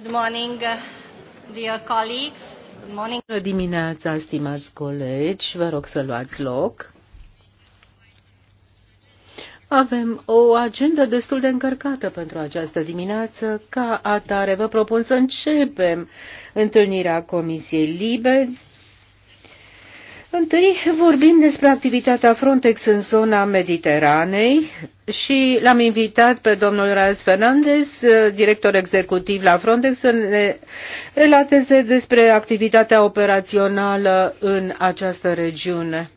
Good morning, uh, dear colleagues. Good morning. Bună dimineața, stimați colegi. Vă rog să luați loc. Avem o agendă destul de încărcată pentru această dimineață. Ca atare, vă propun să începem întâlnirea Comisiei Libe Întâi vorbim despre activitatea Frontex în zona Mediteranei și l-am invitat pe domnul Raes Fernandez, director executiv la Frontex, să ne relateze despre activitatea operațională în această regiune.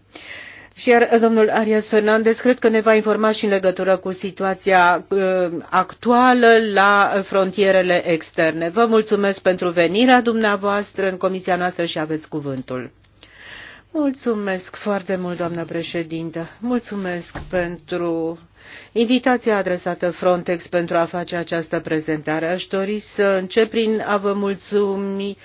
Și iar domnul Arias Fernandez cred că ne va informa și în legătură cu situația uh, actuală la frontierele externe. Vă mulțumesc pentru venirea dumneavoastră în comisia noastră și aveți cuvântul. Mulțumesc foarte mult, doamnă președintă. Mulțumesc pentru invitația adresată Frontex pentru a face această prezentare. Aș dori să încep prin a vă mulțumi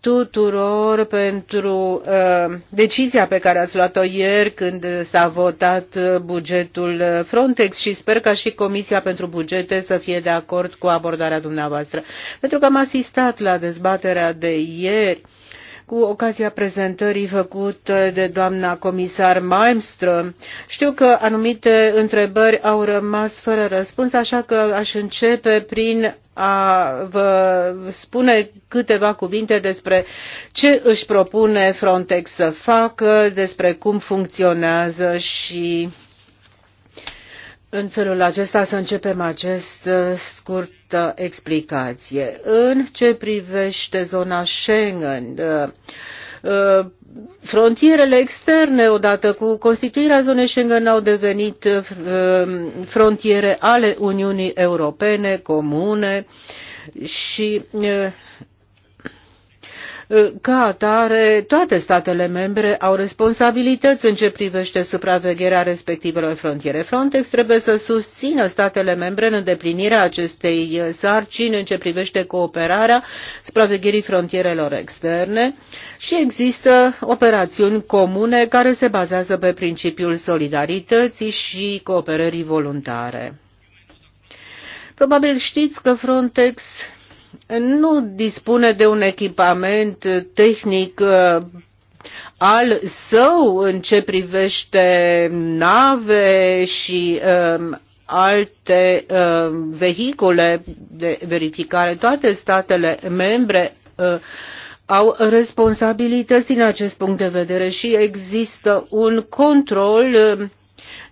tuturor pentru uh, decizia pe care ați luat-o ieri când s-a votat bugetul Frontex și sper ca și Comisia pentru Bugete să fie de acord cu abordarea dumneavoastră. Pentru că am asistat la dezbaterea de ieri cu ocazia prezentării făcute de doamna comisar Malmström. Știu că anumite întrebări au rămas fără răspuns, așa că aș începe prin a vă spune câteva cuvinte despre ce își propune Frontex să facă, despre cum funcționează și în felul acesta să începem acest scurt scurtă explicație. În ce privește zona Schengen, uh, uh, frontierele externe, odată cu constituirea zonei Schengen, au devenit uh, frontiere ale Uniunii Europene, comune și ca atare, toate statele membre au responsabilități în ce privește supravegherea respectivelor frontiere. Frontex trebuie să susțină statele membre în îndeplinirea acestei uh, sarcini în ce privește cooperarea supravegherii frontierelor externe și există operațiuni comune care se bazează pe principiul solidarității și cooperării voluntare. Probabil știți că Frontex nu dispune de un echipament tehnic uh, al său în ce privește nave și um, alte um, vehicule de verificare. Toate statele membre uh, au responsabilități din acest punct de vedere și există un control uh,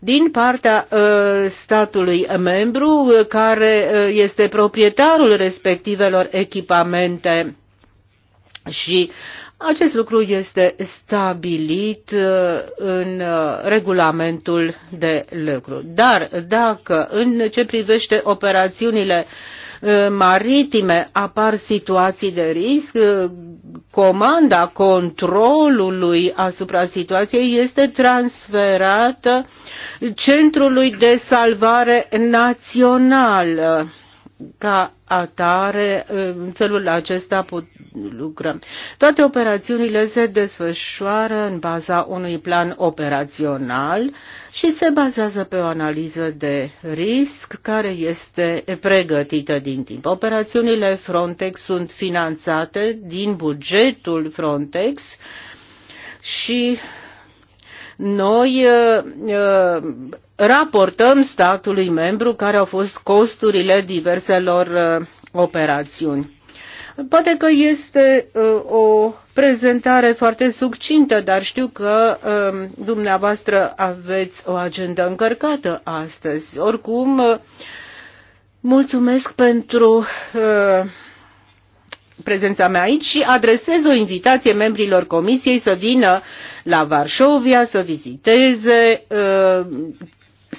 din partea ă, statului membru ă, care ă, este proprietarul respectivelor echipamente și acest lucru este stabilit în regulamentul de lucru. Dar dacă în ce privește operațiunile maritime apar situații de risc, comanda controlului asupra situației este transferată Centrului de Salvare Națională ca atare, în felul acesta put, lucrăm. Toate operațiunile se desfășoară în baza unui plan operațional și se bazează pe o analiză de risc care este pregătită din timp. Operațiunile Frontex sunt finanțate din bugetul Frontex și noi uh, uh raportăm statului membru care au fost costurile diverselor uh, operațiuni. Poate că este uh, o prezentare foarte succintă, dar știu că um, dumneavoastră aveți o agendă încărcată astăzi. Oricum, uh, mulțumesc pentru prezența mea aici și adresez o invitație membrilor comisiei să vină la Varșovia să viziteze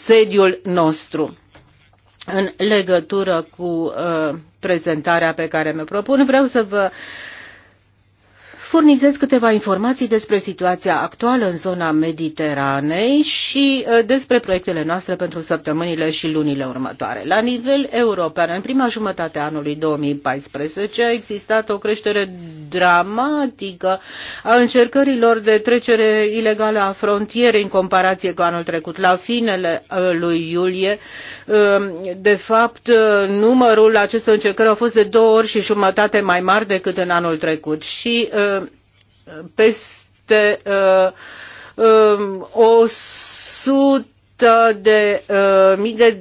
sediul nostru în legătură cu uh, prezentarea pe care mi-o propun. Vreau să vă furnizez câteva informații despre situația actuală în zona Mediteranei și uh, despre proiectele noastre pentru săptămânile și lunile următoare. La nivel european, în prima jumătate a anului 2014 a existat o creștere dramatică a încercărilor de trecere ilegală a frontierei în comparație cu anul trecut. La finele uh, lui iulie, um, de fapt, uh, numărul acestor încercări a fost de două ori și jumătate mai mari decât în anul trecut și peste uh, um, sută de uh, mii de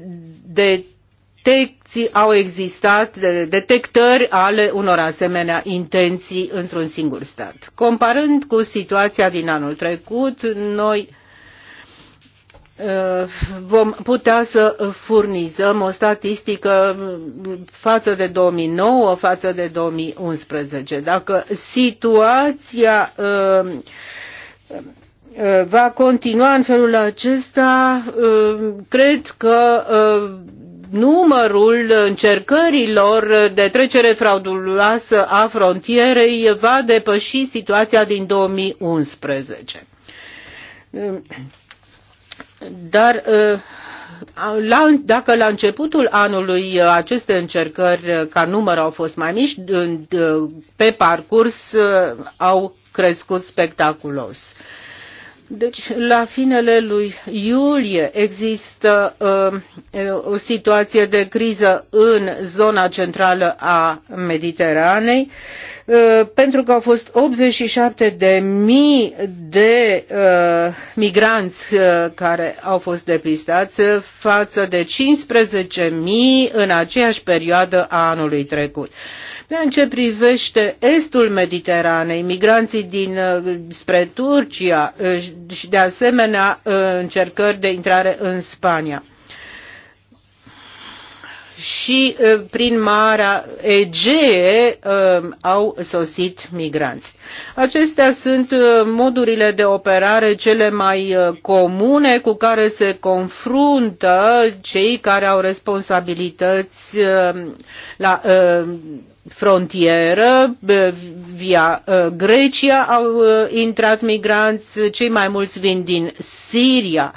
detecții au existat, de detectări ale unor asemenea intenții într-un singur stat. Comparând cu situația din anul trecut, noi Uh, vom putea să furnizăm o statistică față de 2009, față de 2011. Dacă situația uh, uh, va continua în felul acesta, cred că numărul încercărilor de trecere frauduloasă a frontierei va depăși situația din 2011 dar uh, la, dacă la începutul anului uh, aceste încercări uh, ca număr au fost mai mici, pe parcurs au crescut spectaculos. Deci, la finele lui iulie există uh, o situație de criză în zona centrală a Mediteranei. Uh, Uh, pentru că au fost 87 de mii de uh, migranți uh, care au fost depistați uh, față de 15 mii în aceeași perioadă a anului trecut. În ce privește estul Mediteranei, migranții din, uh, spre Turcia și de asemenea încercări de intrare în Spania și uh, prin Marea Egee um, au sosit migranți. Acestea sunt uh, modurile de operare cele mai uh, comune cu care se confruntă cei care au responsabilități um, la frontieră, via ă, Grecia au ă, intrat migranți, cei mai mulți vin din Siria.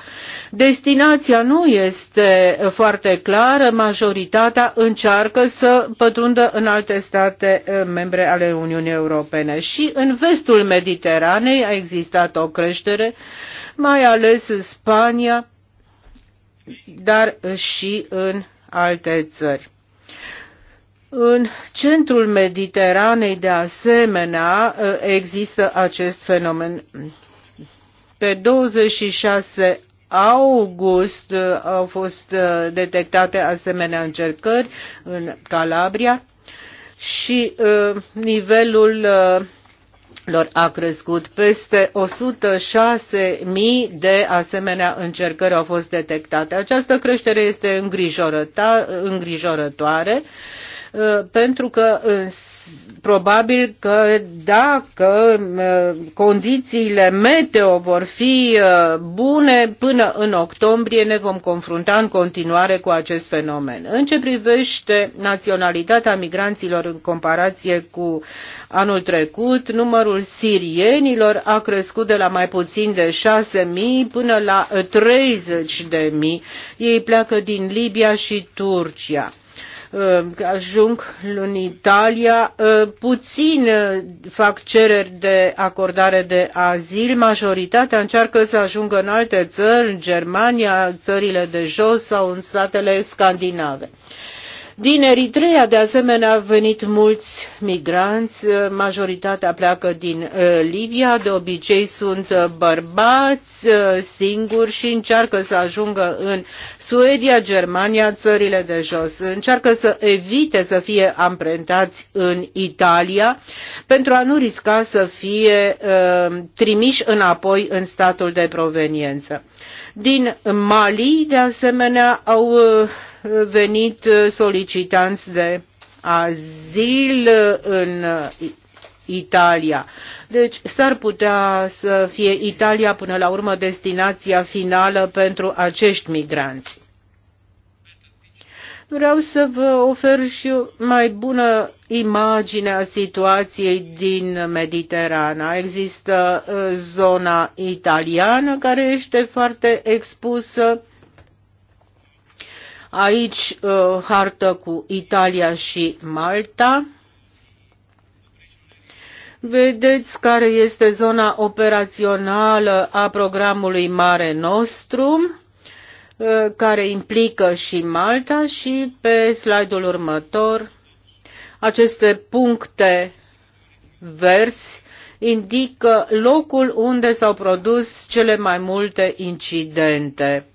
Destinația nu este foarte clară, majoritatea încearcă să pătrundă în alte state ă, membre ale Uniunii Europene. Și în vestul Mediteranei a existat o creștere, mai ales în Spania, dar și în alte țări. În centrul Mediteranei, de asemenea, eh, există acest fenomen. Pe 26 august eh, au fost eh, detectate asemenea încercări în Calabria și nivelul lor a crescut. Peste 106.000 de asemenea încercări au fost detectate. Această creștere este îngrijorătoare Uh, pentru că uh, probabil că dacă uh, condițiile meteo vor fi bune până în octombrie ne vom confrunta în continuare cu acest fenomen. În ce privește naționalitatea migranților în comparație cu anul trecut, numărul sirienilor a crescut de la mai puțin de 6.000 până la 30.000. Ei pleacă din Libia și Turcia. Uh, ajung în Italia, uh, puțin uh, fac cereri de acordare de azil, majoritatea încearcă să ajungă în alte țări, în Germania, țările de jos sau în statele scandinave. Din Eritrea, de asemenea, au venit mulți migranți, majoritatea pleacă din uh, Libia, de obicei sunt uh, bărbați uh, singuri și încearcă să ajungă în Suedia, Germania, țările de jos. Încearcă să evite să fie amprentați în Italia pentru a nu risca să fie uh, trimiși înapoi în statul de proveniență. Din Mali, de asemenea, au uh, venit uh, solicitanți de azil uh, în uh, Italia. Deci s-ar putea să fie Italia până la urmă destinația finală pentru acești migranți. Vreau să vă ofer și o mai bună imagine a situației din Mediterana. Există zona italiană care este foarte expusă Aici uh, hartă cu Italia și Malta. Vedeți care este zona operațională a programului Mare Nostrum, uh, care implică și Malta și pe slide-ul următor aceste puncte verzi indică locul unde s-au produs cele mai multe incidente.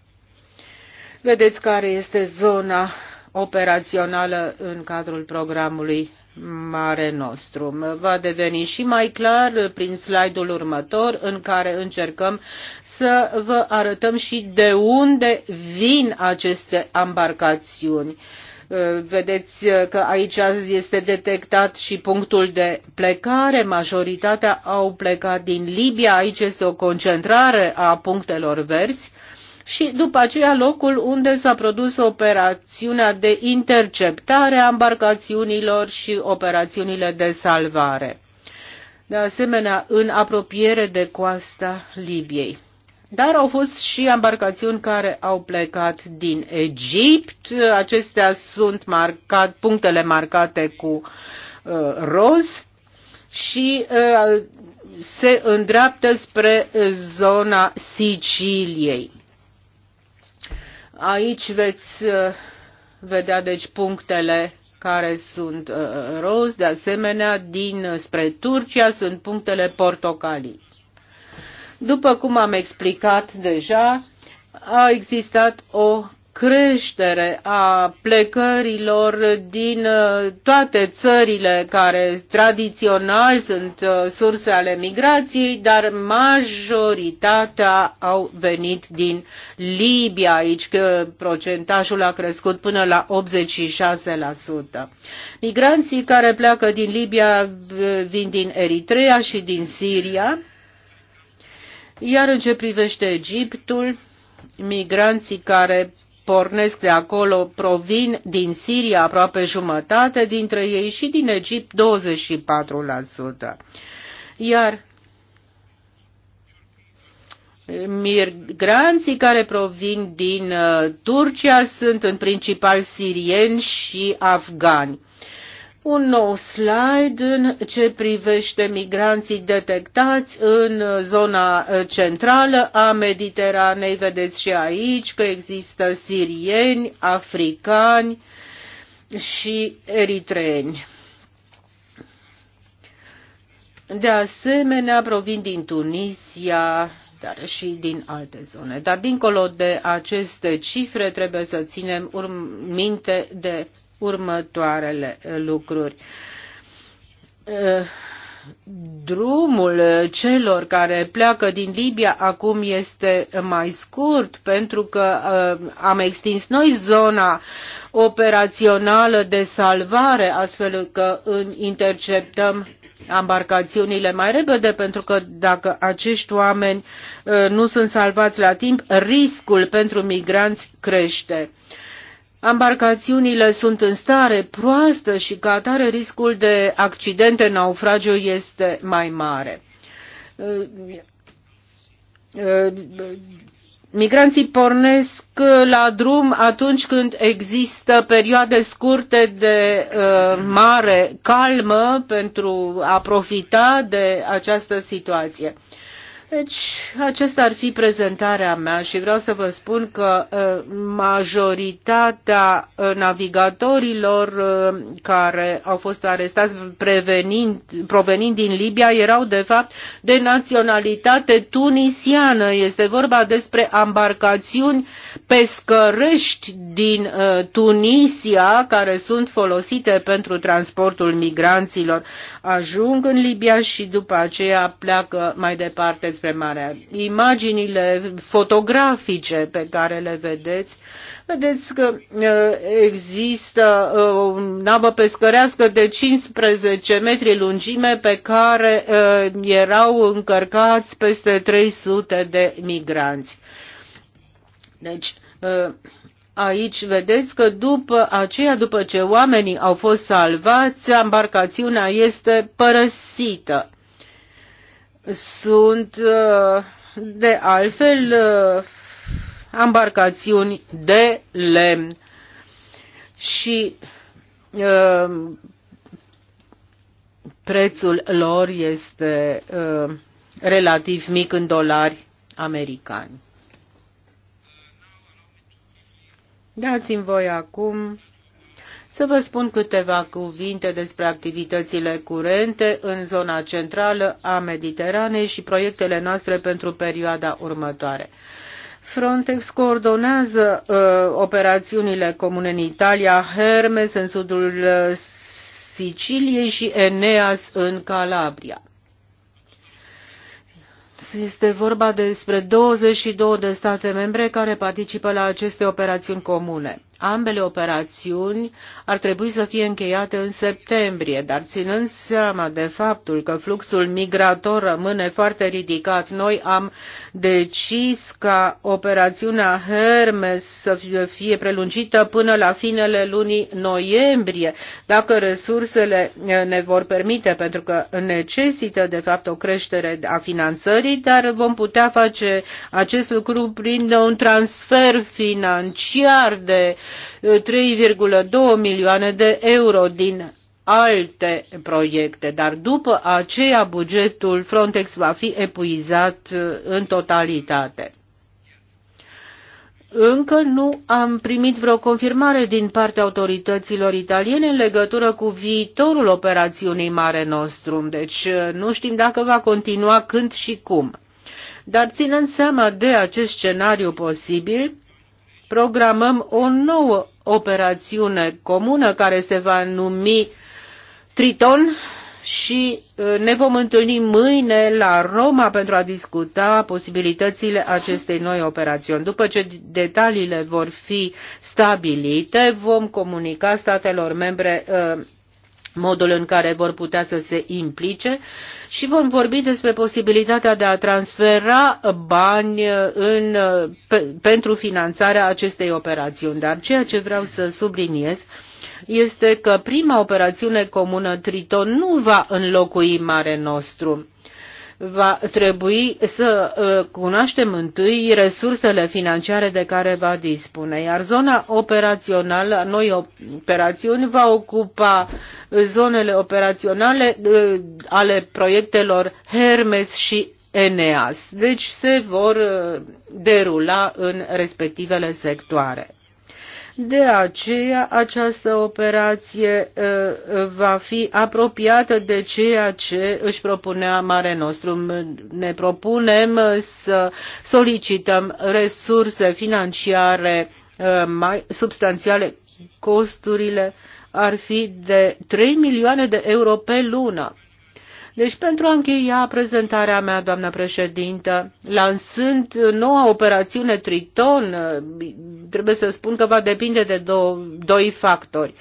Vedeți care este zona operațională în cadrul programului mare nostru. Va deveni și mai clar prin slide-ul următor în care încercăm să vă arătăm și de unde vin aceste embarcațiuni. Vedeți că aici este detectat și punctul de plecare. Majoritatea au plecat din Libia. Aici este o concentrare a punctelor verzi și după aceea locul unde s-a produs operațiunea de interceptare a embarcațiunilor și operațiunile de salvare. De asemenea, în apropiere de coasta Libiei. Dar au fost și embarcațiuni care au plecat din Egipt. Acestea sunt marcat, punctele marcate cu uh, roz și uh, se îndreaptă spre zona Siciliei. Aici veți uh, vedea deci punctele care sunt uh, roz, de asemenea din uh, spre Turcia sunt punctele portocalii. După cum am explicat deja, a existat o creștere a plecărilor din uh, toate țările care tradițional sunt uh, surse ale migrației, dar majoritatea au venit din Libia, aici că uh, procentajul a crescut până la 86%. Migranții care pleacă din Libia vin din Eritrea și din Siria, iar în ce privește Egiptul, migranții care pornesc de acolo provin din Siria aproape jumătate dintre ei și din Egipt 24%. Iar Migranții care provin din uh, Turcia sunt în principal sirieni și afgani un nou slide în ce privește migranții detectați în zona centrală a Mediteranei. Vedeți și aici că există sirieni, africani și eritreeni. De asemenea, provin din Tunisia, dar și din alte zone. Dar dincolo de aceste cifre trebuie să ținem minte de următoarele lucruri. Drumul celor care pleacă din Libia acum este mai scurt pentru că uh, am extins noi zona operațională de salvare astfel că interceptăm ambarcațiunile mai repede, pentru că dacă acești oameni uh, nu sunt salvați la timp, riscul pentru migranți crește. Ambarcațiunile sunt în stare proastă și ca atare riscul de accidente, naufragiu este mai mare. Migranții pornesc la drum atunci când există perioade scurte de uh, mare calmă pentru a profita de această situație. Deci, acesta ar fi prezentarea mea și vreau să vă spun că uh, majoritatea uh, navigatorilor uh, care au fost arestați prevenind, provenind din Libia erau, de fapt, de naționalitate tunisiană. Este vorba despre ambarcațiuni pescărești din Tunisia care sunt folosite pentru transportul migranților. Ajung în Libia și după aceea pleacă mai departe despre marea. Imaginile fotografice pe care le vedeți, vedeți că uh, există o uh, navă pescărească de 15 metri lungime pe care uh, erau încărcați peste 300 de migranți. Deci, Aici vedeți că după aceea, după ce oamenii au fost salvați, embarcațiunea este părăsită sunt uh, de altfel uh, embarcațiuni de lemn și uh, prețul lor este relativ mic în dolari americani. Dați-mi voi acum să vă spun câteva cuvinte despre activitățile curente în zona centrală a Mediteranei și proiectele noastre pentru perioada următoare. Frontex coordonează uh, operațiunile comune în Italia, Hermes în sudul uh, Siciliei și Eneas în Calabria. Este vorba despre 22 de state membre care participă la aceste operațiuni comune. Ambele operațiuni ar trebui să fie încheiate în septembrie, dar ținând seama de faptul că fluxul migrator rămâne foarte ridicat, noi am decis ca operațiunea Hermes să fie prelungită până la finele lunii noiembrie, dacă resursele eh, ne vor permite, pentru că necesită de fapt o creștere a finanțării, dar vom putea face acest lucru prin un transfer financiar de 3,2 milioane de euro din alte proiecte, dar după aceea bugetul Frontex va fi epuizat uh, în totalitate. Încă nu am primit vreo confirmare din partea autorităților italiene în legătură cu viitorul operațiunii Mare Nostrum, deci uh, nu știm dacă va continua când și cum. Dar ținând seama de acest scenariu posibil, programăm o nouă operațiune comună care se va numi Triton și uh, ne vom întâlni mâine la Roma pentru a discuta posibilitățile acestei noi operațiuni. După ce detaliile vor fi stabilite, vom comunica statelor membre uh, modul în care vor putea să se implice și vom vorbi despre posibilitatea de a transfera bani în, pe, pentru finanțarea acestei operațiuni. Dar ceea ce vreau să subliniez este că prima operațiune comună Triton nu va înlocui Mare Nostru va trebui să uh, cunoaștem întâi resursele financiare de care va dispune, iar zona operațională, noi operațiuni, va ocupa zonele operaționale uh, ale proiectelor Hermes și Eneas. Deci se vor uh, derula în respectivele sectoare. De aceea această operație uh, va fi apropiată de ceea ce își propunea Mare Nostru. Ne propunem uh, să solicităm resurse financiare uh, mai substanțiale. Costurile ar fi de 3 milioane de euro pe lună deci, pentru a încheia prezentarea mea, doamna președintă, lansând noua operațiune Triton, trebuie să spun că va depinde de două, doi factori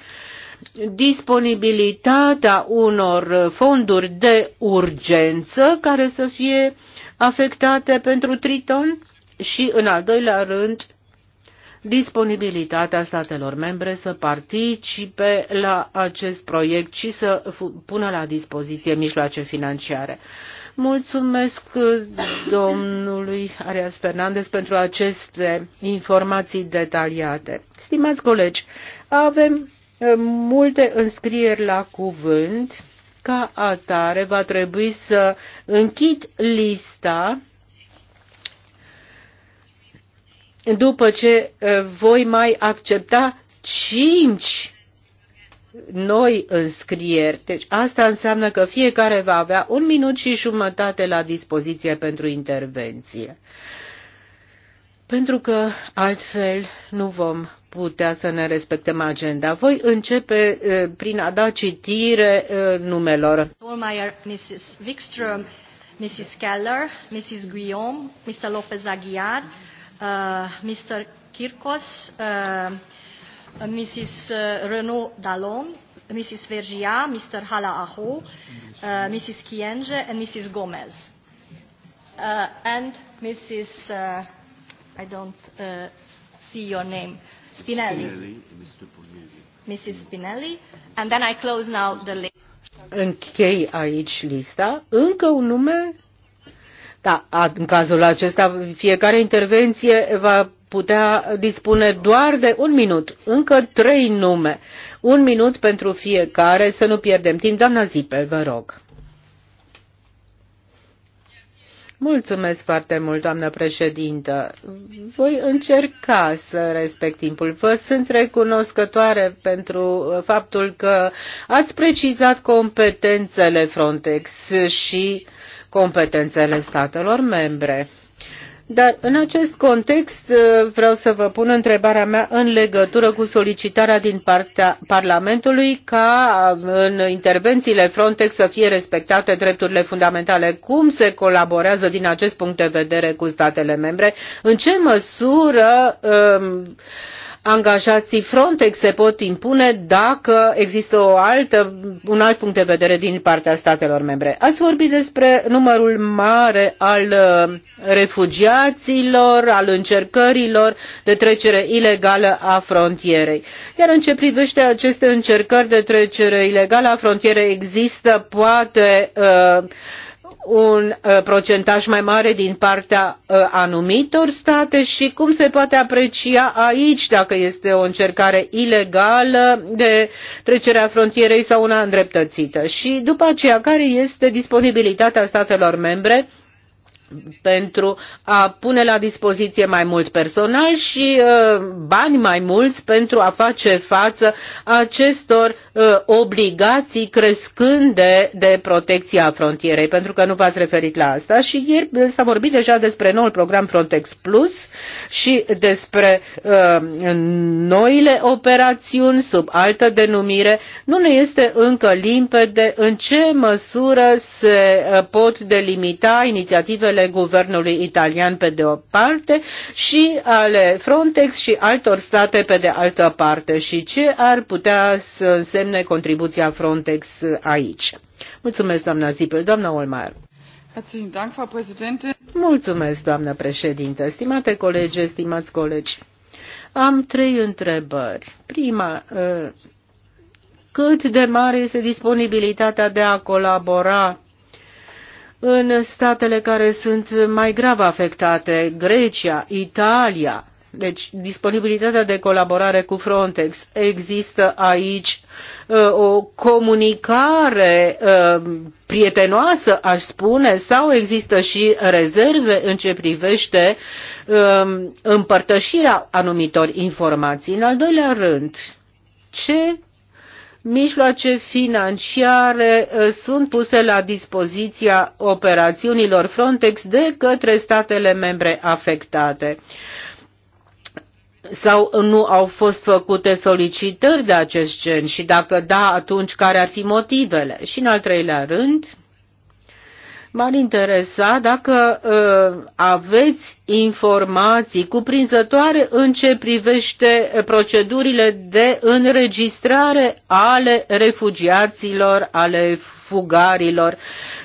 disponibilitatea unor fonduri de urgență care să fie afectate pentru Triton și, în al doilea rând, disponibilitatea statelor membre să participe la acest proiect și să pună la dispoziție mijloace financiare. Mulțumesc uh, domnului Arias Fernandez pentru aceste informații detaliate. Stimați colegi, avem uh, multe înscrieri la cuvânt. Ca atare va trebui să închid lista după ce voi mai accepta cinci noi înscrieri. Deci asta înseamnă că fiecare va avea un minut și jumătate la dispoziție pentru intervenție. Pentru că altfel nu vom putea să ne respectăm agenda. Voi începe uh, prin a da citire uh, numelor. Tolmeier, Mrs. Wikström, Mrs. Keller, Mrs. Guillaume, Mr. Lopez Aguiar, Uh, Mr. Kirkos, uh, Mrs. Uh, Renaud Dallon, Mrs. Vergia, Mr. Hala Aho, uh, Mrs. Kienge, and Mrs. Gomez. Uh, and Mrs. Uh, I don't uh, see your name, Spinelli. Spinelli Mr. Mrs. Spinelli. And then I close now the list. Închei aici lista. Încă un nume da, în cazul acesta, fiecare intervenție va putea dispune doar de un minut, încă trei nume. Un minut pentru fiecare, să nu pierdem timp. Doamna Zipel, vă rog. Mulțumesc foarte mult, doamnă președintă. Voi încerca să respect timpul. Vă sunt recunoscătoare pentru faptul că ați precizat competențele Frontex și competențele statelor membre. Dar în acest context uh, vreau să vă pun întrebarea mea în legătură cu solicitarea din partea Parlamentului ca uh, în intervențiile Frontex să fie respectate drepturile fundamentale. Cum se colaborează din acest punct de vedere cu statele membre? În ce măsură uh, angajații Frontex se pot impune dacă există o altă, un alt punct de vedere din partea statelor membre. Ați vorbit despre numărul mare al uh, refugiaților, al încercărilor de trecere ilegală a frontierei. Iar în ce privește aceste încercări de trecere ilegală a frontierei, există poate uh, un uh, procentaj mai mare din partea uh, anumitor state și cum se poate aprecia aici dacă este o încercare ilegală de trecerea frontierei sau una îndreptățită. Și după aceea, care este disponibilitatea statelor membre pentru a pune la dispoziție mai mult personal și uh, bani mai mulți pentru a face față acestor uh, obligații crescânde de protecție a frontierei, pentru că nu v-ați referit la asta și ieri s-a vorbit deja despre noul program Frontex Plus și despre uh, noile operațiuni sub altă denumire. Nu ne este încă limpede în ce măsură se uh, pot delimita inițiativele ale guvernului italian pe de o parte și ale Frontex și altor state pe de altă parte și ce ar putea să însemne contribuția Frontex aici. Mulțumesc, doamna Zipel. Doamna Olmar. Mulțumesc, doamnă președinte. Stimate colegi, stimați colegi, am trei întrebări. Prima, ă, cât de mare este disponibilitatea de a colabora în statele care sunt mai grav afectate, Grecia, Italia. Deci disponibilitatea de colaborare cu Frontex. Există aici uh, o comunicare uh, prietenoasă, aș spune, sau există și rezerve în ce privește uh, împărtășirea anumitor informații. În al doilea rând, ce mijloace financiare uh, sunt puse la dispoziția operațiunilor Frontex de către statele membre afectate sau nu au fost făcute solicitări de acest gen și dacă da, atunci care ar fi motivele? Și în al treilea rând, M-ar interesa dacă uh, aveți informații cuprinzătoare în ce privește procedurile de înregistrare ale refugiaților, ale fugarilor.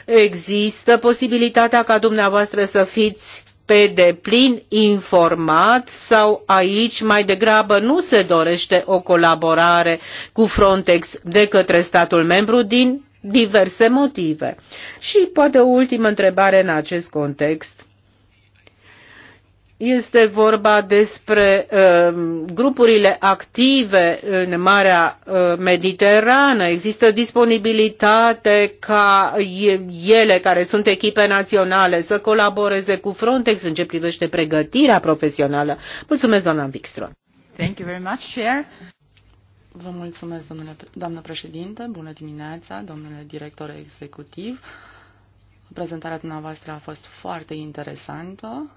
Există posibilitatea ca dumneavoastră să fiți pe deplin informat sau aici mai degrabă nu se dorește o colaborare cu Frontex de către statul membru din diverse motive. Și poate o ultimă întrebare în acest context. Este vorba despre uh, grupurile active în Marea uh, Mediterană. Există disponibilitate ca ele, care sunt echipe naționale, să colaboreze cu Frontex în ce privește pregătirea profesională. Mulțumesc, doamna Wikström. Thank you very much, Chair. Vă mulțumesc, domnule, doamnă președinte, bună dimineața, domnule director executiv. Prezentarea dumneavoastră a fost foarte interesantă.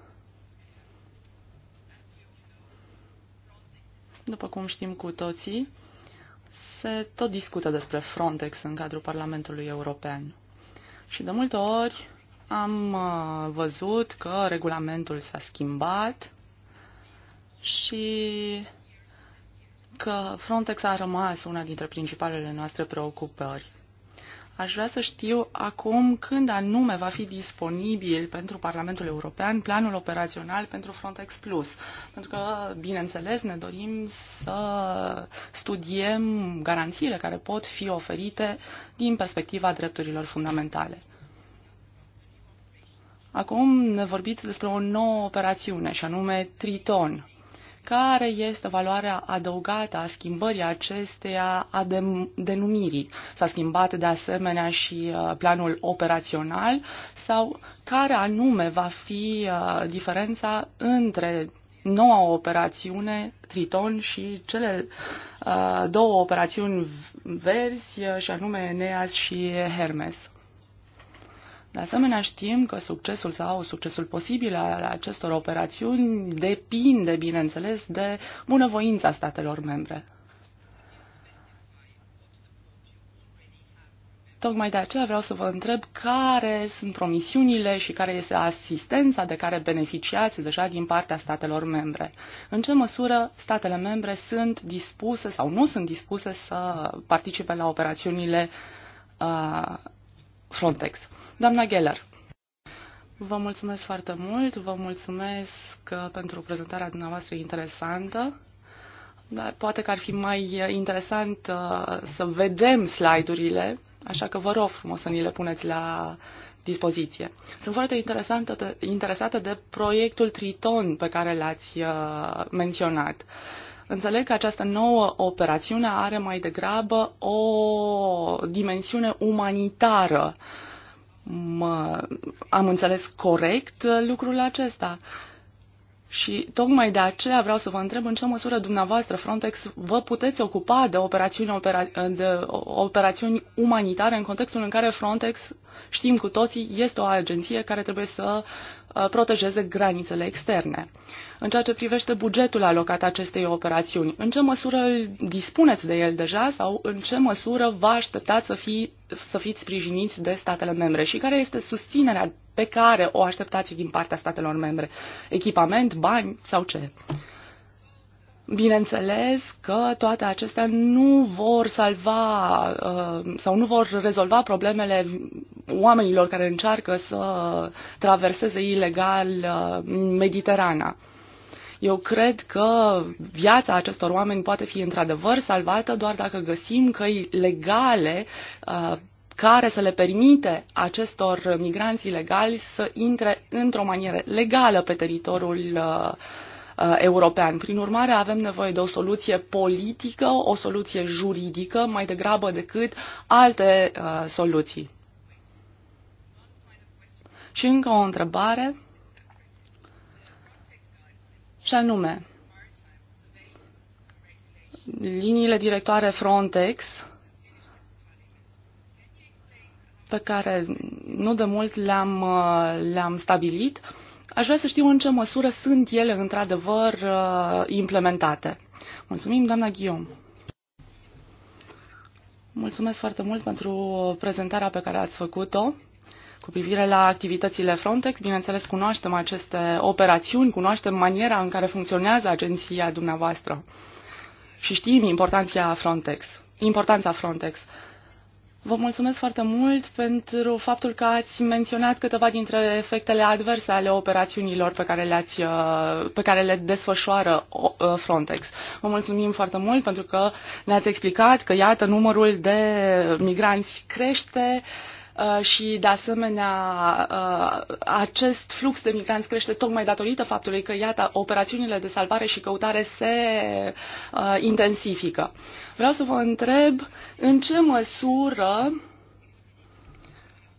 După cum știm cu toții, se tot discută despre Frontex în cadrul Parlamentului European. Și de multe ori am uh, văzut că regulamentul s-a schimbat și că Frontex a rămas una dintre principalele noastre preocupări. Aș vrea să știu acum când anume va fi disponibil pentru Parlamentul European planul operațional pentru Frontex Plus. Pentru că, bineînțeles, ne dorim să studiem garanțiile care pot fi oferite din perspectiva drepturilor fundamentale. Acum ne vorbiți despre o nouă operațiune, și anume Triton care este valoarea adăugată a schimbării acesteia a denumirii. S-a schimbat de asemenea și uh, planul operațional sau care anume va fi uh, diferența între noua operațiune Triton și cele uh, două operațiuni verzi, și anume Eneas și Hermes. De asemenea, știm că succesul sau succesul posibil al acestor operațiuni depinde, bineînțeles, de bunăvoința statelor membre. Tocmai de aceea vreau să vă întreb care sunt promisiunile și care este asistența de care beneficiați deja din partea statelor membre. În ce măsură statele membre sunt dispuse sau nu sunt dispuse să participe la operațiunile uh, Frontex? Doamna Geller. Vă mulțumesc foarte mult, vă mulțumesc uh, pentru prezentarea dumneavoastră interesantă. Dar poate că ar fi mai uh, interesant uh, să vedem slide-urile, așa că vă rog frumos să ni le puneți la dispoziție. Sunt foarte interesantă, interesată de proiectul Triton pe care l-ați menționat. Înțeleg că această nouă operațiune are mai degrabă o dimensiune umanitară. Uh, mă, am înțeles corect lucrul acesta. Și tocmai de aceea vreau să vă întreb în ce măsură dumneavoastră, Frontex, vă puteți ocupa de operațiuni, opera, de operațiuni umanitare în contextul în care Frontex, știm cu toții, este o agenție care trebuie să uh, protejeze granițele externe. În ceea ce privește bugetul alocat acestei operațiuni, în ce măsură dispuneți de el deja sau în ce măsură vă așteptați să, fie să fiți sprijiniți de statele membre și care este susținerea pe care o așteptați din partea statelor membre? Echipament, bani sau ce? Bineînțeles că toate acestea nu vor salva uh, sau nu vor rezolva problemele oamenilor care încearcă să traverseze ilegal uh, Mediterana. Eu cred că viața acestor oameni poate fi într-adevăr salvată doar dacă găsim căi legale uh, care să le permite acestor migranți ilegali să intre într-o manieră legală pe teritoriul uh, uh, european. Prin urmare, avem nevoie de o soluție politică, o soluție juridică, mai degrabă decât alte soluții. Și încă o întrebare și anume liniile directoare Frontex pe care nu de mult le-am uh, le, -am, stabilit, aș vrea să știu în ce măsură sunt ele într-adevăr uh, implementate. Mulțumim, doamna Ghiom. Mulțumesc foarte mult pentru prezentarea pe care ați făcut-o. Cu privire la activitățile Frontex, bineînțeles, cunoaștem aceste operațiuni, cunoaștem maniera în care funcționează agenția dumneavoastră și știm importanța Frontex. Importanța Frontex. Vă mulțumesc foarte mult pentru faptul că ați menționat câteva dintre efectele adverse ale operațiunilor pe care, le-ați, uh, pe care le desfășoară uh, Frontex. Vă mulțumim foarte mult pentru că ne-ați explicat că, iată, numărul de migranți crește, uh, Uh, și, de asemenea, uh, acest flux de migranți crește tocmai datorită faptului că, iată, operațiunile de salvare și căutare se uh, intensifică. Vreau să vă întreb în ce măsură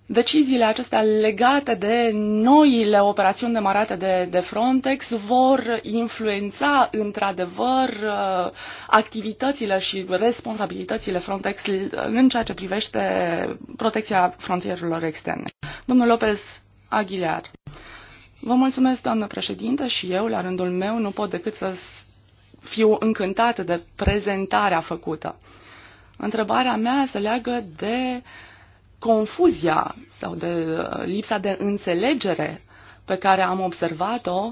deciziile acestea legate de noile operațiuni demarate de, de Frontex vor influența într-adevăr uh, activitățile și responsabilitățile Frontex în ceea ce privește protecția frontierelor externe. Domnul Lopez Aguilar. Vă mulțumesc, doamnă președinte, și eu, la rândul meu, nu pot decât să fiu încântată de prezentarea făcută. Întrebarea mea se leagă de uh, confuzia sau de uh, lipsa de înțelegere pe care am observat-o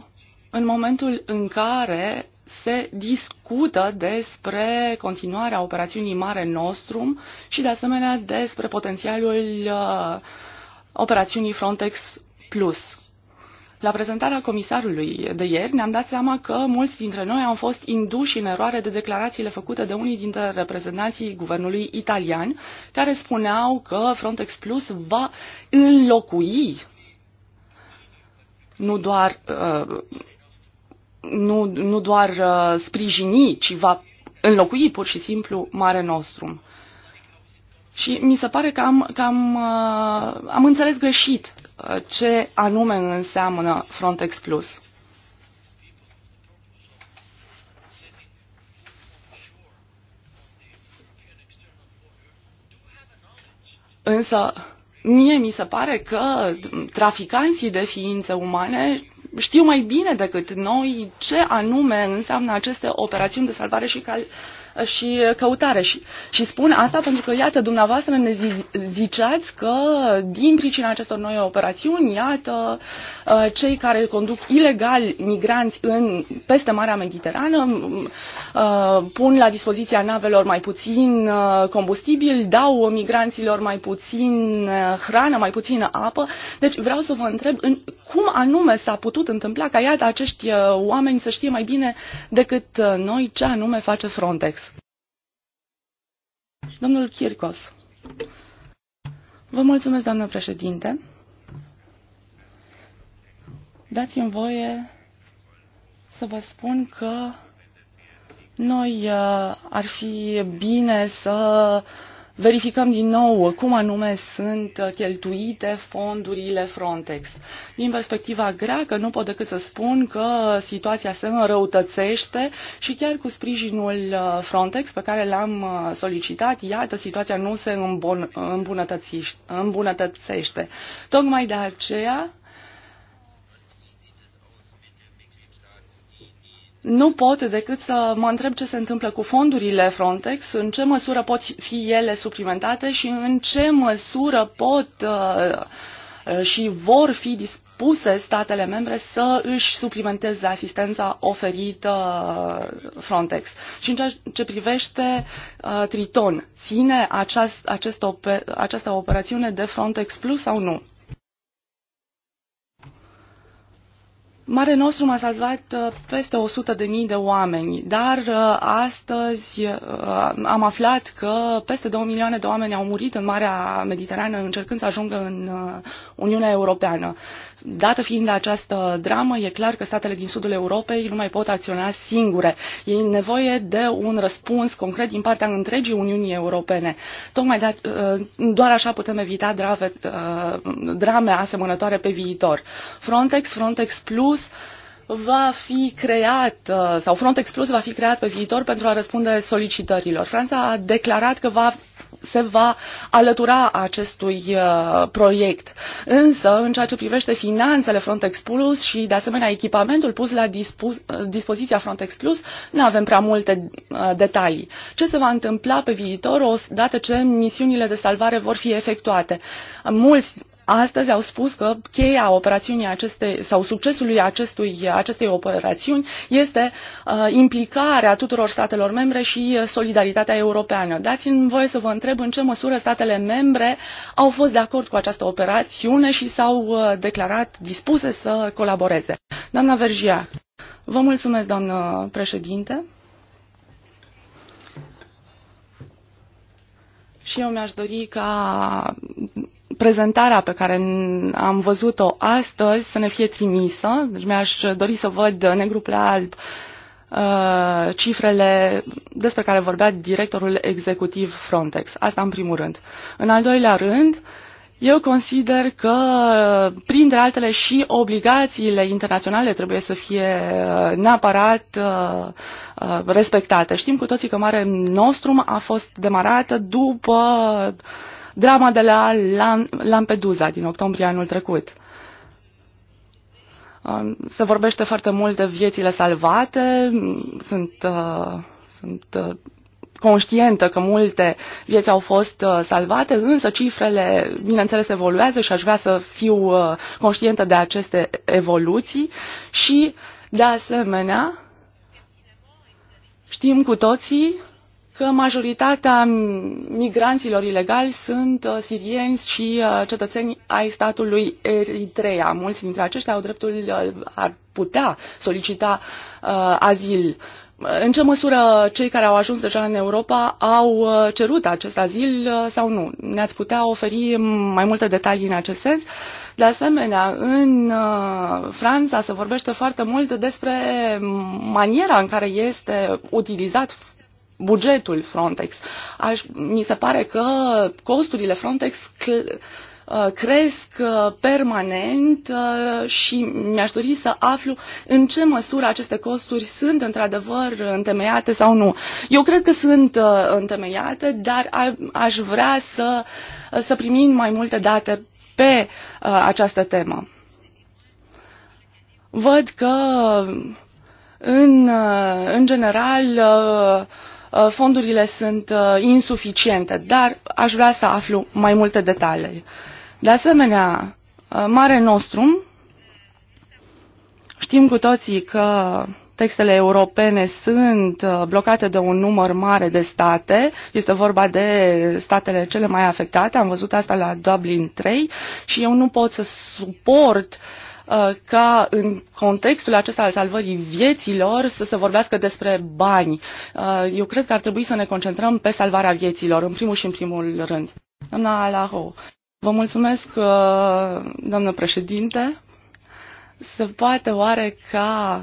în momentul în care se discută despre continuarea operațiunii Mare Nostrum și de asemenea despre potențialul uh, operațiunii Frontex Plus. La prezentarea comisarului de ieri ne-am dat seama că mulți dintre noi am fost induși în eroare de declarațiile făcute de unii dintre reprezentanții guvernului italian, care spuneau că Frontex Plus va înlocui nu doar, uh, nu, nu doar uh, sprijini, ci va înlocui pur și simplu Mare Nostrum. Și mi se pare că am, că am, uh, am înțeles greșit ce anume înseamnă Frontex Plus. Însă, mie mi se pare că traficanții de ființe umane știu mai bine decât noi ce anume înseamnă aceste operațiuni de salvare și cal- și uh, căutare. Și, și spun asta pentru că, iată, dumneavoastră ne ziceați că, din pricina acestor noi operațiuni, iată, uh, cei care conduc ilegal migranți în, peste Marea Mediterană uh, pun la dispoziția navelor mai puțin combustibil, dau migranților mai puțin hrană, mai puțin apă. Deci vreau să vă întreb în, cum anume s-a putut întâmpla ca, iată, acești oameni să știe mai bine decât noi ce anume face Frontex. Domnul Kirkos. Vă mulțumesc, doamnă președinte. Dați-mi voie să vă spun că noi uh, ar fi bine să verificăm din nou cum anume sunt uh, cheltuite fondurile Frontex. Din perspectiva greacă, nu pot decât să spun că situația se înrăutățește și chiar cu sprijinul uh, Frontex pe care l-am uh, solicitat, iată, situația nu se îmbun- îmbunătățește. Tocmai de aceea nu pot decât să mă întreb ce se întâmplă cu fondurile Frontex, în ce măsură pot fi ele suplimentate și în ce măsură pot uh, și vor fi dispuse statele membre să își suplimenteze asistența oferită Frontex. Și în ceea ce privește uh, Triton, ține această, această operațiune de Frontex Plus sau nu? Mare m a salvat uh, peste 100.000 de, de oameni, dar uh, astăzi uh, am aflat că peste 2 milioane de oameni au murit în Marea Mediterană încercând să ajungă în Uniunea Europeană. Dată fiind această dramă, e clar că statele din sudul Europei nu mai pot acționa singure. E nevoie de un răspuns concret din partea întregii Uniunii Europene. Tocmai de, doar așa putem evita drave, drame asemănătoare pe viitor. Frontex, Frontex Plus, Plus va fi creat, uh, sau Frontex Plus va fi creat pe viitor pentru a răspunde solicitărilor. Franța a declarat că va se va alătura acestui uh, proiect. Însă, în ceea ce privește finanțele Frontex Plus și, de asemenea, echipamentul pus la dispus, uh, dispoziția Frontex Plus, nu avem prea multe uh, detalii. Ce se va întâmpla pe viitor, odată ce misiunile de salvare vor fi efectuate? Mulți astăzi au spus că cheia operațiunii aceste, sau succesului acestui, acestei operațiuni este uh, implicarea tuturor statelor membre și uh, solidaritatea europeană. Dați-mi voie să vă întreb în ce măsură statele membre au fost de acord cu această operațiune și s-au uh, declarat dispuse să colaboreze. Doamna Vergia, vă mulțumesc, doamnă președinte. Și eu mi-aș dori ca prezentarea pe care am văzut-o astăzi să ne fie trimisă. Deci mi-aș dori să văd negru pe alb uh, cifrele despre care vorbea directorul executiv Frontex. Asta în primul rând. În al doilea rând, uh, eu consider că, printre altele, și obligațiile internaționale trebuie să fie uh, neapărat uh, uh, respectate. Știm cu toții că Mare Nostrum a fost demarată după drama de la Lampedusa din octombrie anul trecut. Se vorbește foarte mult de viețile salvate, sunt, sunt conștientă că multe vieți au fost uh, salvate, însă cifrele, bineînțeles, evoluează și aș vrea să fiu uh, conștientă de aceste evoluții și, de asemenea, știm cu toții că majoritatea migranților ilegali sunt uh, sirieni și cetățeni ai statului Eritrea. Mulți dintre aceștia au dreptul, ar putea solicita uh, azil în ce măsură cei care au ajuns deja în Europa au uh, cerut acest azil uh, sau nu? Ne-ați putea oferi mai multe detalii în acest sens? De asemenea, în uh, Franța se vorbește foarte mult despre maniera în care este utilizat bugetul Frontex. Aș, mi se pare că costurile Frontex Uh, cresc uh, permanent uh, și mi-aș dori să aflu în ce măsură aceste costuri sunt într-adevăr întemeiate sau nu. Eu cred că sunt întemeiate, dar aș vrea să, să primim mai multe date pe această temă. Văd că, în, în general, fondurile sunt insuficiente, dar aș vrea să aflu mai multe detalii. De asemenea, uh, Mare Nostrum, știm cu toții că textele europene sunt uh, blocate de un număr mare de state. Este vorba de statele cele mai afectate. Am văzut asta la Dublin 3 și eu nu pot să suport uh, ca în contextul acesta al salvării vieților să se vorbească despre bani. Eu cred că ar trebui să ne concentrăm pe salvarea vieților, în primul și în primul rând. Doamna Alaho, Vă mulțumesc, uh, doamnă președinte. Se poate oare ca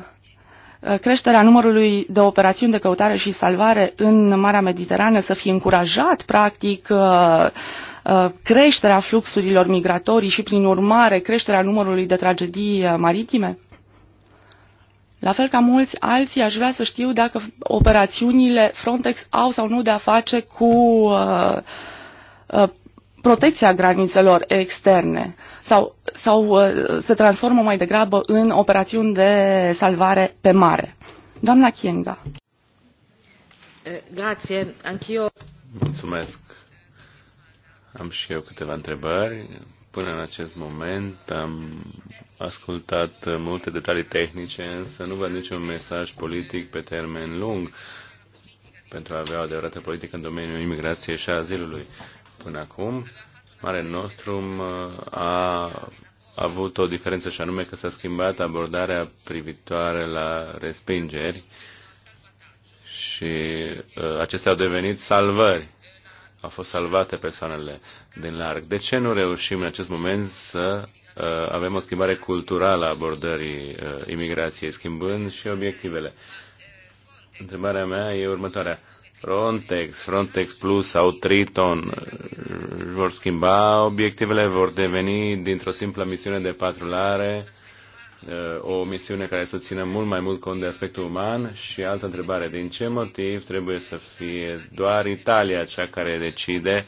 uh, creșterea numărului de operațiuni de căutare și salvare în Marea Mediterană să fie încurajat, practic, uh, creșterea fluxurilor migratorii și, prin urmare, creșterea numărului de tragedii maritime? La fel ca mulți alții, aș vrea să știu dacă operațiunile Frontex au sau nu de a face cu uh, protecția granițelor externe sau, sau uh, se transformă mai degrabă în operațiuni de salvare pe mare. Doamna Chienga. Eh, Grație, anch'io. Mulțumesc. Am și eu câteva întrebări. Până în acest moment am ascultat multe detalii tehnice, însă nu văd niciun mesaj politic pe termen lung pentru a avea o adevărată politică în domeniul imigrației și azilului până acum, Mare Nostrum uh, a avut o diferență și anume că s-a schimbat abordarea privitoare la respingeri și uh, acestea au devenit salvări. Au fost salvate persoanele din larg. De ce nu reușim în acest moment să uh, avem o schimbare culturală a abordării imigrației, schimbând și obiectivele? Întrebarea mea e următoarea Frontex, Frontex Plus sau Triton vor schimba obiectivele, vor deveni dintr-o simplă misiune de patrulare uh, o misiune care să țină mult mai mult cont de aspectul uman și altă întrebare, din ce motiv trebuie să fie doar Italia cea care decide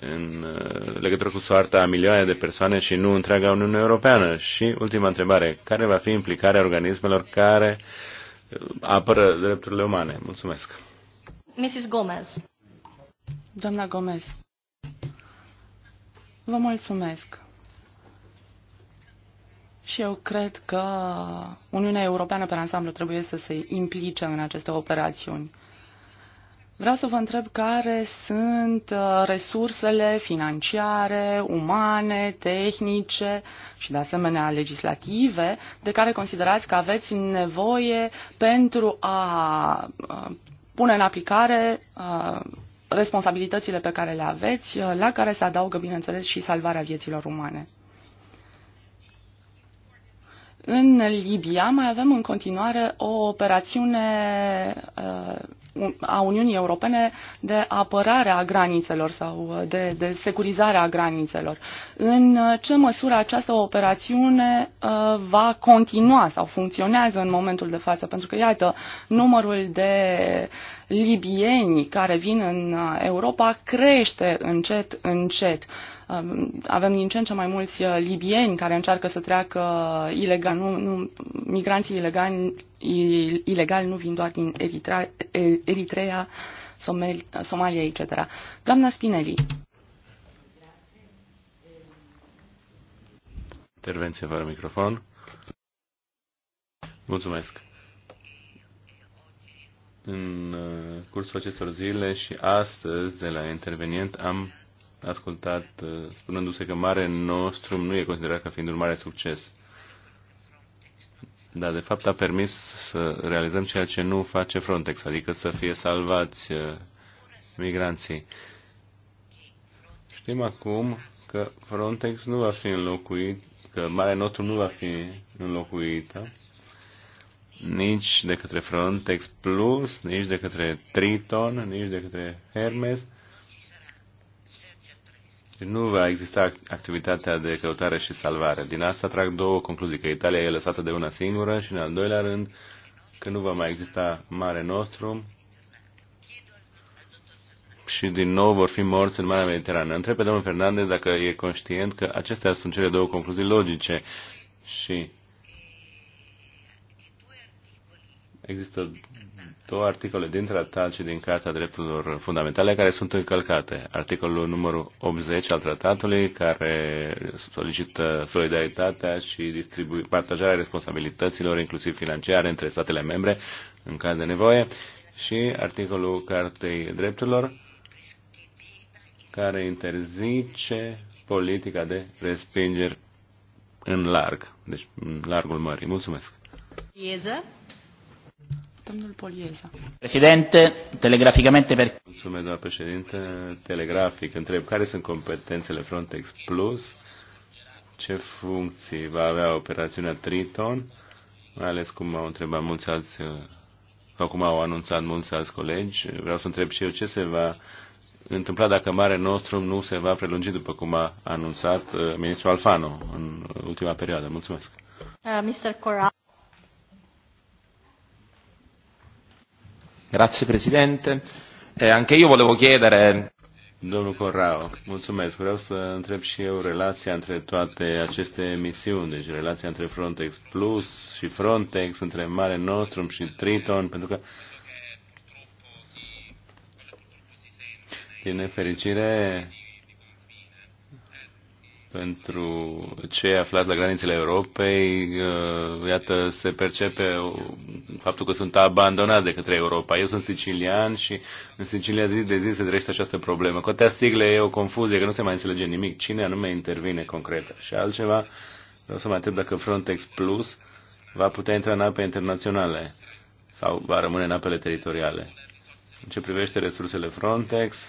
în uh, legătură cu soarta a milioane de persoane și nu întreaga Uniune Europeană? Și ultima întrebare, care va fi implicarea organismelor care uh, apără drepturile umane? Mulțumesc! Mrs. Gomez. Doamna Gomez. Vă mulțumesc. Și eu cred că Uniunea Europeană pe ansamblu trebuie să se implice în aceste operațiuni. Vreau să vă întreb care sunt uh, resursele financiare, umane, tehnice și de asemenea legislative de care considerați că aveți nevoie pentru a uh, pune în aplicare uh, responsabilitățile pe care le aveți, uh, la care se adaugă, bineînțeles, și salvarea vieților umane. În Libia mai avem în continuare o operațiune uh, a Uniunii Europene de apărare a granițelor sau uh, de, de securizare a granițelor. În uh, ce măsură această operațiune va continua sau funcționează în momentul de față? Pentru că, iată, numărul de libieni care vin în Europa crește încet, încet. Um, avem din ce în ce mai mulți uh, libieni care încearcă să treacă ilegal. Nu, nu, migranții ilegali, ilegali nu vin doar din Eritrea, Eritrea, Somalia, etc. Doamna Spinelli. Intervenție fără microfon. Mulțumesc. În uh, cursul acestor zile și astăzi de la intervenient am ascultat uh, spunându-se că Mare Nostrum nu e considerat ca fiind un mare succes. Dar, de fapt, a permis să realizăm ceea ce nu face Frontex, adică să fie salvați uh, migranții. Știm acum că Frontex nu va fi înlocuit, că Mare nostru nu va fi înlocuită nici de către Frontex Plus, nici de către Triton, nici de către Hermes, nu va exista activitatea de căutare și salvare. Din asta trag două concluzii, că Italia e lăsată de una singură și, în al doilea rând, că nu va mai exista Mare nostru și din nou vor fi morți în Marea Mediterană. Întreb pe domnul Fernandez dacă e conștient că acestea sunt cele două concluzii logice și Există două articole din tratat și din Carta Drepturilor Fundamentale care sunt încălcate. Articolul numărul 80 al tratatului care solicită solidaritatea și partajarea responsabilităților, inclusiv financiare, între statele membre în caz de nevoie și articolul Cartei Drepturilor care interzice politica de respingeri în larg, deci în largul mării. Mulțumesc! Domnul Polieza. Președinte, telegraficamente per... Mulțumesc, doamna președinte. Telegrafic, întreb, care sunt competențele Frontex Plus? Ce funcții va avea operațiunea Triton? Mai ales cum au întrebat mulți alți, sau cum au anunțat mulți alți colegi. Vreau să întreb și eu ce se va întâmpla dacă Mare Nostrum nu se va prelungi, după cum a anunțat uh, ministrul Alfano în ultima perioadă. Mulțumesc. Uh, Mr. Corral. Grazie Presidente. E eh, anche io volevo chiedere... Domnul Corrao, mulțumesc. Vreau să întreb și eu relația între toate aceste misiuni, deci relația între Frontex Plus și Frontex, între Mare Nostrum și Triton, pentru că din nefericire pentru cei aflați la granițele Europei, uh, iată, se percepe faptul că sunt abandonați de către Europa. Eu sunt sicilian și în Sicilia zi de zi se trăiește această problemă. Cu toate sigle e o confuzie, că nu se mai înțelege nimic. Cine anume intervine concret? Și altceva, vreau să mă întreb dacă Frontex Plus va putea intra în ape internaționale sau va rămâne în apele teritoriale. În ce privește resursele Frontex,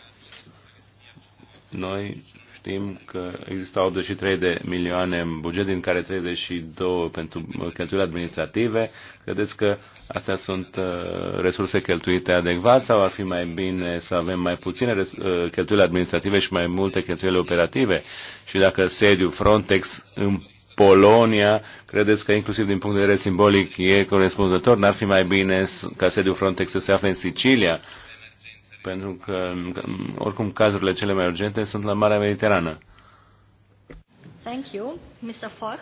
noi Știm că există 83 de milioane în buget, din care 32 pentru cheltuieli administrative. Credeți că astea sunt uh, resurse cheltuite adecvat sau ar fi mai bine să avem mai puține uh, cheltuieli administrative și mai multe cheltuieli operative? Și dacă sediul Frontex în Polonia, credeți că inclusiv din punct de vedere simbolic e corespunzător? N-ar fi mai bine ca sediul Frontex să se afle în Sicilia? pentru că oricum cazurile cele mai urgente sunt la Marea Mediterană. Thank you, Mr. Fox.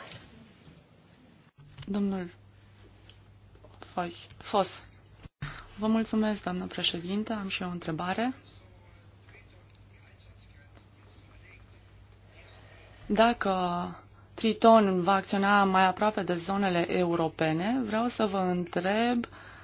Domnul Fos. Vă mulțumesc, doamnă președinte. Am și eu o întrebare. Dacă Triton va acționa mai aproape de zonele europene, vreau să vă întreb uh,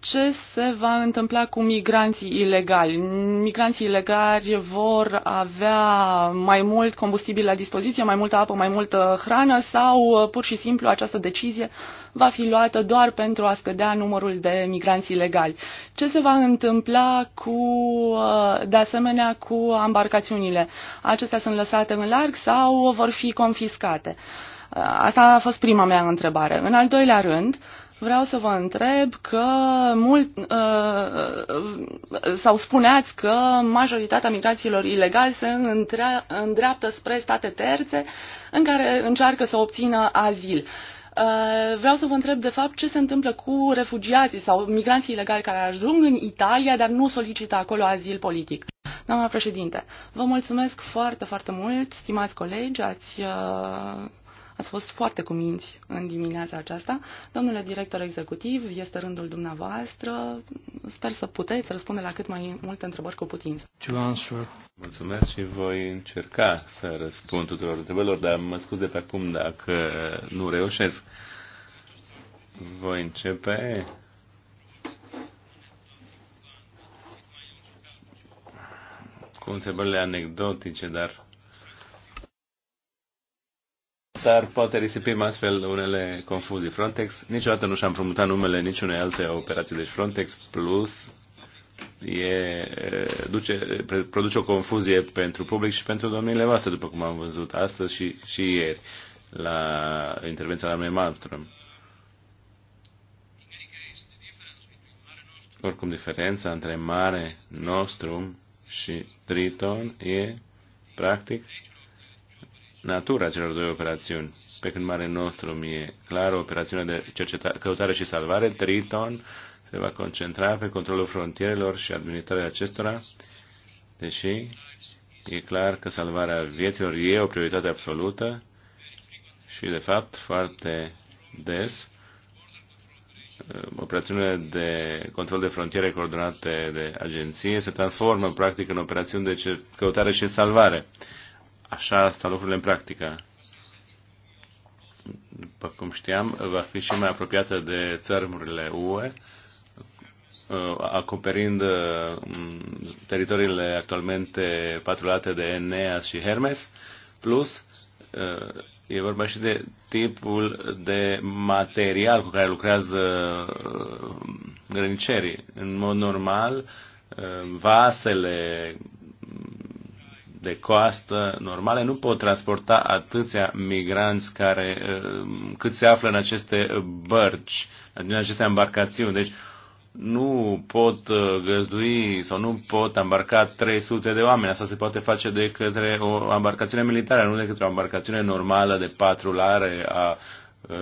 ce se va întâmpla cu migranții ilegali. Migranții ilegali vor avea mai mult combustibil la dispoziție, mai multă apă, mai multă hrană sau uh, pur și simplu această decizie va fi luată doar pentru a scădea numărul de migranți ilegali. Ce se va întâmpla cu, uh, de asemenea cu ambarcațiunile? Acestea sunt lăsate în larg sau vor fi confiscate? Uh, asta a fost prima mea întrebare. În al doilea rând, vreau să vă întreb că mult, uh, uh, sau spuneați că majoritatea migrațiilor ilegale se îndreaptă spre state terțe în care încearcă să obțină azil. Uh, vreau să vă întreb, de fapt, ce se întâmplă cu refugiații sau migranții ilegali care ajung în Italia, dar nu solicită acolo azil politic. Doamna președinte, vă mulțumesc foarte, foarte mult, stimați colegi, ați uh, Ați fost foarte cuminți în dimineața aceasta. Domnule director executiv, este rândul dumneavoastră. Sper să puteți răspunde la cât mai multe întrebări cu putință. Mulțumesc și voi încerca să răspund tuturor întrebărilor, dar mă scuz de pe acum dacă nu reușesc. Voi începe cu întrebările anecdotice, dar dar poate risipim astfel unele confuzii. Frontex niciodată nu și am promutat numele niciunei alte operații, deci Frontex Plus e, duce, produce o confuzie pentru public și pentru domnile voastre, după cum am văzut astăzi și, și ieri la intervenția doamnei Malmström. Oricum, diferența între mare nostru și Triton e, practic, natura celor două operațiuni. Pe când Mare mi e clar, operațiunea de cercetare, căutare și salvare, Triton, se va concentra pe controlul frontierelor și administrarea acestora, deși e clar că salvarea vieților e o prioritate absolută și, de fapt, foarte des, uh, operațiunile de control de frontiere coordonate de agenție se transformă, practic, în operațiuni de căutare și salvare. Așa stau lucrurile în practică. După cum știam, va fi și mai apropiată de țărmurile UE, uh, acoperind uh, teritoriile actualmente patrulate de Eneas și Hermes, plus uh, e vorba și de tipul de material cu care lucrează grănicerii. În mod normal, vasele de coastă normale nu pot transporta atâția migranți care, eh, cât se află în aceste bărci, în aceste embarcațiuni. Deci nu pot eh, găzdui sau nu pot ambarca 300 de oameni. Asta se poate face de către o embarcațiune militară, nu de către o embarcațiune normală de patrulare a eh,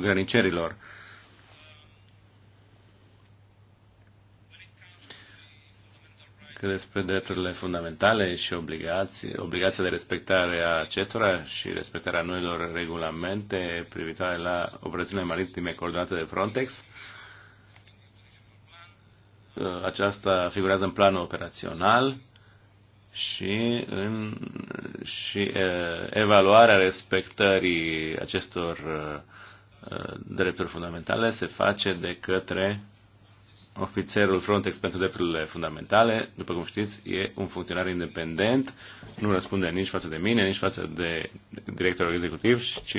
granicerilor. Uh, că despre drepturile fundamentale și obligații, obligația de respectare a acestora și respectarea noilor regulamente privitoare la operațiunile maritime coordonate de Frontex. Uh, aceasta figurează în planul operațional și, în, și uh, evaluarea respectării acestor uh, drepturi fundamentale se face de către Ofițerul Frontex pentru drepturile fundamentale, după cum știți, e un funcționar independent, nu răspunde nici față de mine, nici față de directorul executiv, ci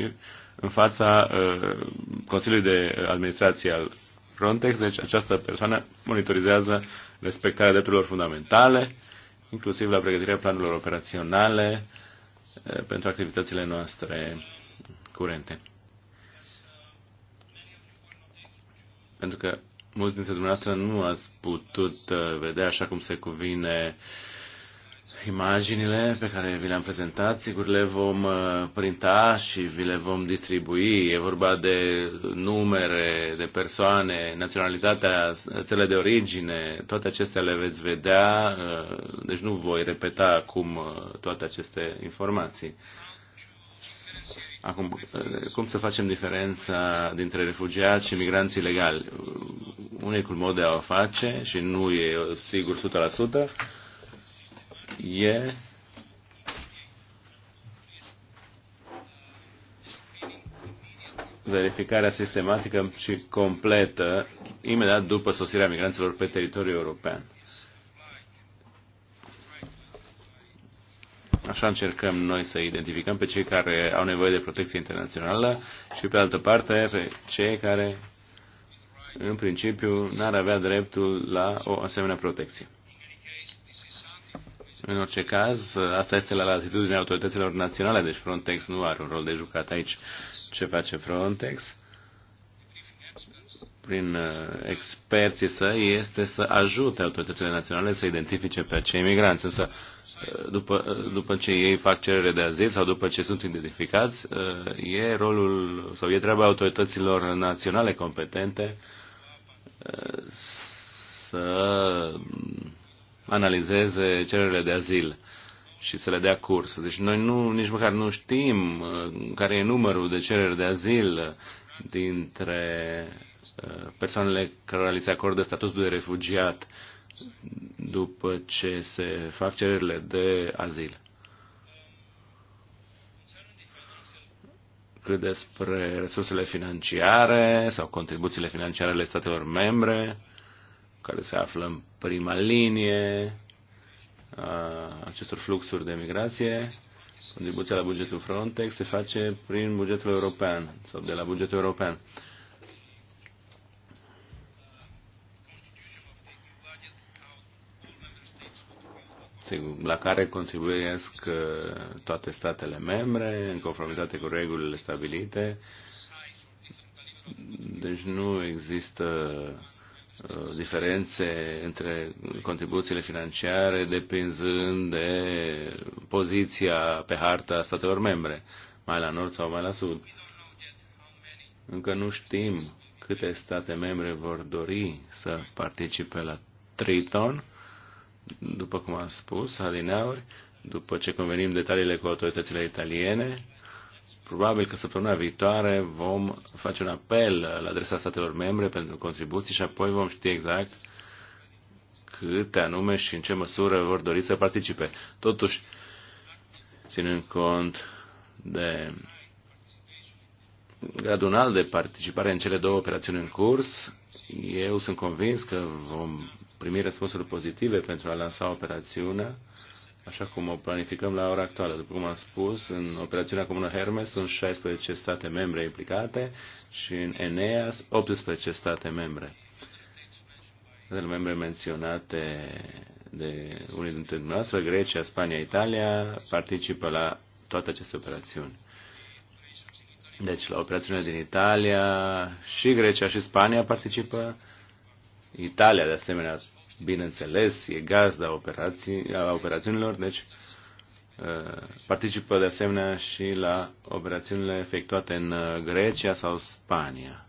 în fața uh, Consiliului de Administrație al Frontex, deci această persoană monitorizează respectarea drepturilor fundamentale, inclusiv la pregătirea planurilor operaționale uh, pentru activitățile noastre curente. Pentru că mulți dintre dumneavoastră nu ați putut uh, vedea așa cum se cuvine imaginile pe care vi le-am prezentat. Sigur, le vom uh, printa și vi le vom distribui. E vorba de numere, de persoane, naționalitatea, țele de origine, toate acestea le veți vedea. Uh, deci nu voi repeta acum toate aceste informații. Acum, cum să facem diferența dintre refugiați și migranți ilegali? Unicul mod de a o face, și nu e sigur 100%, e verificarea sistematică și completă imediat după sosirea migranților pe teritoriul european. Așa încercăm noi să identificăm pe cei care au nevoie de protecție internațională și, pe altă parte, pe cei care, în principiu, n-ar avea dreptul la o asemenea protecție. În orice caz, asta este la latitudinea autorităților naționale, deci Frontex nu are un rol de jucat aici. Ce face Frontex? prin uh, experții săi este să ajute autoritățile naționale să identifice pe acei migranți. Însă după, după ce ei fac cerere de azil sau după ce sunt identificați, uh, e rolul sau e treaba autorităților naționale competente uh, să analizeze cererile de azil și să le dea curs. Deci noi nu, nici măcar nu știm uh, care e numărul de cereri de azil dintre persoanele care li se acordă statutul de refugiat după ce se fac cererile de azil. Cât despre resursele financiare sau contribuțiile financiare ale statelor membre, care se află în prima linie a acestor fluxuri de migrație, contribuția la bugetul Frontex se face prin bugetul european sau de la bugetul european. la care contribuiesc uh, toate statele membre în conformitate cu regulile stabilite. Deci nu există uh, diferențe între contribuțiile financiare depinzând de poziția pe harta statelor membre, mai la nord sau mai la sud. Încă nu știm câte state membre vor dori să participe la Triton după cum am spus, alineauri, după ce convenim detaliile cu autoritățile italiene, probabil că săptămâna viitoare vom face un apel la adresa statelor membre pentru contribuții și apoi vom ști exact câte anume și în ce măsură vor dori să participe. Totuși, ținând cont de gradul înalt de participare în cele două operațiuni în curs, eu sunt convins că vom primi răspunsuri pozitive pentru a lansa operațiunea, așa cum o planificăm la ora actuală. După cum am spus, în operațiunea comună Hermes sunt 16 state membre implicate și în Eneas 18 state membre. Statele membre menționate de unii dintre noastre, Grecia, Spania, Italia, participă la toate aceste operațiuni. Deci la operațiunea din Italia și Grecia și Spania participă Italia, de asemenea, bineînțeles, e gazda operații, a operațiunilor, deci uh, participă de asemenea și la operațiunile efectuate în uh, Grecia sau Spania.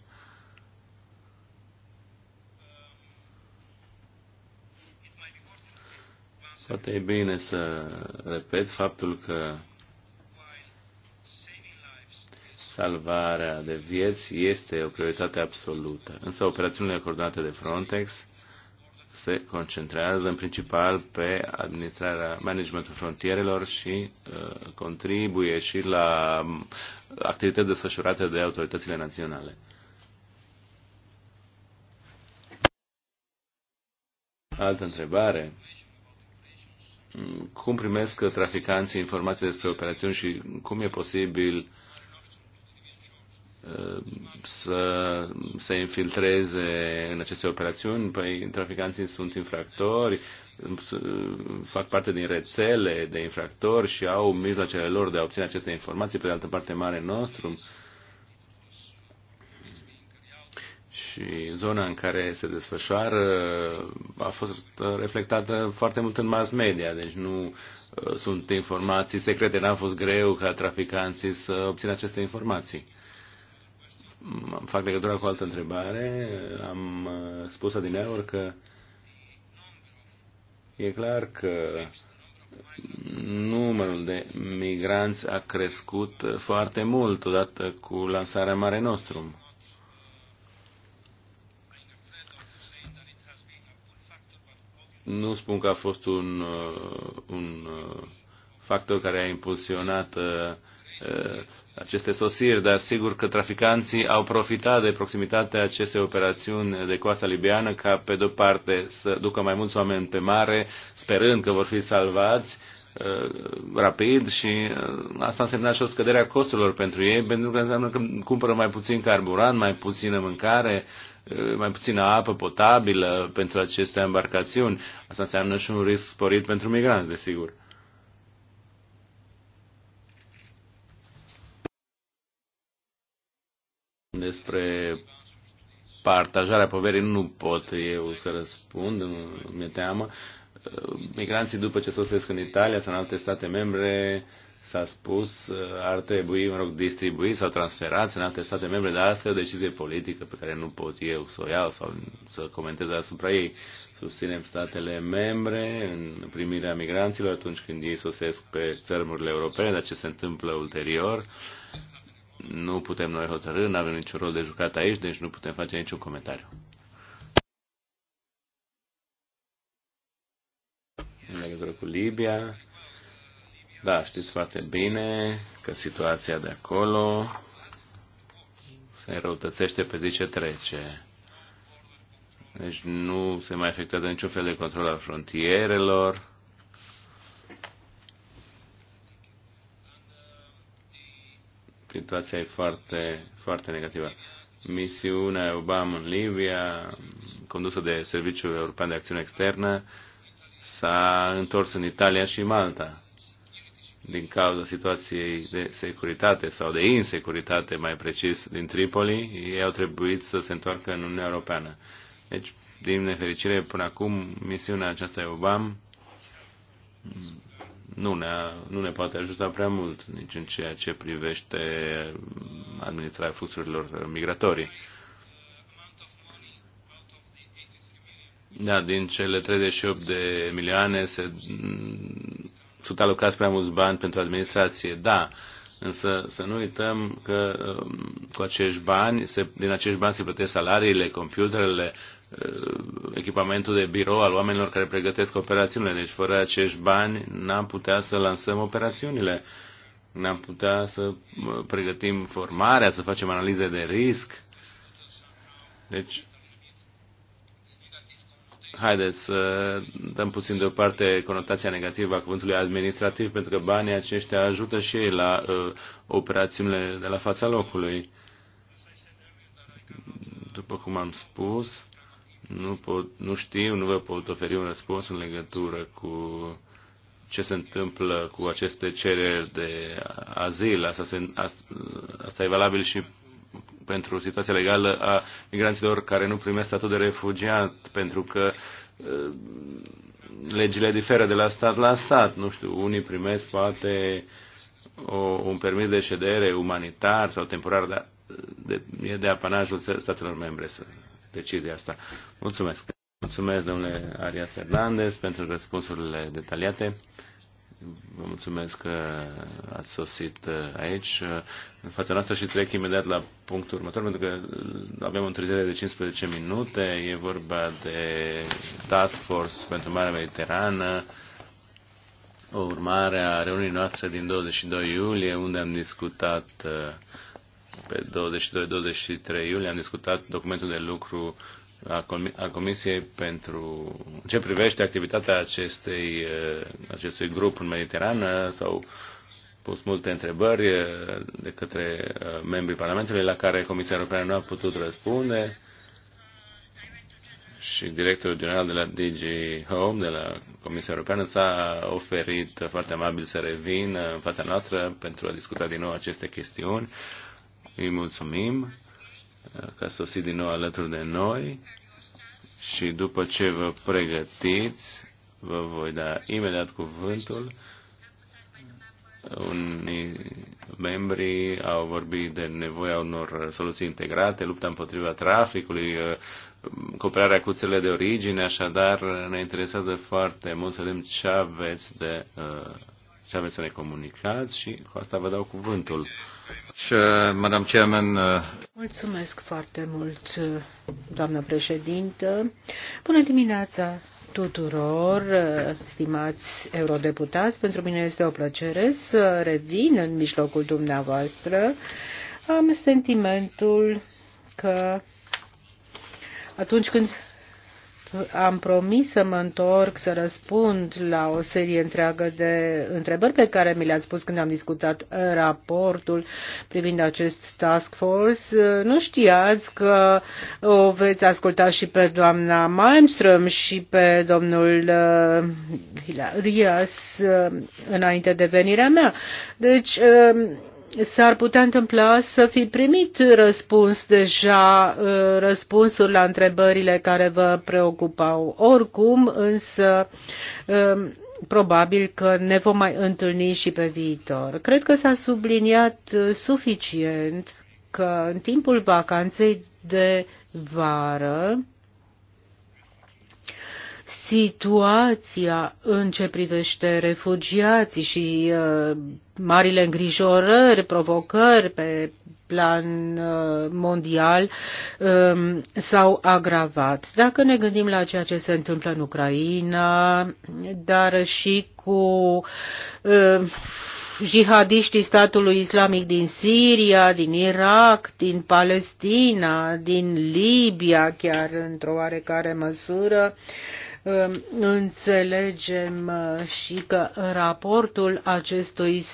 Poate e bine să repet faptul că salvarea de vieți este o prioritate absolută. Însă operațiunile coordonate de Frontex se concentrează în principal pe administrarea, managementul frontierelor și uh, contribuie și la um, activități desfășurate de autoritățile naționale. Altă întrebare. Cum primesc traficanții informații despre operațiuni și cum e posibil să se infiltreze în aceste operațiuni. Păi, traficanții sunt infractori, fac parte din rețele de infractori și au mijloacele lor de a obține aceste informații, pe de altă parte mare nostru. Și zona în care se desfășoară a fost reflectată foarte mult în mass media, deci nu uh, sunt informații secrete, n-a fost greu ca traficanții să obțină aceste informații fac legătura cu o altă întrebare. Am uh, spus adineauri că e clar că numărul de migranți a crescut foarte mult odată cu lansarea Mare Nostrum. Nu spun că a fost un, uh, un uh, factor care a impulsionat Uh, aceste sosiri, dar sigur că traficanții au profitat de proximitatea acestei operațiuni de coasta libiană ca, pe de-o parte, să ducă mai mulți oameni pe mare, sperând că vor fi salvați uh, rapid și uh, asta însemna și o scădere a costurilor pentru ei, pentru că înseamnă că cumpără mai puțin carburant, mai puțină mâncare, mai puțină apă potabilă pentru aceste embarcațiuni. Asta înseamnă și un risc sporit pentru migranți, desigur. despre partajarea poverii nu pot eu să răspund, mi-e teamă. Migranții după ce sosesc în Italia sau în alte state membre, s-a spus, ar trebui, mă rog, distribuiți sau transferați în alte state membre, dar asta e o decizie politică pe care nu pot eu să o iau sau să comentez asupra ei. Susținem statele membre în primirea migranților atunci când ei sosesc pe țărmurile europene, dar ce se întâmplă ulterior nu putem noi hotărâ, nu avem niciun rol de jucat aici, deci nu putem face niciun comentariu. În legătură cu Libia, da, știți foarte bine că situația de acolo se răutățește pe zi ce trece. Deci nu se mai efectuează niciun fel de control al frontierelor situația e foarte, foarte negativă. Misiunea Obama în Libia, condusă de Serviciul European de Acțiune Externă, s-a întors în Italia și Malta din cauza situației de securitate sau de insecuritate, mai precis, din Tripoli, ei au trebuit să se întoarcă în Uniunea Europeană. Deci, din nefericire, până acum, misiunea aceasta e Obama nu ne, nu ne poate ajuta prea mult nici în ceea ce privește administrarea fluxurilor migratorii. Da, din cele 38 de milioane se, sunt alocați prea mulți bani pentru administrație, da, însă să nu uităm că um, cu acești bani, se, din acești bani se plătesc salariile, computerele, Uh, echipamentul de birou al oamenilor care pregătesc operațiunile. Deci fără acești bani n-am putea să lansăm operațiunile. N-am putea să uh, pregătim formarea, să facem analize de risc. Deci, haideți să dăm puțin deoparte conotația negativă a cuvântului administrativ, pentru că banii aceștia ajută și ei la uh, operațiunile de la fața locului. După cum am spus, nu, pot, nu știu, nu vă pot oferi un răspuns în legătură cu ce se întâmplă cu aceste cereri de azil. Asta, se, asta, asta e valabil și pentru situația legală a migranților care nu primesc statut de refugiat, pentru că eh, legile diferă de la stat la stat. Nu știu, unii primesc poate o, un permis de ședere umanitar sau temporar, dar eh, de, e de apanajul statelor membre să decizia asta. Mulțumesc! Mulțumesc, domnule Arias Fernandez, pentru răspunsurile detaliate. Vă mulțumesc că ați sosit uh, aici în fața noastră și trec imediat la punctul următor, pentru că uh, avem o întârziere de 15 minute. E vorba de Task Force pentru Marea Mediterană, o urmare a reuniunii noastre din 22 iulie, unde am discutat uh, pe 22-23 iulie am discutat documentul de lucru al Comisiei pentru ce privește activitatea acestei, uh, acestui grup în Mediterană. Uh, s-au pus multe întrebări uh, de către membrii Parlamentului la care Comisia Europeană nu a putut răspunde și directorul general de la DG Home, de la Comisia Europeană, s-a oferit foarte amabil să revină în fața noastră pentru a discuta din nou aceste chestiuni îi mulțumim uh, că a sosit din nou alături de noi și după ce vă pregătiți, vă voi da imediat cuvântul. Unii membri au vorbit de nevoia unor soluții integrate, lupta împotriva traficului, uh, cooperarea cu țările de origine, așadar ne interesează foarte mult să vedem ce aveți, de, uh, ce aveți să ne comunicați și cu asta vă dau cuvântul. Uh, uh, Mulțumesc foarte mult, uh, doamnă președintă. Bună dimineața tuturor, stimați eurodeputați. Pentru mine este o plăcere să revin în mijlocul dumneavoastră. Am sentimentul că atunci când am promis să mă întorc, să răspund la o serie întreagă de întrebări pe care mi le-ați spus când am discutat raportul privind acest task force. Nu știați că o veți asculta și pe doamna Malmström și pe domnul uh, Hilarias uh, înainte de venirea mea. Deci, uh, s-ar putea întâmpla să fi primit răspuns deja, uh, răspunsul la întrebările care vă preocupau. Oricum, însă, um, probabil că ne vom mai întâlni și pe viitor. Cred că s-a subliniat uh, suficient că în timpul vacanței de vară, situația în ce privește refugiații și uh, marile îngrijorări, provocări pe plan uh, mondial um, s-au agravat. Dacă ne gândim la ceea ce se întâmplă în Ucraina, dar și cu uh, jihadiștii statului islamic din Siria, din Irak, din Palestina, din Libia, chiar într-o oarecare măsură, Înțelegem uh, și că raportul acestui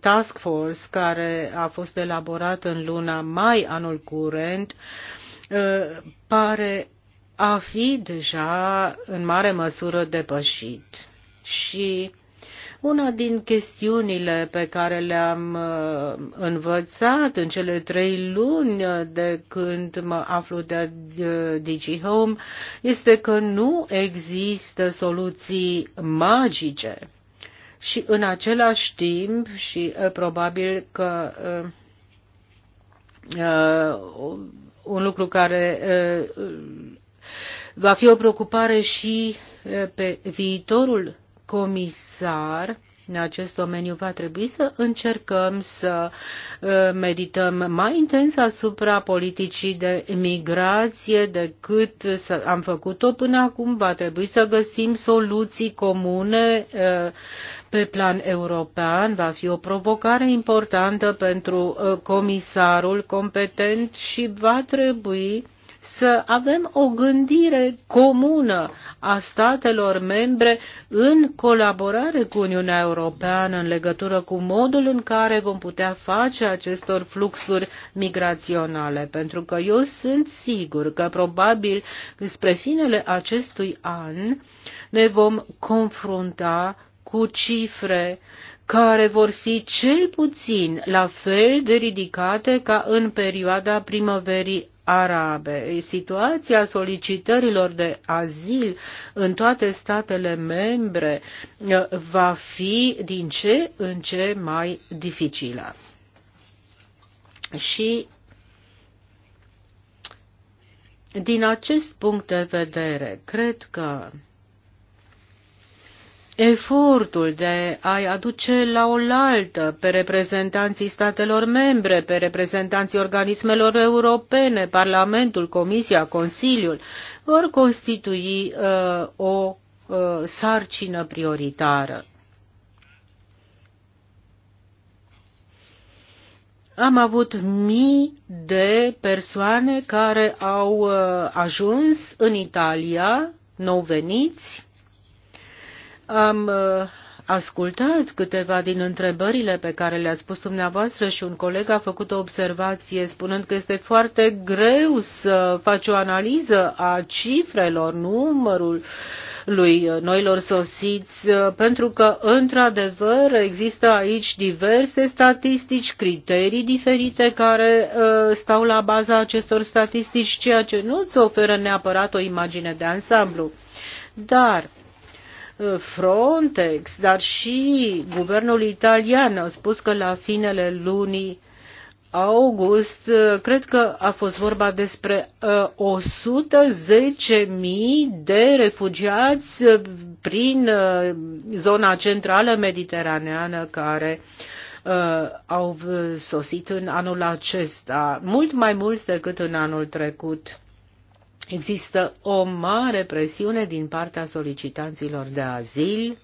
task force care a fost elaborat în luna mai anul curent uh, pare a fi deja în mare măsură depășit și una din chestiunile pe care le-am uh, învățat în cele trei luni uh, de când mă aflu de uh, DigiHome este că nu există soluții magice. Și în același timp, și probabil că uh, un lucru care uh, va fi o preocupare și pe viitorul comisar în acest domeniu va trebui să încercăm să uh, medităm mai intens asupra politicii de migrație decât am făcut-o până acum. Va trebui să găsim soluții comune uh, pe plan european. Va fi o provocare importantă pentru uh, comisarul competent și va trebui să avem o gândire comună a statelor membre în colaborare cu Uniunea Europeană în legătură cu modul în care vom putea face acestor fluxuri migraționale. Pentru că eu sunt sigur că probabil spre finele acestui an ne vom confrunta cu cifre care vor fi cel puțin la fel de ridicate ca în perioada primăverii arabe. Situația solicitărilor de azil în toate statele membre uh, va fi din ce în ce mai dificilă. Și din acest punct de vedere, cred că efortul de a-i aduce la oaltă pe reprezentanții statelor membre, pe reprezentanții organismelor europene, Parlamentul, Comisia, Consiliul, vor constitui uh, o uh, sarcină prioritară. Am avut mii de persoane care au uh, ajuns în Italia, nou veniți, am uh, ascultat câteva din întrebările pe care le-ați spus dumneavoastră și un coleg a făcut o observație spunând că este foarte greu să faci o analiză a cifrelor, numărul lui noilor sosiți, uh, pentru că, într-adevăr, există aici diverse statistici, criterii diferite care uh, stau la baza acestor statistici, ceea ce nu îți oferă neapărat o imagine de ansamblu. Dar Frontex, dar și guvernul italian au spus că la finele lunii august, cred că a fost vorba despre 110.000 uh, de refugiați uh, prin uh, zona centrală mediteraneană care au sosit în anul acesta, mult mai mulți decât în anul trecut. Există o mare presiune din partea solicitanților de azil.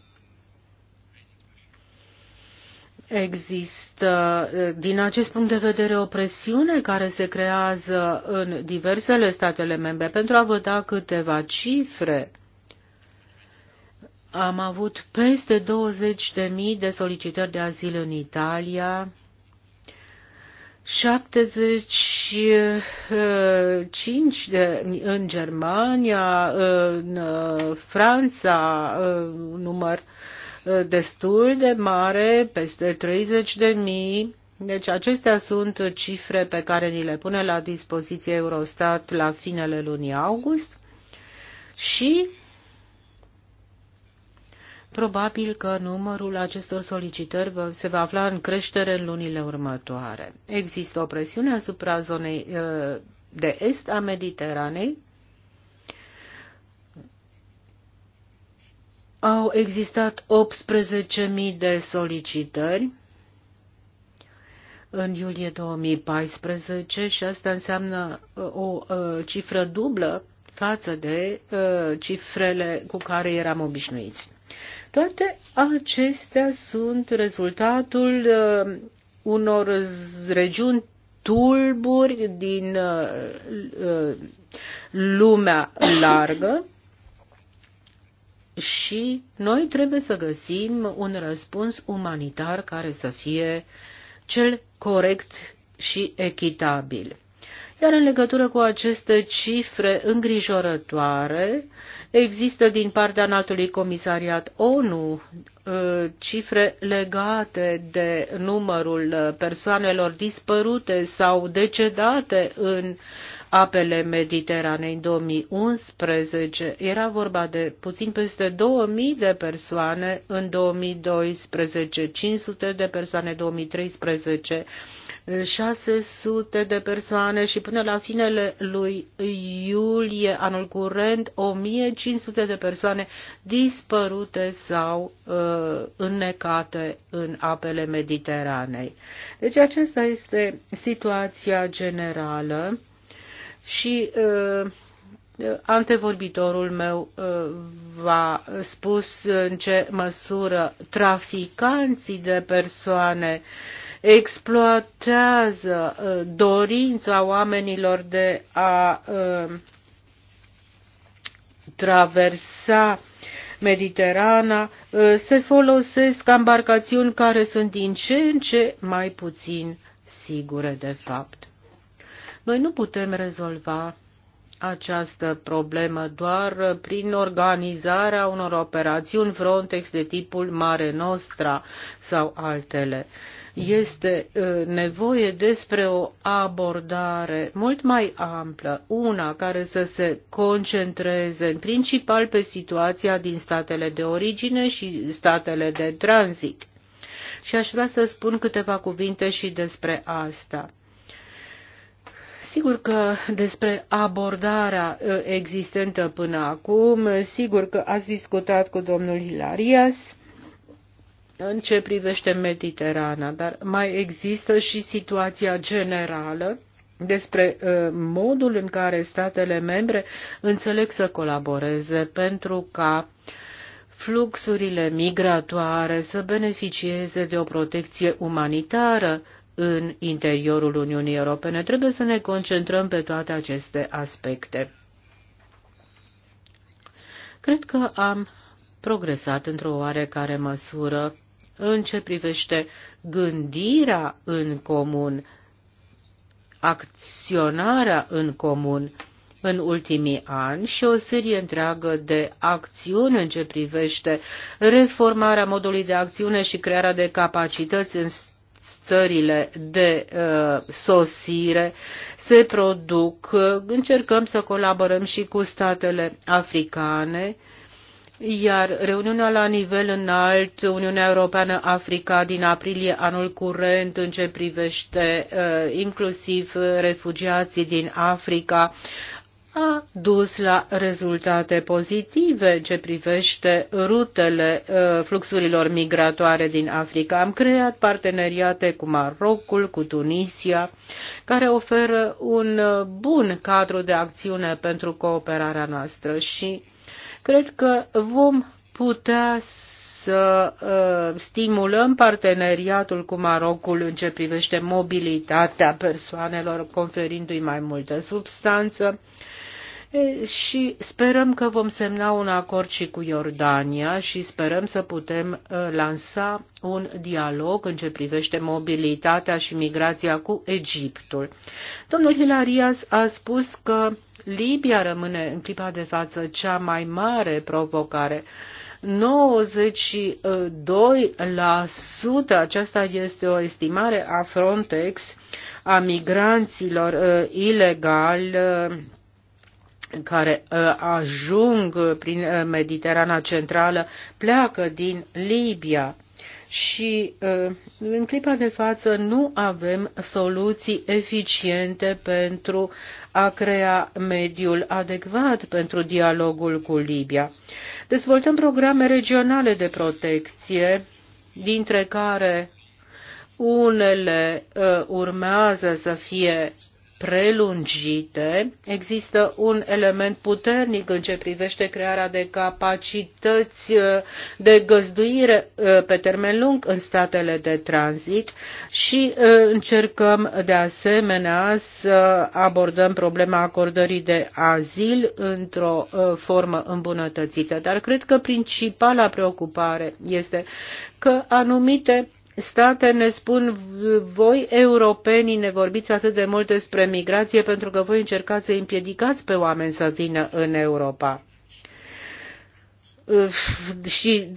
Există, din acest punct de vedere, o presiune care se creează în diversele statele membre. Pentru a vă da câteva cifre, am avut peste 20.000 de solicitări de azil în Italia, 75 eh, de, în Germania, în eh, Franța, eh, număr destul de mare, peste 30 de mii. Deci acestea sunt cifre pe care ni le pune la dispoziție Eurostat la finele lunii august și Probabil că numărul acestor solicitări se va afla în creștere în lunile următoare. Există o presiune asupra zonei uh, de est a Mediteranei. Au existat 18.000 de solicitări în iulie 2014 și asta înseamnă uh, o uh, cifră dublă față de cifrele cu care eram obișnuiți. Toate acestea sunt rezultatul uh, unor regiuni tulburi din uh, uh, lumea largă și noi trebuie să găsim un răspuns umanitar care să fie cel corect și echitabil. Iar în legătură cu aceste cifre îngrijorătoare, există din partea înaltului comisariat ONU uh, cifre legate de numărul uh, persoanelor dispărute sau decedate în apele Mediteranei în 2011. Era vorba de puțin peste 2000 de persoane în 2012, 500 de persoane 2013 600 de persoane și până la finele lui iulie anul curent 1500 de persoane dispărute sau uh, înnecate în apele Mediteranei. Deci aceasta este situația generală și uh, antevorbitorul meu uh, v-a spus în ce măsură traficanții de persoane exploatează uh, dorința oamenilor de a uh, traversa Mediterana, uh, se folosesc embarcațiuni care sunt din ce în ce mai puțin sigure de fapt. Noi nu putem rezolva această problemă doar prin organizarea unor operațiuni Frontex de tipul Mare Nostra sau altele. Uh, este uh, nevoie despre o abordare mult mai amplă, una care să se concentreze în principal pe situația din statele de origine și statele de tranzit. Și aș vrea să spun câteva cuvinte și despre asta. Sigur că despre abordarea uh, existentă până acum, sigur că ați discutat cu domnul Hilarias în ce privește Mediterana, dar mai există și situația generală despre uh, modul în care statele membre înțeleg să colaboreze pentru ca fluxurile migratoare să beneficieze de o protecție umanitară în interiorul Uniunii Europene. Trebuie să ne concentrăm pe toate aceste aspecte. Cred că am progresat într-o oarecare măsură în ce privește gândirea în comun, acționarea în comun, în ultimii ani și o serie întreagă de acțiuni în ce privește reformarea modului de acțiune și crearea de capacități în țările de uh, sosire se produc. Uh, încercăm să colaborăm și cu statele africane uh, iar reuniunea la nivel înalt Uniunea Europeană Africa din aprilie anul curent în ce privește uh, inclusiv refugiații din Africa a dus la rezultate pozitive în ce privește rutele uh, fluxurilor migratoare din Africa. Am creat parteneriate cu Marocul, cu Tunisia, care oferă un uh, bun cadru de acțiune pentru cooperarea noastră și Cred că vom putea să uh, stimulăm parteneriatul cu Marocul în ce privește mobilitatea persoanelor, conferindu-i mai multă substanță. Uh, și sperăm că vom semna un acord și cu Iordania și sperăm să putem lansa un dialog în ce privește mobilitatea și migrația cu Egiptul. Domnul Hilarias a spus că Libia rămâne în clipa de față cea mai mare provocare. 92% aceasta este o estimare a Frontex a migranților uh, ilegali uh, care uh, ajung prin uh, Mediterana Centrală pleacă din Libia și uh, în clipa de față nu avem soluții eficiente pentru a crea mediul adecvat pentru dialogul cu Libia. Dezvoltăm programe regionale de protecție, dintre care unele urmează să fie prelungite, există un element puternic în ce privește crearea de capacități uh, de găzduire uh, pe termen lung în statele de tranzit și uh, încercăm de asemenea să abordăm problema acordării de azil într-o formă îmbunătățită. Dar cred că principala preocupare este că anumite state ne spun, voi europenii ne vorbiți atât de mult despre migrație pentru că voi încercați să împiedicați pe oameni să vină în Europa. Și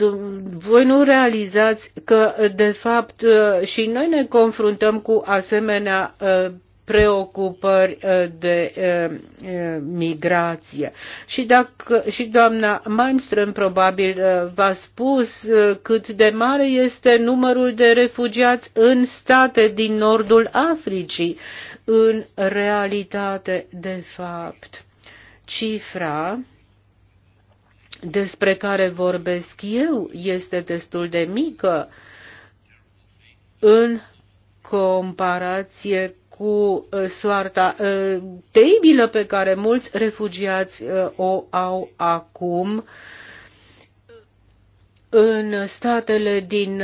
voi nu realizați că, de fapt, și noi ne confruntăm cu asemenea uh, preocupări uh, de uh, uh, migrație. Și, dacă, și doamna Malmström probabil v-a spus cât de mare este numărul de refugiați în state din nordul Africii. În realitate, de fapt, cifra despre care vorbesc eu este destul de mică în comparație cu uh, soarta teibilă uh, pe care mulți refugiați uh, o au acum în statele din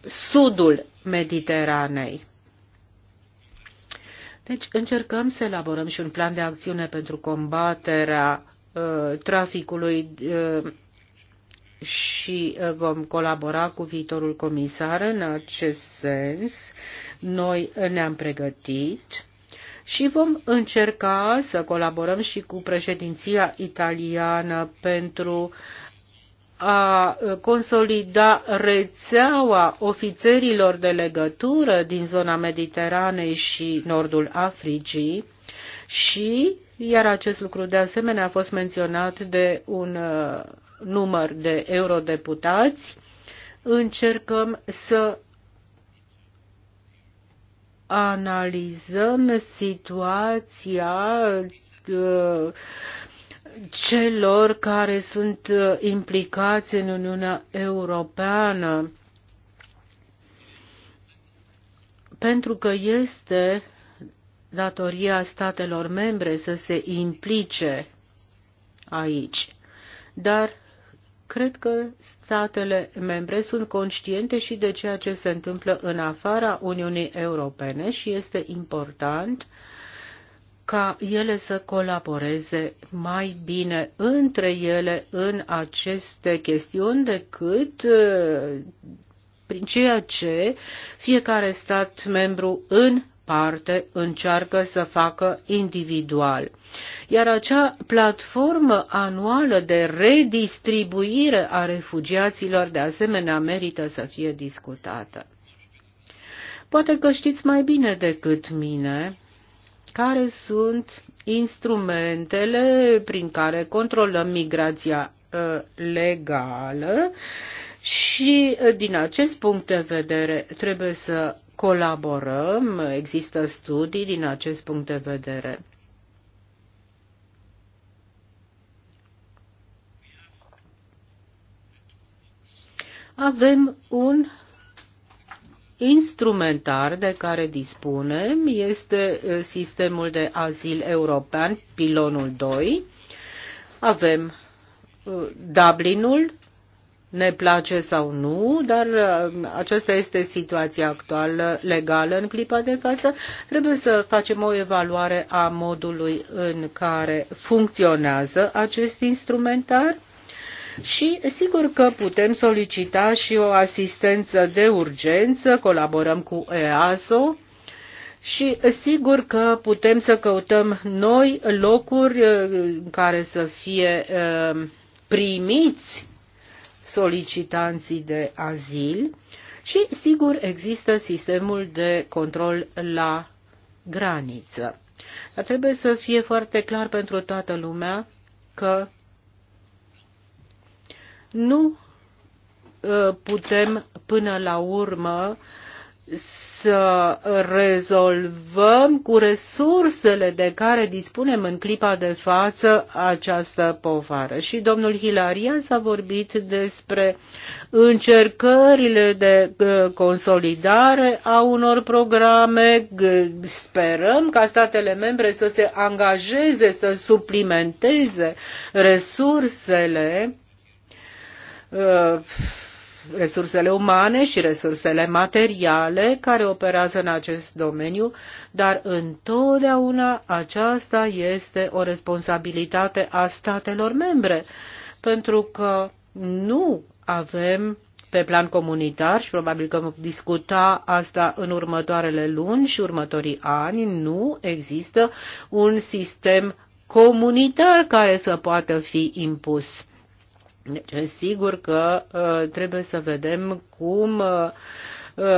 sudul Mediteranei. Deci încercăm să elaborăm și un plan de acțiune pentru combaterea traficului și uh, vom colabora cu viitorul comisar în acest sens. Noi ne-am pregătit și vom încerca să colaborăm și cu președinția italiană pentru a uh, consolida rețeaua ofițerilor de legătură din zona Mediteranei și nordul Africii și iar acest lucru de asemenea a fost menționat de un uh, număr de eurodeputați, încercăm să analizăm situația uh, celor care sunt uh, implicați în Uniunea Europeană, pentru că este datoria statelor membre să se implice aici. Dar Cred că statele membre sunt conștiente și de ceea ce se întâmplă în afara Uniunii Europene și este important ca ele să colaboreze mai bine între ele în aceste chestiuni decât uh, prin ceea ce fiecare stat membru în parte încearcă să facă individual. Iar acea platformă anuală de redistribuire a refugiaților de asemenea merită să fie discutată. Poate că știți mai bine decât mine care sunt instrumentele prin care controlăm migrația ă, legală și din acest punct de vedere trebuie să colaborăm, există studii din acest punct de vedere. Avem un instrumentar de care dispunem, este sistemul de azil european, pilonul 2. Avem Dublinul ne place sau nu, dar uh, aceasta este situația actuală legală în clipa de față. Trebuie să facem o evaluare a modului în care funcționează acest instrumentar și sigur că putem solicita și o asistență de urgență, colaborăm cu EASO, și sigur că putem să căutăm noi locuri uh, în care să fie uh, primiți solicitanții de azil și, sigur, există sistemul de control la graniță. Dar trebuie să fie foarte clar pentru toată lumea că nu uh, putem până la urmă să rezolvăm cu resursele de care dispunem în clipa de față această povară. Și domnul Hilarian s-a vorbit despre încercările de uh, consolidare a unor programe. Sperăm ca statele membre să se angajeze, să suplimenteze resursele uh, resursele umane și resursele materiale care operează în acest domeniu, dar întotdeauna aceasta este o responsabilitate a statelor membre, pentru că nu avem pe plan comunitar și probabil că vom discuta asta în următoarele luni și următorii ani, nu există un sistem comunitar care să poată fi impus. Deci, sigur că uh, trebuie să vedem cum uh,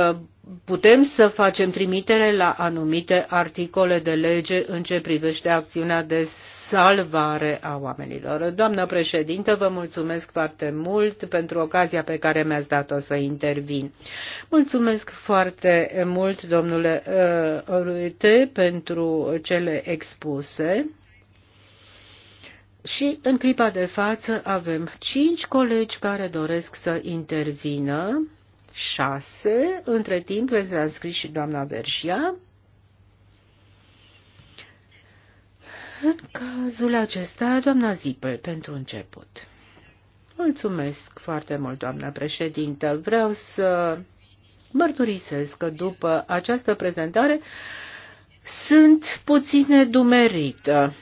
uh, putem să facem trimitere la anumite articole de lege în ce privește acțiunea de salvare a oamenilor. Doamnă președintă, vă mulțumesc foarte mult pentru ocazia pe care mi-ați dat-o să intervin. Mulțumesc foarte mult, domnule Ruite, pentru cele expuse. Și în clipa de față avem cinci colegi care doresc să intervină, șase, între timp s-a înscris și doamna Vergia. În cazul acesta, doamna Zipel, pentru început. Mulțumesc foarte mult, doamna președintă. Vreau să mărturisesc că după această prezentare sunt puțin nedumerită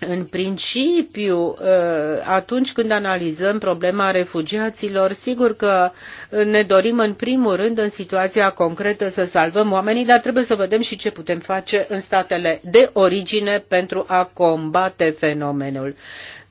în principiu, ă, atunci când analizăm problema refugiaților, sigur că ne dorim în primul rând în situația concretă să salvăm oamenii, dar trebuie să vedem și ce putem face în statele de origine pentru a combate fenomenul.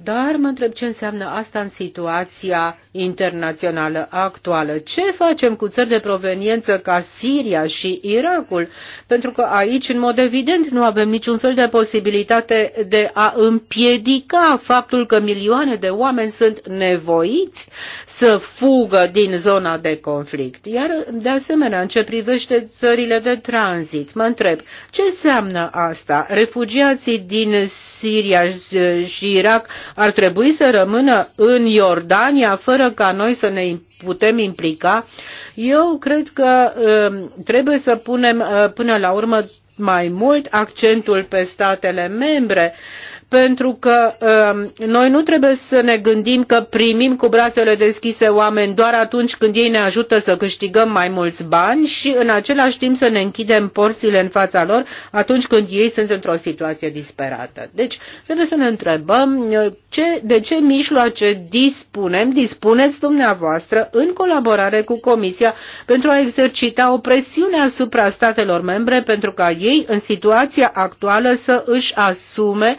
Dar mă întreb ce înseamnă asta în situația internațională actuală. Ce facem cu țări de proveniență ca Siria și Irakul? Pentru că aici, în mod evident, nu avem niciun fel de posibilitate de a împiedica faptul că milioane de oameni sunt nevoiți să fugă din zona de conflict. Iar, de asemenea, în ce privește țările de tranzit, mă întreb, ce înseamnă asta? Refugiații din Siria și Irak ar trebui să rămână în Iordania fără ca noi să ne putem implica. Eu cred că um, trebuie să punem uh, până la urmă mai mult accentul pe statele membre pentru că um, noi nu trebuie să ne gândim că primim cu brațele deschise oameni doar atunci când ei ne ajută să câștigăm mai mulți bani și în același timp să ne închidem porțile în fața lor atunci când ei sunt într-o situație disperată. Deci trebuie să ne întrebăm uh, ce, de ce mijloace dispunem, dispuneți dumneavoastră în colaborare cu Comisia pentru a exercita o presiune asupra statelor membre pentru ca ei în situația actuală să își asume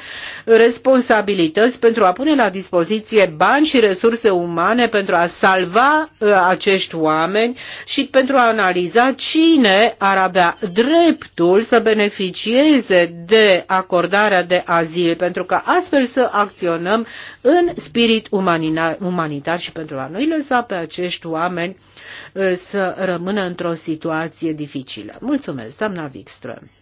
responsabilități pentru a pune la dispoziție bani și resurse umane pentru a salva uh, acești oameni și pentru a analiza cine ar avea dreptul să beneficieze de acordarea de azil, pentru că astfel să acționăm în spirit umanitar, și pentru a nu-i lăsa pe acești oameni uh, să rămână într-o situație dificilă. Mulțumesc, doamna Wikström.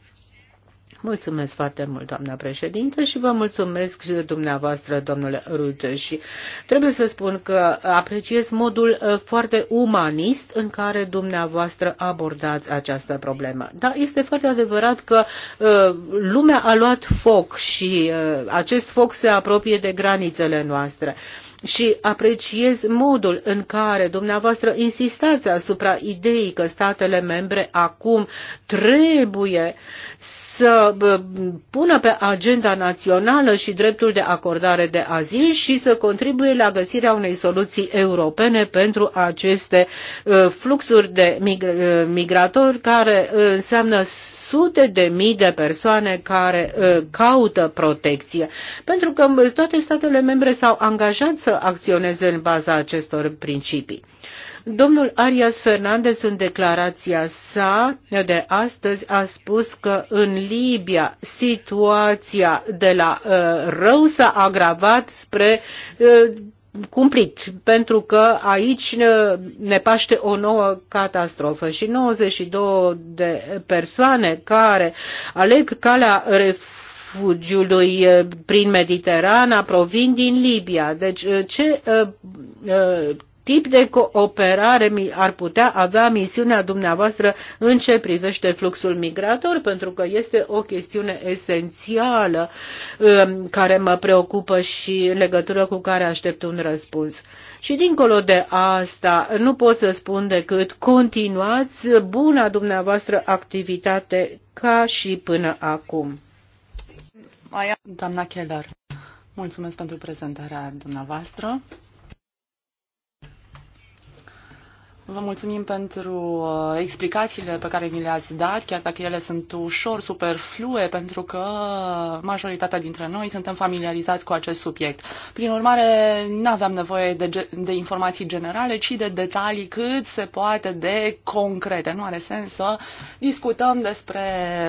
Mulțumesc foarte mult, doamna președinte, și vă mulțumesc și dumneavoastră, domnule Rute. Și trebuie să spun că apreciez modul uh, foarte umanist în care dumneavoastră abordați această problemă. Da, este foarte adevărat că uh, lumea a luat foc și uh, acest foc se apropie de granițele noastre și apreciez modul în care dumneavoastră insistați asupra ideii că statele membre acum trebuie să pună pe agenda națională și dreptul de acordare de azil și să contribuie la găsirea unei soluții europene pentru aceste fluxuri de migratori care înseamnă sute de mii de persoane care caută protecție. Pentru că toate statele membre s-au angajat să acționeze în baza acestor principii. Domnul Arias Fernandez în declarația sa de astăzi a spus că în Libia situația de la uh, rău s-a agravat spre uh, cumplit, pentru că aici uh, ne paște o nouă catastrofă și 92 de persoane care aleg calea refugiului uh, prin Mediterana provin din Libia. Deci uh, ce tip de cooperare ar putea avea misiunea dumneavoastră în ce privește fluxul migrator, pentru că este o chestiune esențială um, care mă preocupă și în legătură cu care aștept un răspuns. Și dincolo de asta, nu pot să spun decât continuați buna dumneavoastră activitate ca și până acum. Doamna Keller, mulțumesc pentru prezentarea dumneavoastră. Vă mulțumim pentru uh, explicațiile pe care ni le-ați dat, chiar dacă ele sunt ușor superflue, pentru că majoritatea dintre noi suntem familiarizați cu acest subiect. Prin urmare, nu aveam nevoie de, de informații generale, ci de detalii cât se poate de concrete. Nu are sens să discutăm despre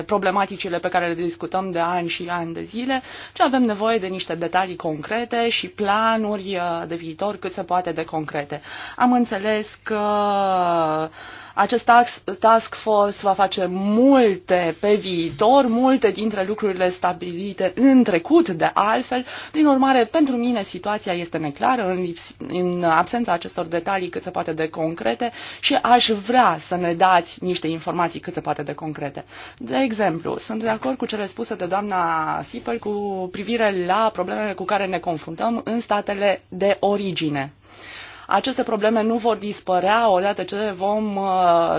problematicile pe care le discutăm de ani și ani de zile, ci avem nevoie de niște detalii concrete și planuri uh, de viitor cât se poate de concrete. Am înțeles că Uh, acest task force va face multe pe viitor, multe dintre lucrurile stabilite în trecut de altfel. Prin urmare, pentru mine situația este neclară în, în absența acestor detalii cât se poate de concrete și aș vrea să ne dați niște informații cât se poate de concrete. De exemplu, sunt de acord cu cele spuse de doamna Sipel cu privire la problemele cu care ne confruntăm în statele de origine. Aceste probleme nu vor dispărea odată ce vom uh,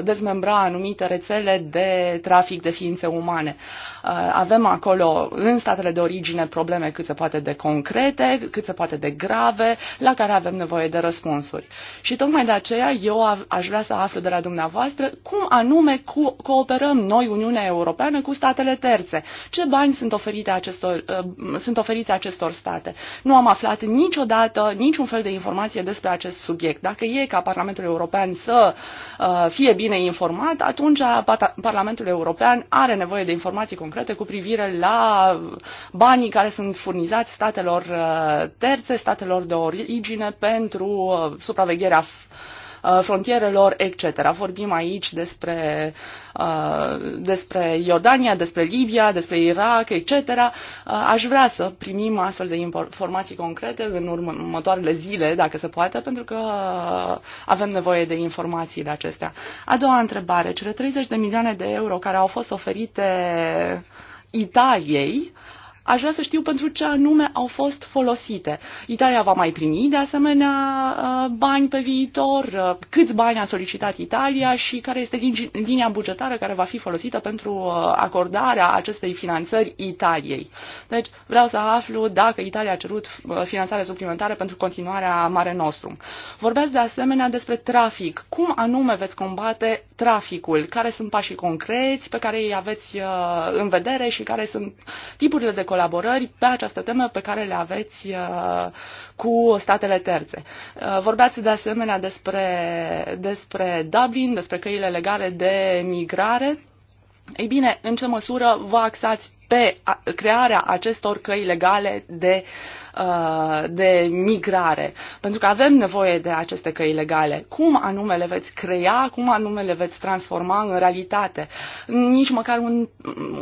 dezmembra anumite rețele de trafic de ființe umane. Uh, avem acolo, în statele de origine, probleme cât se poate de concrete, cât se poate de grave, la care avem nevoie de răspunsuri. Și tocmai de aceea eu aș vrea să aflu de la dumneavoastră cum anume co- cooperăm noi, Uniunea Europeană, cu statele terțe. Ce bani sunt, oferite acestor, uh, sunt oferiți acestor state? Nu am aflat niciodată niciun fel de informație despre acest acest subiect. Dacă e ca Parlamentul European să uh, fie bine informat, atunci Parlamentul European are nevoie de informații concrete cu privire la banii care sunt furnizați statelor uh, terțe, statelor de origine pentru uh, supravegherea Uh, frontierelor, etc. Vorbim aici despre, uh, despre Iordania, despre Libia, despre Irak, etc. Uh, aș vrea să primim astfel de informații concrete în următoarele zile, dacă se poate, pentru că avem nevoie de informațiile acestea. A doua întrebare, cele 30 de milioane de euro care au fost oferite Italiei, uh, Aș vrea să știu pentru ce anume au fost folosite. Italia va mai primi de asemenea uh, bani pe viitor, uh, câți bani a solicitat Italia și care este linia bugetară care va fi folosită pentru uh, acordarea acestei finanțări Italiei. Deci vreau să aflu dacă Italia a cerut finanțare suplimentară pentru continuarea Mare Nostrum. Vorbeați de asemenea despre trafic. Cum anume veți combate traficul? Care sunt pașii concreți pe care îi aveți în vedere și care sunt tipurile de colaborări pe această temă pe care le aveți uh, cu statele terțe. Uh, vorbeați de asemenea despre, despre Dublin, despre căile legale de migrare. Ei bine, în ce măsură vă axați pe crearea acestor căi legale de uh, Uh, de migrare, pentru că avem nevoie de aceste căi legale. Cum anume le veți crea, cum anume le veți transforma în realitate? Nici măcar un,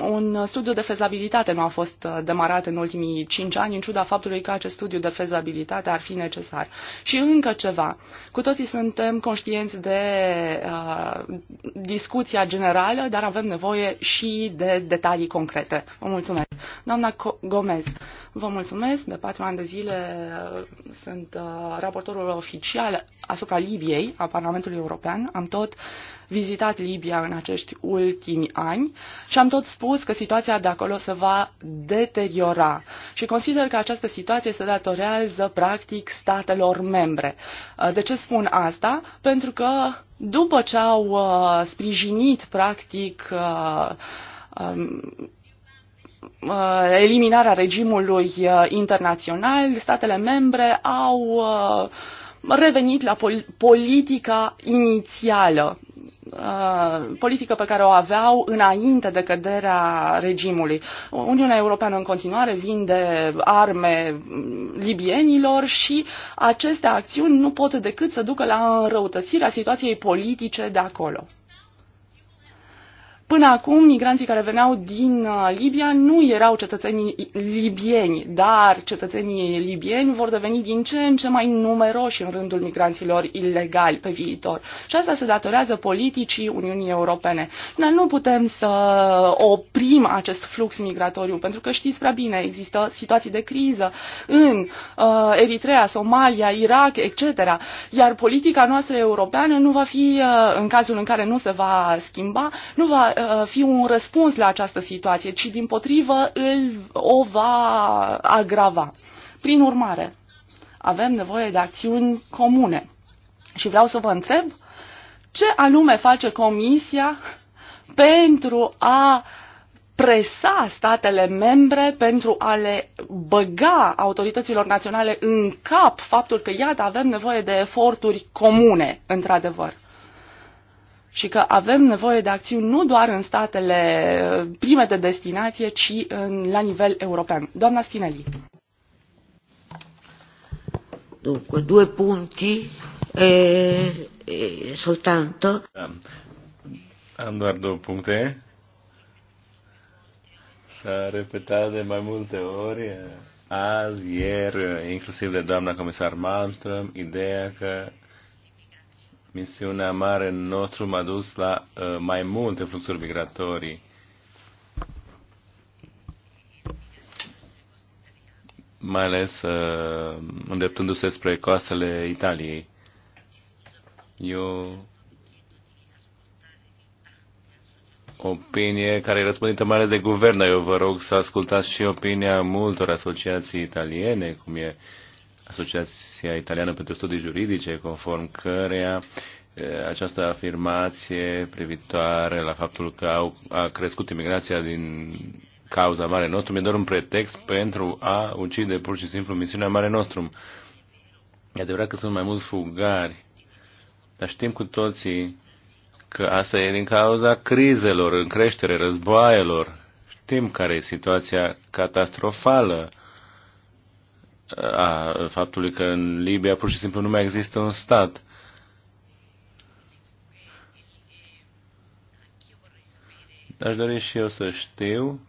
un studiu de fezabilitate nu a fost uh, demarat în ultimii cinci ani, în ciuda faptului că acest studiu de fezabilitate ar fi necesar. Și încă ceva. Cu toții suntem conștienți de uh, discuția generală, dar avem nevoie și de detalii concrete. Vă mulțumesc. Doamna Gomez, vă mulțumesc de patru ani de zile uh, sunt uh, raportorul oficial asupra Libiei a Parlamentului European. Am tot vizitat Libia în acești ultimi ani și am tot spus că situația de acolo se va deteriora și consider că această situație se datorează practic statelor membre. Uh, de ce spun asta? Pentru că după ce au sprijinit practic um, Uh, eliminarea regimului uh, internațional, statele membre au uh, revenit la pol- politica inițială, politică pe care o aveau înainte de căderea regimului. Uniunea Europeană în continuare vinde arme libienilor și aceste acțiuni nu pot decât să ducă la înrăutățirea situației politice de acolo. Până acum, migranții care veneau din uh, Libia nu erau cetățenii libieni, dar cetățenii libieni vor deveni din ce în ce mai numeroși în rândul migranților ilegali pe viitor. Și asta se datorează politicii Uniunii Europene. Dar nu putem să oprim acest flux migratoriu, pentru că știți prea bine, există situații de criză în uh, Eritrea, Somalia, Irak, etc. Iar politica noastră europeană nu va fi, uh, în cazul în care nu se va schimba, nu va Uh, fi un răspuns la această situație, ci din potrivă îl, o va agrava. Prin urmare, avem nevoie de acțiuni comune. Și vreau să vă întreb ce anume face Comisia pentru a presa statele membre pentru a le băga autorităților naționale în cap faptul că, iată, avem nevoie de eforturi comune, într-adevăr și că avem nevoie de acțiuni nu doar în statele uh, prime de destinație, ci în, la nivel european. Doamna Spinelli. Dunque, due punti e, eh, e, eh, soltanto. Am doar două puncte. S-a repetat de mai multe ori eh, azi, ieri, inclusiv de doamna comisar Malmström, ideea că misiunea mare nostru m-a dus la uh, mai multe fluxuri migratorii. mai ales uh, îndreptându-se spre coastele Italiei. Eu opinie care e răspândită mai ales de guvern, eu vă rog să ascultați și opinia multor asociații italiene, cum e uh, Asociația Italiană pentru Studii Juridice, conform căreia această afirmație privitoare la faptul că au, a crescut imigrația din cauza Mare Nostrum e doar un pretext pentru a ucide pur și simplu misiunea Mare Nostrum. E adevărat că sunt mai mulți fugari, dar știm cu toții că asta e din cauza crizelor în creștere, războaielor. Știm care e situația catastrofală a faptului că în Libia pur și simplu nu mai există un stat. Aș dori și eu să știu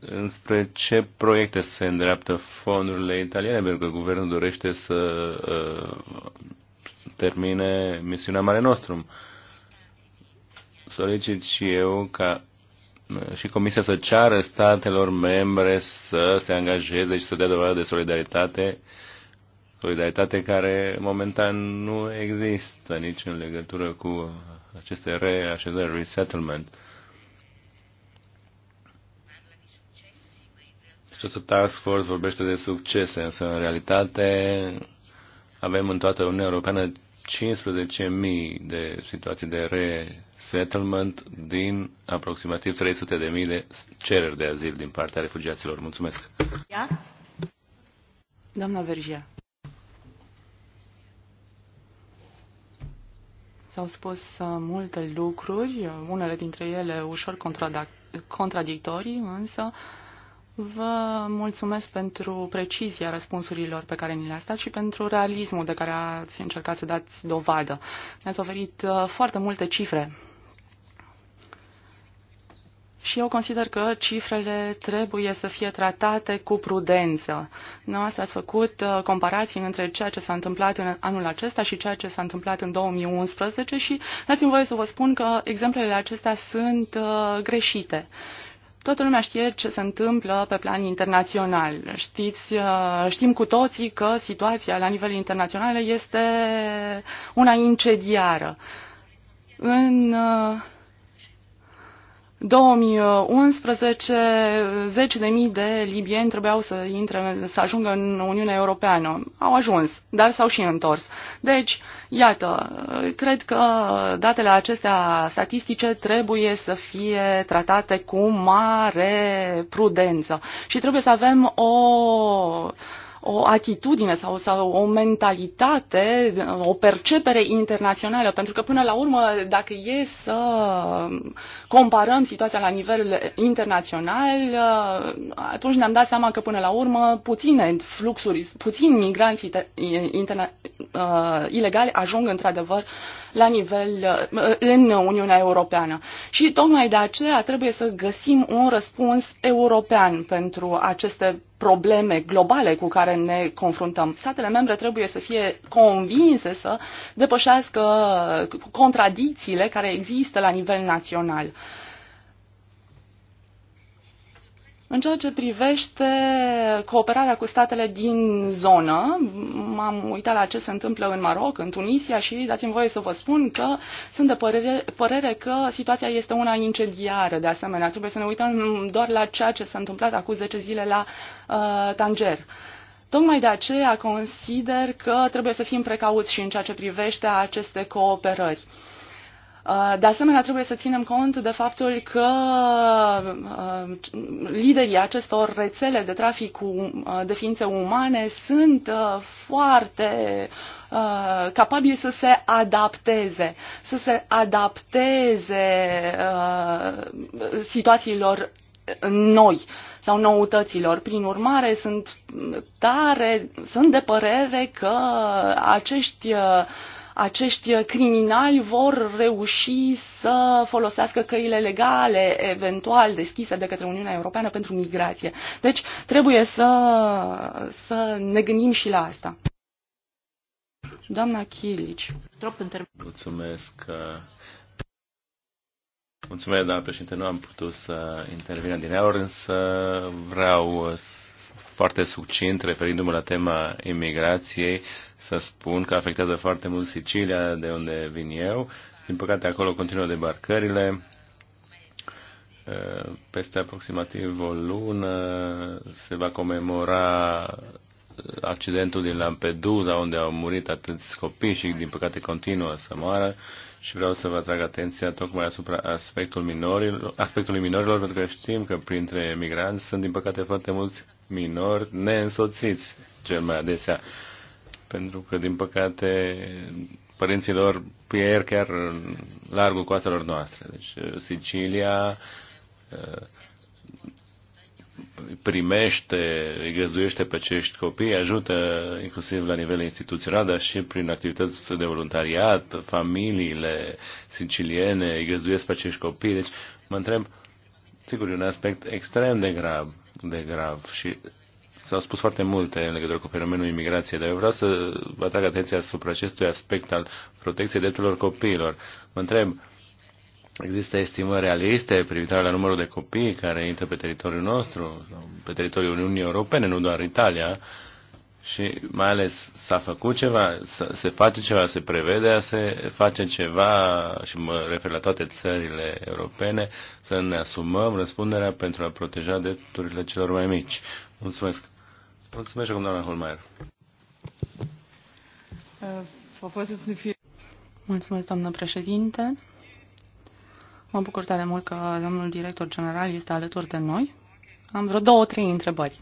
înspre ce proiecte se îndreaptă fondurile italiene, pentru că guvernul dorește să uh, termine misiunea Mare Nostrum. Solicit și eu ca și Comisia să ceară statelor membre să se angajeze și să dea dovadă de solidaritate, solidaritate care momentan nu există nici în legătură cu aceste reașezări, resettlement. Și Task Force vorbește de succese, însă în realitate avem în toată Uniunea Europeană 15.000 de situații de re settlement din aproximativ 300.000 de cereri de azil din partea refugiaților. Mulțumesc! Ia? Doamna Vergia. S-au spus uh, multe lucruri, uh, unele dintre ele ușor contradictorii, însă vă mulțumesc pentru precizia răspunsurilor pe care ni le-ați dat și pentru realismul de care ați încercat să dați dovadă. Ne-ați oferit uh, foarte multe cifre și eu consider că cifrele trebuie să fie tratate cu prudență. Noastră ați făcut uh, comparații între ceea ce s-a întâmplat în anul acesta și ceea ce s-a întâmplat în 2011 și dați-mi voie să vă spun că exemplele acestea sunt uh, greșite. Toată lumea știe ce se întâmplă pe plan internațional. Știți, uh, știm cu toții că situația la nivel internațional este una incendiară. În uh, 2011, zeci de mii de libieni trebuiau să intre, să ajungă în Uniunea Europeană. Au ajuns, dar s-au și întors. Deci, iată, cred că datele acestea statistice trebuie să fie tratate cu mare prudență și trebuie să avem o o atitudine sau, sau o mentalitate, o percepere internațională, pentru că până la urmă, dacă e să comparăm situația la nivel internațional, atunci ne-am dat seama că până la urmă puține fluxuri, puțini migranți interna, uh, ilegali ajung într-adevăr la nivel uh, în Uniunea Europeană. Și tocmai de aceea trebuie să găsim un răspuns european pentru aceste probleme globale cu care ne confruntăm. Statele membre trebuie să fie convinse să depășească contradicțiile care există la nivel național. În ceea ce privește cooperarea cu statele din zonă, m-am uitat la ce se întâmplă în Maroc, în Tunisia și dați-mi voie să vă spun că sunt de părere, părere că situația este una incendiară de asemenea. Trebuie să ne uităm doar la ceea ce s-a întâmplat acum 10 zile la uh, Tanger. Tocmai de aceea consider că trebuie să fim precauți și în ceea ce privește aceste cooperări. Uh, Uh, de asemenea, trebuie să ținem cont de faptul că uh, liderii acestor rețele de trafic cu, uh, de ființe umane sunt foarte capabili să se adapteze, să se adapteze situațiilor noi sau noutăților. Prin urmare, sunt tare, sunt de părere că acești uh, acești uh, criminali vor reuși să folosească căile legale, eventual deschise de către Uniunea Europeană pentru migrație. Deci trebuie să, să ne gândim și la asta. Doamna Chilici. Mulțumesc. Uh, mulțumesc, doamna președinte. Nu am putut să intervin din aur, însă vreau să foarte succint, referindu-mă la tema imigrației, să spun că afectează foarte mult Sicilia, de unde vin eu. Din păcate, acolo continuă debarcările. Peste aproximativ o lună se va comemora accidentul din Lampedusa, unde au murit atâți copii și, din păcate, continuă să moară. Și vreau să vă atrag atenția tocmai asupra aspectul minorilor, aspectului minorilor, pentru că știm că printre migranți sunt, din păcate, foarte mulți minori neînsoțiți, cel mai adesea. Pentru că, din păcate, părinților pierd chiar largul coastelor noastre. Deci, Sicilia, primește, îi găzduiește pe acești copii, ajută inclusiv la nivel instituțional, dar și prin activități de voluntariat, familiile siciliene îi găzduiesc pe acești copii. Deci mă întreb, sigur, e un aspect extrem de grav, de grav și s-au spus foarte multe în legătură cu fenomenul imigrației, dar eu vreau să vă atrag atenția asupra acestui aspect al protecției drepturilor copiilor. Mă întreb, Există estimări realiste privitoare la numărul de copii care intră pe teritoriul nostru, pe teritoriul Uniunii Europene, nu doar Italia, și mai ales s-a făcut ceva, se face ceva, se prevede, se face ceva, și mă refer la toate țările europene, să ne asumăm răspunderea pentru a proteja drepturile celor mai mici. Mulțumesc. Mulțumesc acum, doamna Holmeier. Uh, Mulțumesc, doamnă președinte. Mă bucur tare mult că domnul director general este alături de noi. Am vreo două, trei întrebări.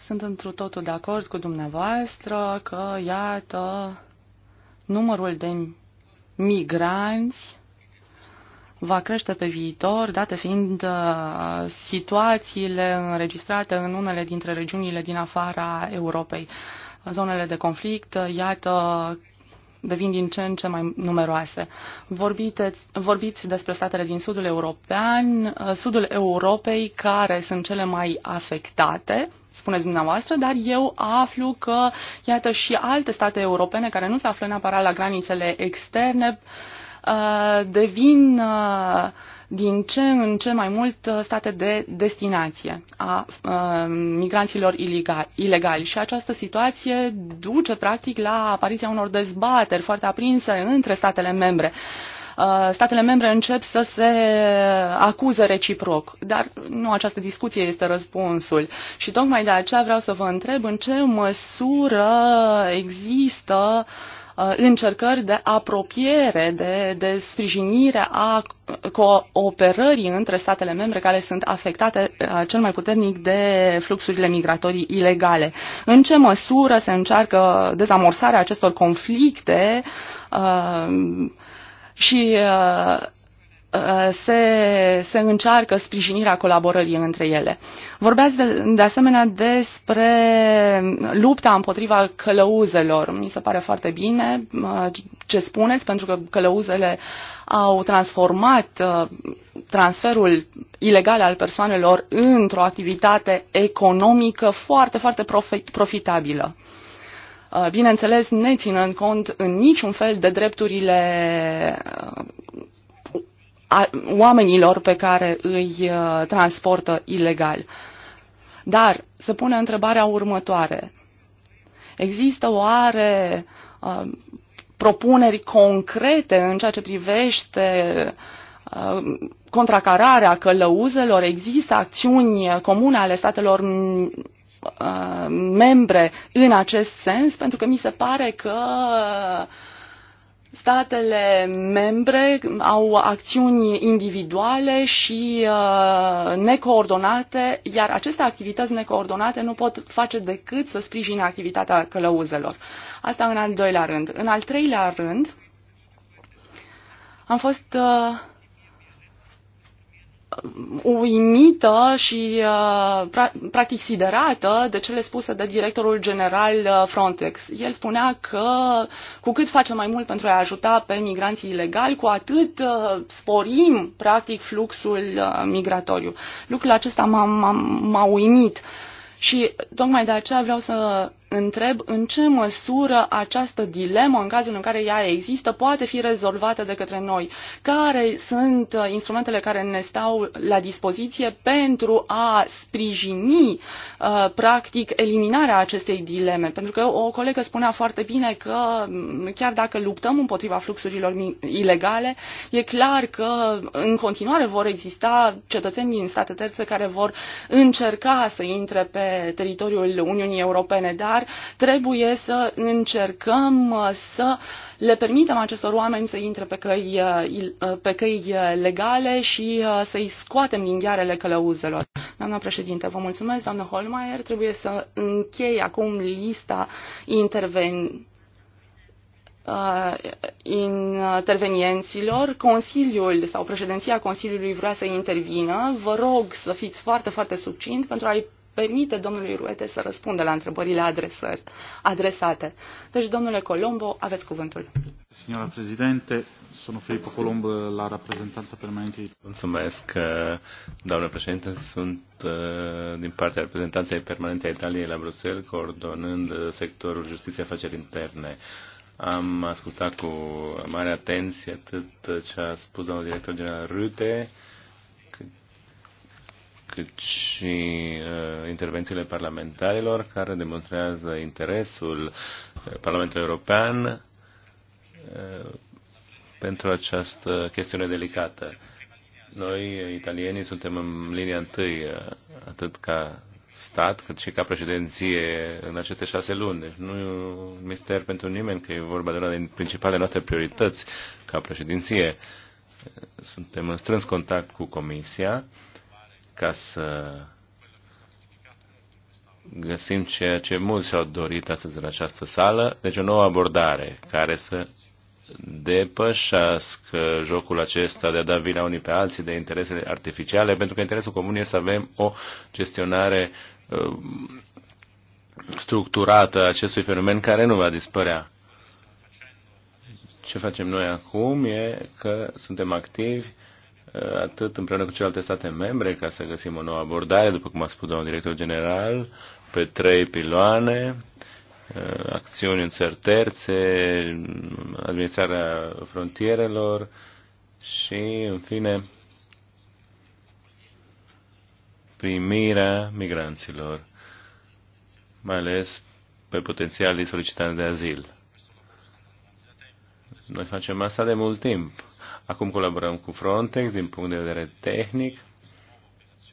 Sunt întru totul de acord cu dumneavoastră că, iată, numărul de migranți va crește pe viitor, date fiind uh, situațiile înregistrate în unele dintre regiunile din afara Europei zonele de conflict, iată, devin din ce în ce mai numeroase. Vorbite, vorbiți despre statele din sudul european, uh, sudul Europei, care sunt cele mai afectate, spuneți dumneavoastră, dar eu aflu că, iată, și alte state europene care nu se află neapărat la granițele externe, uh, devin uh, din ce în ce mai mult uh, state de destinație a uh, migranților ilegali și această situație duce practic la apariția unor dezbateri foarte aprinse între statele membre uh, statele membre încep să se acuză reciproc. Dar nu această discuție este răspunsul. Și tocmai de aceea vreau să vă întreb în ce măsură există uh, Uh, încercări de apropiere, de, de sprijinire a cooperării între statele membre care sunt afectate uh, cel mai puternic de fluxurile migratorii ilegale. În ce măsură se încearcă dezamorsarea acestor conflicte uh, și uh, Uh, se, se încearcă sprijinirea colaborării între ele. Vorbeați de, de asemenea despre lupta împotriva călăuzelor. Mi se pare foarte bine uh, ce spuneți, pentru că călăuzele au transformat uh, transferul ilegal al persoanelor într-o activitate economică foarte, foarte profitabilă bineînțeles ne ținând cont în niciun fel de drepturile a, oamenilor pe care îi uh, transportă ilegal. Dar se pune întrebarea următoare. Există oare uh, propuneri concrete în ceea ce privește a, uh, contracararea călăuzelor? Există acțiuni comune ale statelor membre în acest sens? Pentru că mi se pare că uh, statele membre au acțiuni individuale și uh, necoordonate, iar aceste activități necoordonate nu pot face decât să sprijine activitatea călăuzelor. Asta în al doilea rând. În al treilea rând, am fost uh, Uh, uimită și uh, practic siderată de cele spuse de directorul general uh, Frontex. El spunea că cu cât facem mai mult pentru a ajuta pe migranții ilegali, cu atât sporim practic fluxul migratoriu. Lucrul acesta m-a uimit și tocmai de aceea vreau să întreb în ce măsură această dilemă, în cazul în care ea există, poate fi rezolvată de către noi. Care sunt uh, instrumentele care ne stau la dispoziție pentru a sprijini, uh, practic, eliminarea acestei dileme? Pentru că o colegă spunea foarte bine că mm, chiar dacă luptăm împotriva fluxurilor ilegale, e clar că uh, în continuare vor exista cetățeni din state terțe care vor încerca să intre pe teritoriul Uniunii Europene, dar dar trebuie să încercăm uh, să le permitem acestor oameni să intre pe căi, uh, uh, pe căi legale și să-i scoatem din ghearele călăuzelor. Doamna președinte, vă mulțumesc, doamna Holmeier. Trebuie să închei acum lista interven intervenienților. Consiliul sau președinția Consiliului vrea să intervină. Vă rog să fiți foarte, foarte subcint pentru a-i permite domnului Ruete să răspundă la întrebările adresări, adresate. Deci, domnule Colombo, aveți cuvântul. Signora Presidente, sunt Filippo Colombo, la reprezentanța permanentă. Mulțumesc, eh, doamnă președinte. Sunt eh, din partea reprezentanței permanente a Italiei la Bruxelles, coordonând sectorul justiție afaceri interne. Am ascultat cu mare atenție atât ce a spus domnul director general Rute, cât și uh, intervențiile parlamentarilor care demonstrează interesul uh, Parlamentului European uh, pentru această chestiune delicată. Noi, italienii, suntem în linia întâi, uh, atât ca stat, cât și ca președinție în aceste șase luni. Deci nu e un mister pentru nimeni că e vorba de una din principalele noastre priorități ca președinție. Suntem în strâns contact cu Comisia ca să găsim ceea ce mulți și-au dorit astăzi în această sală, deci o nouă abordare care să depășească jocul acesta de a da vina unii pe alții de interesele artificiale, pentru că interesul comun este să avem o gestionare um, structurată a acestui fenomen care nu va dispărea. Ce facem noi acum e că suntem activi Uh, atât împreună cu celelalte state membre, ca să găsim o nouă abordare, după cum a spus domnul director general, pe trei piloane, uh, acțiuni în țări terțe, administrarea frontierelor și, în fine, primirea migranților, mai ales pe potențialii solicitanți de azil. Noi facem asta de mult timp Acum colaborăm cu Frontex din punct de vedere tehnic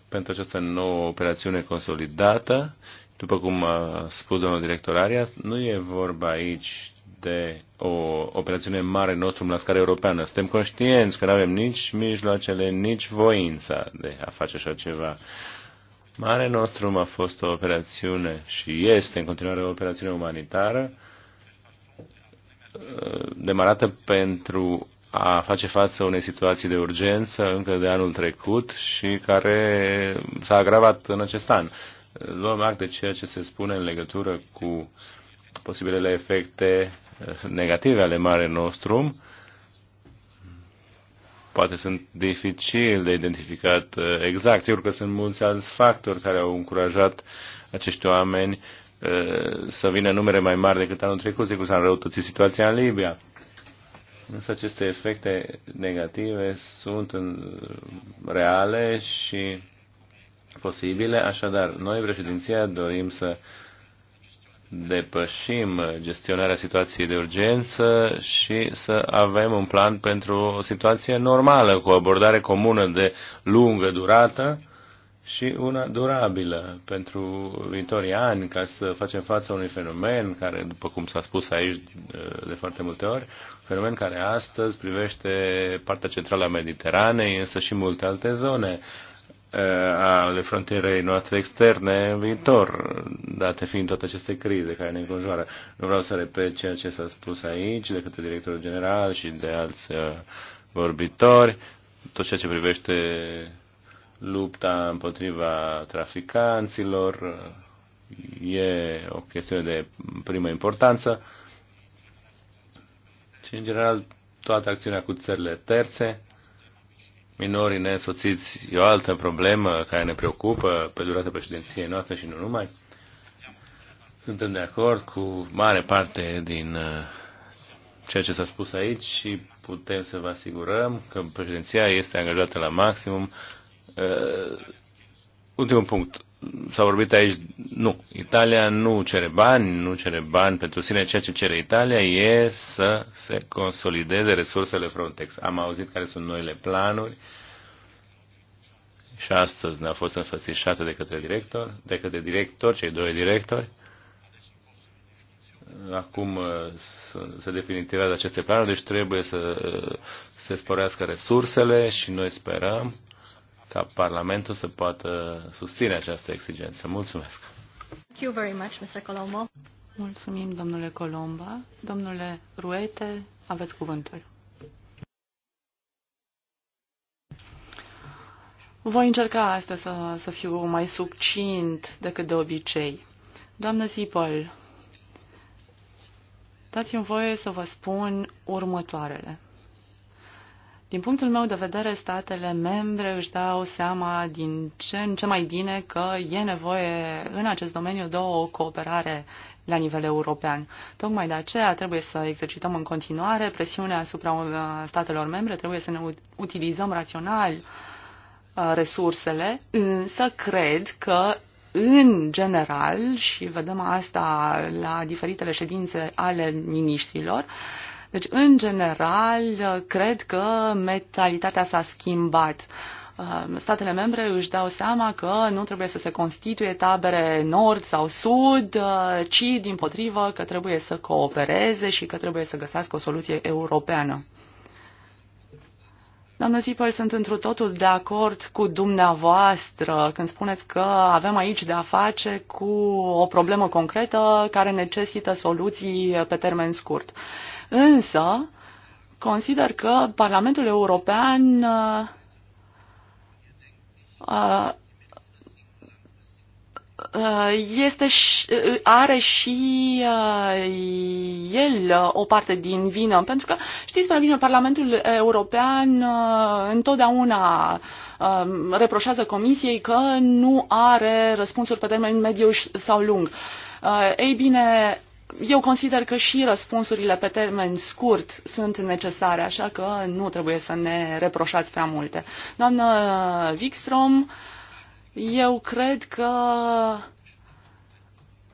pentru această nouă operațiune consolidată. După cum a spus domnul director Arias, nu e vorba aici de o operațiune mare nostru la scară europeană. Suntem conștienți că nu avem nici mijloacele, nici voința de a face așa ceva. Mare nostru a fost o operațiune și este în continuare o operațiune umanitară demarată pentru a face față unei situații de urgență încă de anul trecut și care s-a agravat în acest an. Luăm act de ceea ce se spune în legătură cu posibilele efecte negative ale Mare Nostrum. Poate sunt dificil de identificat uh, exact. Sigur că sunt mulți alți factori care au încurajat acești oameni uh, să vină numere mai mari decât anul trecut, sigur s-a înrăutățit situația în Libia Însă aceste efecte negative sunt în, reale și posibile, așadar, noi, președinția, dorim să depășim gestionarea situației de urgență și să avem un plan pentru o situație normală, cu o abordare comună de lungă durată, și una durabilă pentru viitorii ani, ca să facem față unui fenomen care, după cum s-a spus aici uh, de foarte multe ori, fenomen care astăzi privește partea centrală a Mediteranei, însă și multe alte zone uh, ale frontierei noastre externe în viitor, date fiind toate aceste crize care ne înconjoară. Nu vreau să repet ceea ce s-a spus aici de către directorul general și de alți uh, vorbitori, tot ceea ce privește lupta împotriva traficanților e o chestiune de primă importanță și, în general, toată acțiunea cu țările terțe. Minorii nesoțiți e o altă problemă care ne preocupă pe durata președinției noastre și nu numai. Suntem de acord cu mare parte din uh, ceea ce s-a spus aici și putem să vă asigurăm că președinția este angajată la maximum Uh, ultimul punct. S-a vorbit aici, nu, Italia nu cere bani, nu cere bani pentru sine. Ceea ce cere Italia e să se consolideze resursele Frontex. Am auzit care sunt noile planuri și astăzi ne-a fost înfățișată de către director, de către director, cei doi directori. Acum uh, se definitivează aceste planuri, deci trebuie să uh, se sporească resursele și noi sperăm ca Parlamentul să poată susține această exigență. Mulțumesc! Thank you very much, Mr. Colombo. Mulțumim, domnule Colomba. Domnule Ruete, aveți cuvântul. Voi încerca astăzi să, să fiu mai succint decât de obicei. Doamnă Zipăl, dați-mi voie să vă spun următoarele. Din punctul meu de vedere, statele membre își dau seama din ce în ce mai bine că e nevoie în acest domeniu de o cooperare la nivel european. Tocmai de aceea trebuie să exercităm în continuare presiunea asupra uh, statelor membre, trebuie să ne utilizăm rațional uh, resursele, însă cred că în general, și vedem asta la diferitele ședințe ale miniștrilor, deci, în general, cred că mentalitatea s-a schimbat uh, statele membre își dau seama că nu trebuie să se constituie tabere nord sau sud, uh, ci din potrivă că trebuie să coopereze și că trebuie să găsească o soluție europeană. Doamnă Zipel, sunt într totul de acord cu dumneavoastră când spuneți că avem aici de a face cu o problemă concretă care necesită soluții pe termen scurt. Uh, Însă, consider că Parlamentul European uh, uh, este și, uh, are și el o parte din vină, pentru că știți mai bine, Parlamentul European întotdeauna um, reproșează Comisiei că nu are răspunsuri pe termen mediu sau lung. Ei bine, eu consider că și răspunsurile pe termen scurt sunt necesare, așa că nu trebuie să ne reproșați prea multe. Doamnă Wikstrom, eu cred că uh,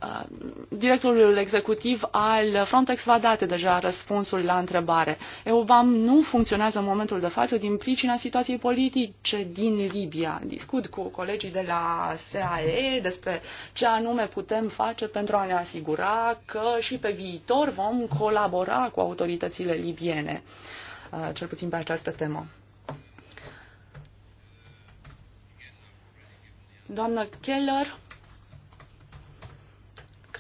Uh, directorul executiv al Frontex va date deja răspunsul la întrebare. EUBAM nu funcționează în momentul de față din pricina situației politice din Libia. Discut cu colegii de la SAE despre ce anume putem face pentru a ne asigura că și pe viitor vom colabora cu autoritățile libiene, uh, cel puțin pe această temă. Doamnă Keller,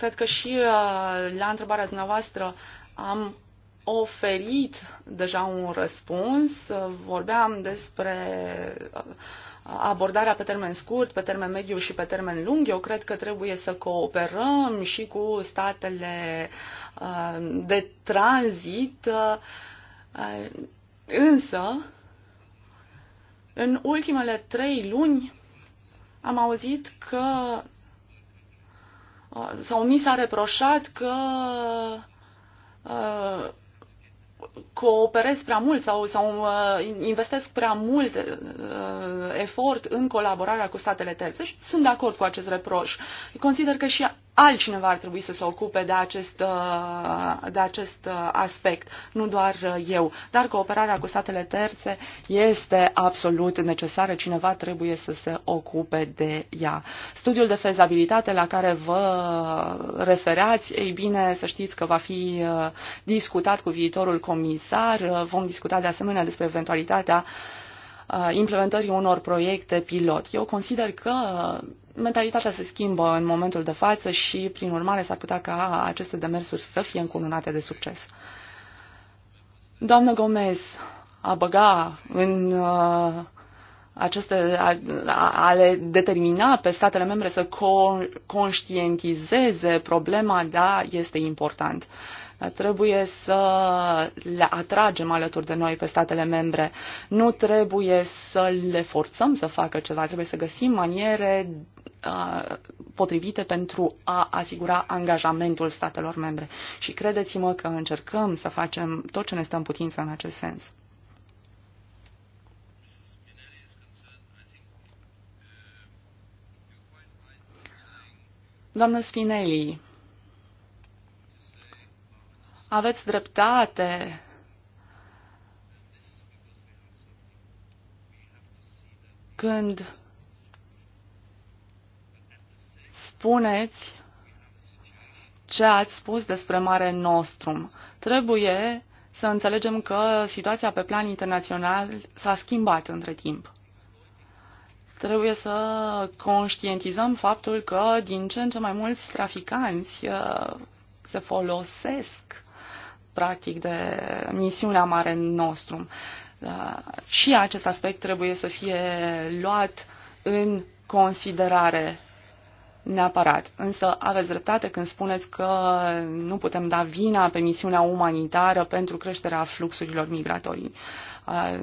Cred că și uh, la întrebarea dumneavoastră am oferit deja un răspuns. Vorbeam despre uh, abordarea pe termen scurt, pe termen mediu și pe termen lung. Eu cred că trebuie să cooperăm și cu statele uh, de tranzit, însă în ultimele trei luni am auzit că sau mi s-a reproșat că uh, cooperez prea mult sau, sau uh, investesc prea mult uh, efort în colaborarea cu statele terțe și sunt de acord cu acest reproș. Consider că și altcineva ar trebui să se ocupe de acest, uh, de acest uh, aspect, nu doar uh, eu. Dar cooperarea cu statele terțe este absolut necesară, cineva trebuie să se ocupe de ea. Studiul de fezabilitate la care vă referați, ei bine, să știți că va fi discutat cu viitorul comisar, vom discuta de asemenea despre eventualitatea implementării unor proiecte pilot. Eu consider că mentalitatea se schimbă în momentul de față și, prin urmare, s-ar putea ca aceste demersuri să fie încununate de succes. Doamnă Gomez, a băga în uh, aceste, a, a le determina pe statele membre să co- conștientizeze problema, da, este important. Uh, Trebuie să le atragem alături de noi pe statele membre. Nu trebuie să le forțăm să facă ceva. Trebuie să găsim maniere uh, potrivite pentru a asigura angajamentul statelor membre. Și credeți-mă că încercăm să facem tot ce ne stă în putință în acest sens. Doamnă Spinelli, aveți dreptate. Când spuneți ce ați spus despre Mare Nostrum, trebuie să înțelegem că situația pe plan internațional s-a schimbat între timp. Trebuie să conștientizăm faptul că din ce în ce mai mulți traficanți uh, se folosesc practic, de misiunea Mare Nostrum. Uh, și acest aspect trebuie să fie luat în considerare neapărat. Însă aveți dreptate când spuneți că nu putem da vina pe misiunea umanitară pentru creșterea fluxurilor migratorii. Uh,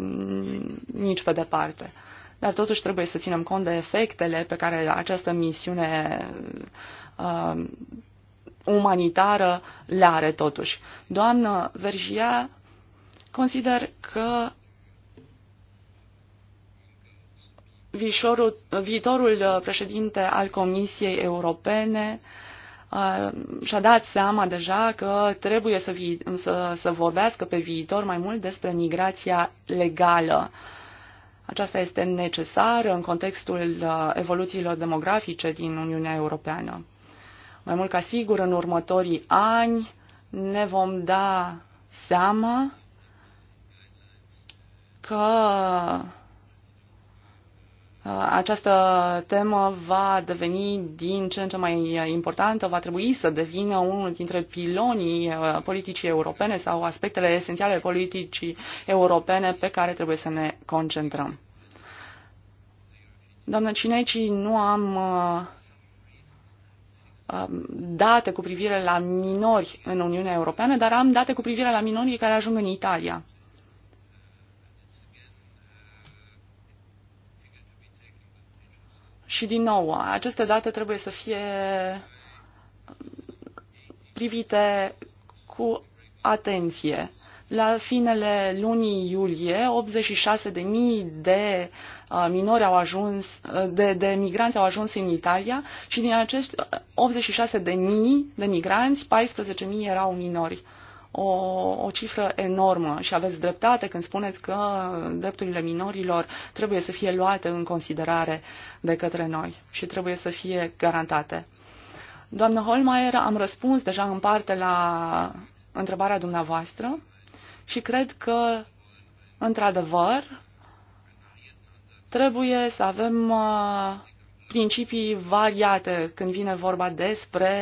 nici pe departe. Dar totuși trebuie să ținem cont de efectele pe care această misiune uh, umanitară le are totuși. Doamnă Vergia, consider că viitorul, viitorul uh, președinte al Comisiei Europene uh, și-a dat seama deja că trebuie să, vi, să, să vorbească pe viitor mai mult despre migrația legală. Aceasta este necesară în contextul uh, evoluțiilor demografice din Uniunea Europeană. Mai mult ca sigur, în următorii ani ne vom da seama că această temă va deveni din ce în ce mai importantă, va trebui să devină unul dintre pilonii politicii europene sau aspectele esențiale politicii europene pe care trebuie să ne concentrăm. Doamnă Cinecii, nu am Um, date cu privire la minori în Uniunea Europeană, dar am date cu privire la minorii care ajung în Italia. Și din nou, aceste date trebuie să fie um, privite cu atenție. La finele lunii iulie, 86.000 de Uh, minori au ajuns, uh, de, de migranți au ajuns în Italia și din acești 86.000 uh, de de migranți, 14.000 erau minori. O, o cifră enormă și aveți dreptate când spuneți că drepturile minorilor trebuie să fie luate în considerare de către noi și trebuie să fie garantate. Doamnă Holmaier, am răspuns deja în parte la întrebarea dumneavoastră și cred că, într-adevăr, Trebuie să avem uh, principii variate când vine vorba despre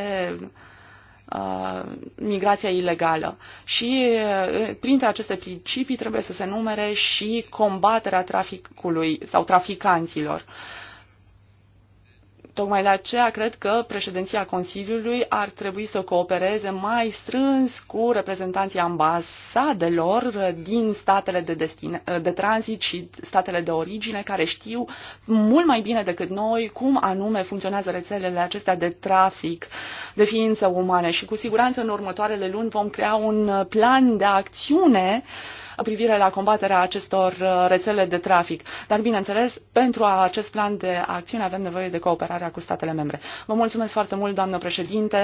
uh, migrația ilegală. Și uh, printre aceste principii trebuie să se numere și combaterea traficului sau traficanților. Uh, Tocmai de aceea cred că președinția Consiliului ar trebui să coopereze mai strâns cu reprezentanții ambasadelor din statele de, destin, de tranzit și statele de origine care știu mult mai bine decât noi cum anume funcționează rețelele acestea de trafic de ființe umane și cu siguranță în următoarele luni vom crea un plan de acțiune uh, privire la combaterea acestor uh, rețele de trafic. Dar, bineînțeles, pentru acest plan de acțiune avem nevoie de cooperarea cu statele membre. Vă mulțumesc foarte mult, doamnă președinte.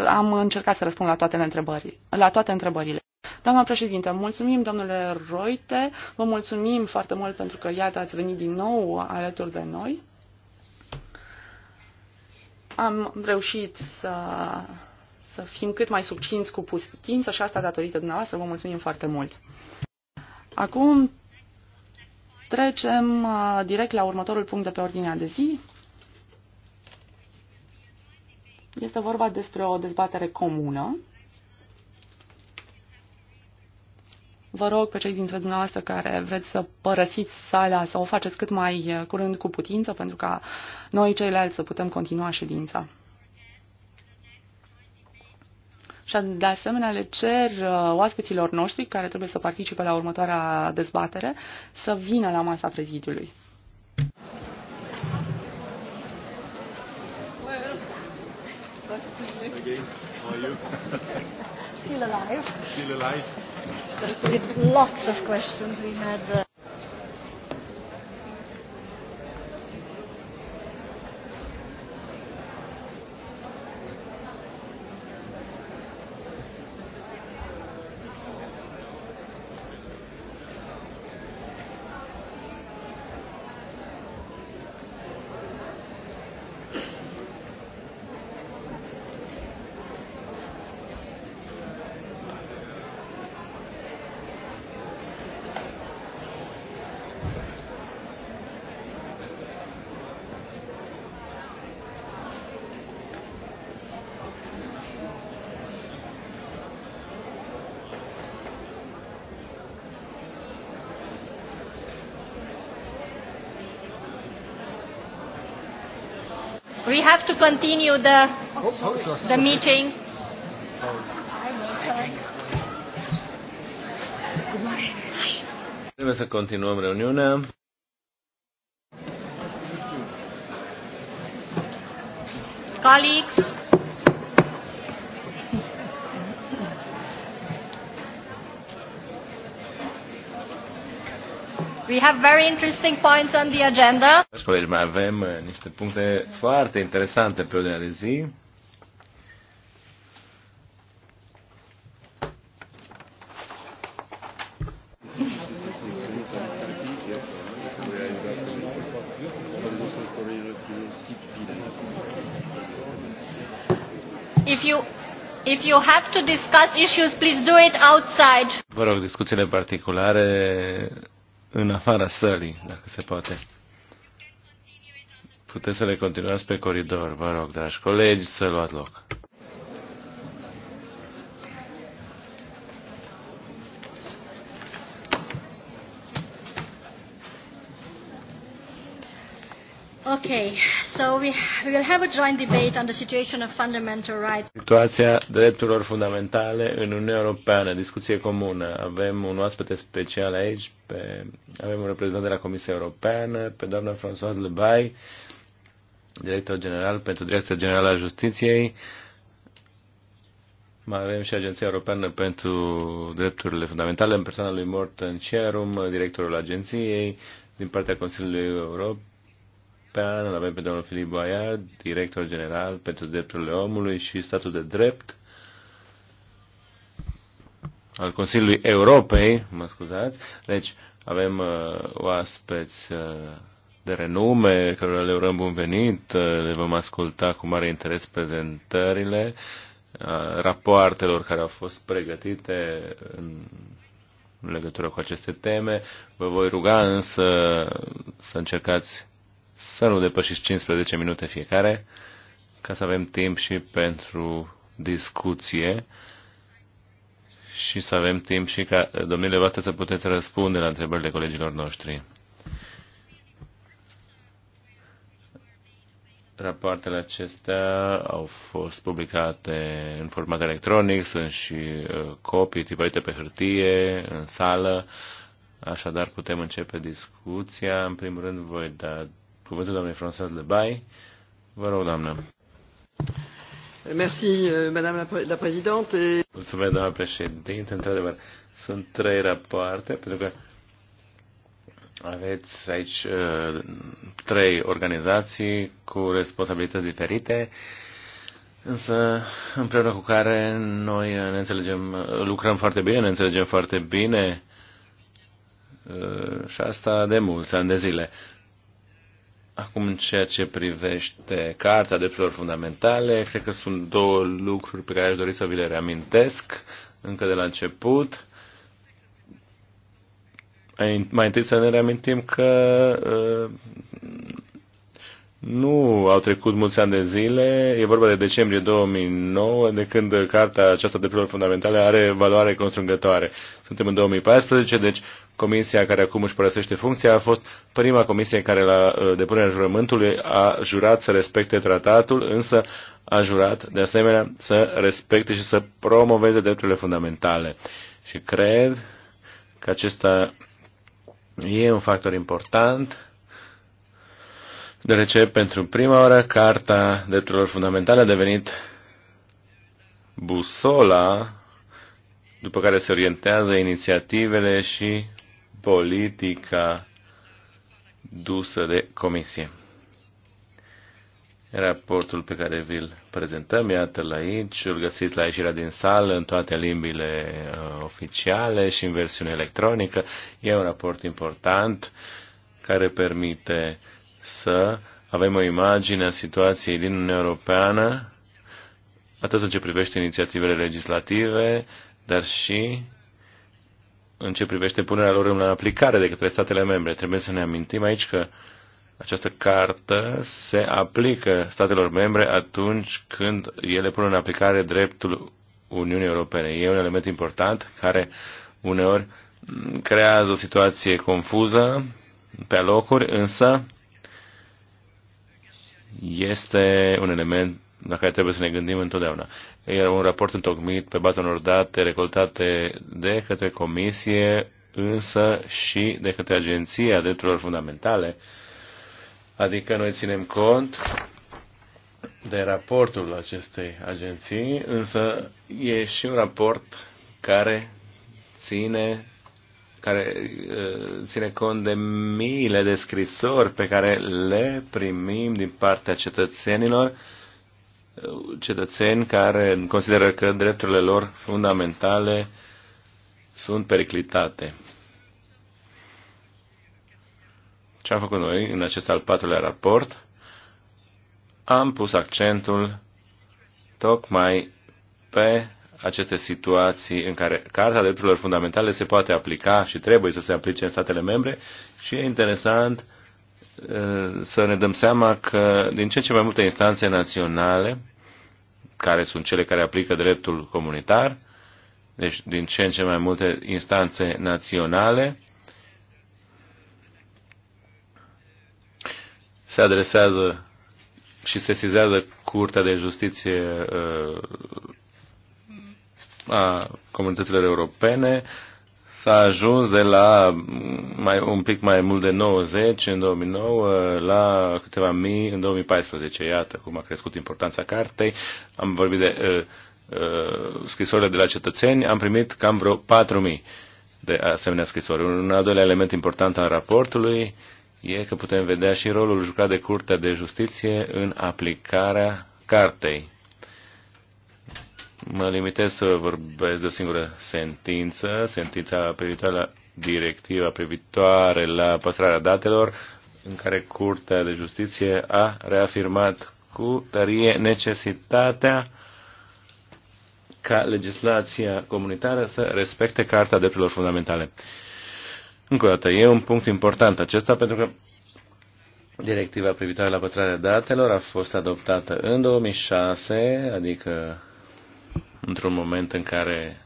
Uh, am încercat să răspund la toate, întrebări, la toate întrebările. Doamna președinte, mulțumim, domnule Roite, vă mulțumim foarte mult pentru că, iată, ați venit din nou alături de noi. Am reușit să, să fim cât mai subcinți cu putință și asta datorită dumneavoastră. Vă mulțumim foarte mult. Acum trecem uh, direct la următorul punct de pe ordinea de zi. Este vorba despre o dezbatere comună. Vă rog pe cei dintre dumneavoastră care vreți să părăsiți sala să o faceți cât mai uh, curând cu putință pentru ca noi ceilalți să putem continua ședința. Și de asemenea le cer uh, oaspeților noștri care trebuie să participe la următoarea dezbatere să vină la masa prezidiului. Still alive. Still alive. With lots of questions we had. Uh... We have to continue the, oh, oh, the meeting. Trebuie să continuăm reuniunea. Colleagues, We have very interesting points on the agenda colegi, mai avem eh, niște puncte foarte interesante pe ordinea de zi. If you If you have to discuss issues, please do it outside. Vă rog, discuțiile particulare în afara sălii, dacă se poate puteți să le continuați pe coridor. Vă rog, dragi colegi, să luați loc. Okay, so we, we will have a joint debate on the situation of fundamental rights. Situația drepturilor fundamentale în Uniunea Europeană, discuție comună. Avem un oaspete special aici, pe, avem un reprezentant de la Comisia Europeană, pe doamna Françoise Lebay, director general pentru Direcția Generală a Justiției. Mai avem și Agenția Europeană pentru Drepturile Fundamentale în persoana lui Morten Cerum, directorul agenției, din partea Consiliului European, îl avem pe domnul Filip Boiard, director general pentru drepturile omului și statul de drept al Consiliului Europei, mă scuzați. Deci avem uh, oaspeți uh, de renume, cărora le urăm bun venit, le vom asculta cu mare interes prezentările rapoartelor care au fost pregătite în legătură cu aceste teme. Vă voi ruga însă să încercați să nu depășiți 15 minute fiecare, ca să avem timp și pentru discuție și să avem timp și ca domnile voastre să puteți răspunde la întrebările colegilor noștri. Rapoartele acestea au fost publicate în format electronic, sunt și uh, copii tipărite pe hârtie, în sală, așadar putem începe discuția. În primul rând voi da cuvântul doamnei de Lebai. Vă rog, doamnă. Merci, euh, madame la présidente. Mulțumesc, doamna președinte. Într-adevăr, sunt trei rapoarte, pentru că aveți aici uh, trei organizații cu responsabilități diferite, însă împreună cu care noi ne înțelegem, lucrăm foarte bine, ne înțelegem foarte bine uh, și asta de mulți ani de zile. Acum, în ceea ce privește Carta Drepturilor Fundamentale, cred că sunt două lucruri pe care aș dori să vi le reamintesc încă de la început mai întâi să ne reamintim că uh, nu au trecut mulți ani de zile, e vorba de decembrie 2009, de când cartea aceasta de Priorilor Fundamentale are valoare constrângătoare. Suntem în 2014, deci comisia care acum își părăsește funcția a fost prima comisie care la uh, depunerea jurământului a jurat să respecte tratatul, însă a jurat de asemenea să respecte și să promoveze drepturile fundamentale. Și cred că acesta E un factor important, deoarece pentru prima oară Carta Drepturilor Fundamentale a devenit busola după care se orientează inițiativele și politica dusă de Comisie raportul pe care vi-l prezentăm, iată-l aici, îl găsiți la ieșirea din sală în toate limbile uh, oficiale și în versiune electronică. E un raport important care permite să avem o imagine a situației din Uniunea Europeană, atât în ce privește inițiativele legislative, dar și în ce privește punerea lor în aplicare de către statele membre. Trebuie să ne amintim aici că uh, această cartă se aplică statelor membre atunci când ele pun în aplicare dreptul Uniunii Europene. E un element important care uneori creează o situație confuză pe locuri, însă este un element la care trebuie să ne gândim întotdeauna. Era un raport întocmit pe baza unor date recoltate de către Comisie, însă și de către Agenția Drepturilor Fundamentale, Adică noi ținem cont de raportul acestei agenții, însă e și un raport care ține care ă, ține cont de miile de scrisori pe care le primim din partea cetățenilor, cetățeni care consideră că drepturile lor fundamentale sunt periclitate ce am făcut noi în acest al patrulea raport, am pus accentul tocmai pe aceste situații în care Carta Drepturilor Fundamentale se poate aplica și trebuie să se aplice în statele membre și e interesant să ne dăm seama că din ce în ce mai multe instanțe naționale, care sunt cele care aplică dreptul comunitar, deci din ce în ce mai multe instanțe naționale, se adresează și se sizează Curtea de Justiție uh, a comunităților europene. S-a ajuns de la mai, un pic mai mult de 90 în 2009 la câteva mii în 2014. Iată cum a crescut importanța cartei. Am vorbit de uh, uh, scrisorile de la cetățeni. Am primit cam vreo 4.000 de asemenea scrisori. Un al doilea element important al raportului uh, e că putem vedea și rolul jucat de Curtea de Justiție în aplicarea cartei. Mă limitez să vorbesc de o singură sentință, sentința privitoare la directiva privitoare la păstrarea datelor, în care Curtea de Justiție a reafirmat cu tărie necesitatea ca legislația comunitară să respecte Carta Drepturilor Fundamentale. Încă o dată, e un punct important acesta pentru că directiva privitoare la păstrarea datelor a fost adoptată în 2006, adică într-un moment în care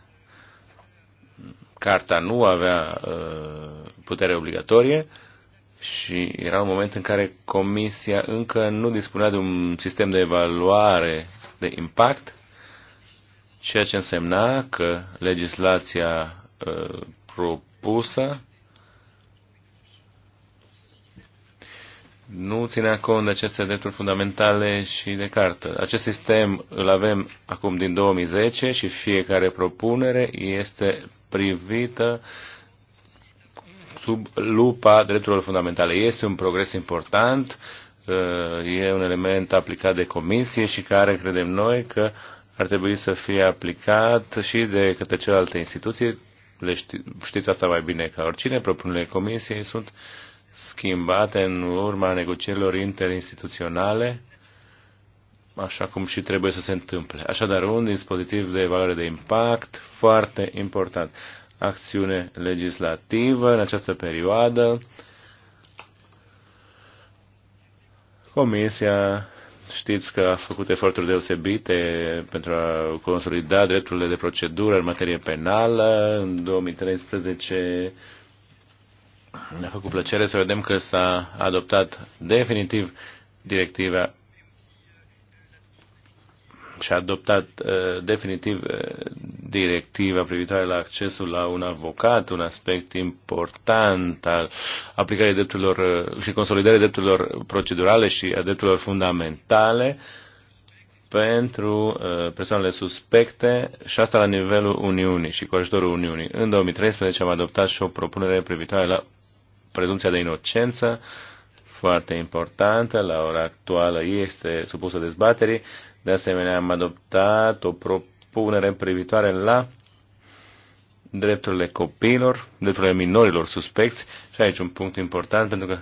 carta nu avea uh, putere obligatorie și era un moment în care comisia încă nu dispunea de un sistem de evaluare de impact, ceea ce însemna că legislația uh, propusă nu ținea cont de aceste drepturi fundamentale și de cartă. Acest sistem îl avem acum din 2010 și fiecare propunere este privită sub lupa drepturilor fundamentale. Este un progres important, uh, e un element aplicat de comisie și care credem noi că ar trebui să fie aplicat și de către celelalte instituții. Le ști, știți asta mai bine ca oricine, propunerile comisiei sunt uh, schimbate în urma negocierilor interinstituționale, așa cum și trebuie să se întâmple. Așadar, un dispozitiv de evaluare de impact foarte important. Acțiune legislativă în această perioadă. Comisia Știți că a făcut eforturi deosebite pentru a consolida drepturile de procedură în materie penală. În 2013 ne-a făcut plăcere să vedem că s-a adoptat definitiv directiva și a adoptat uh, definitiv uh, directiva privitoare la accesul la un avocat, un aspect important al aplicării drepturilor uh, și consolidării drepturilor procedurale și a drepturilor fundamentale pentru uh, persoanele suspecte și asta la nivelul Uniunii și cu ajutorul Uniunii. În 2013 am adoptat și o propunere privitoare la prezumția de inocență, foarte importantă, la ora actuală este supusă dezbaterii. De asemenea, am adoptat o propunere privitoare la drepturile copiilor, drepturile minorilor suspecți și aici un punct important pentru că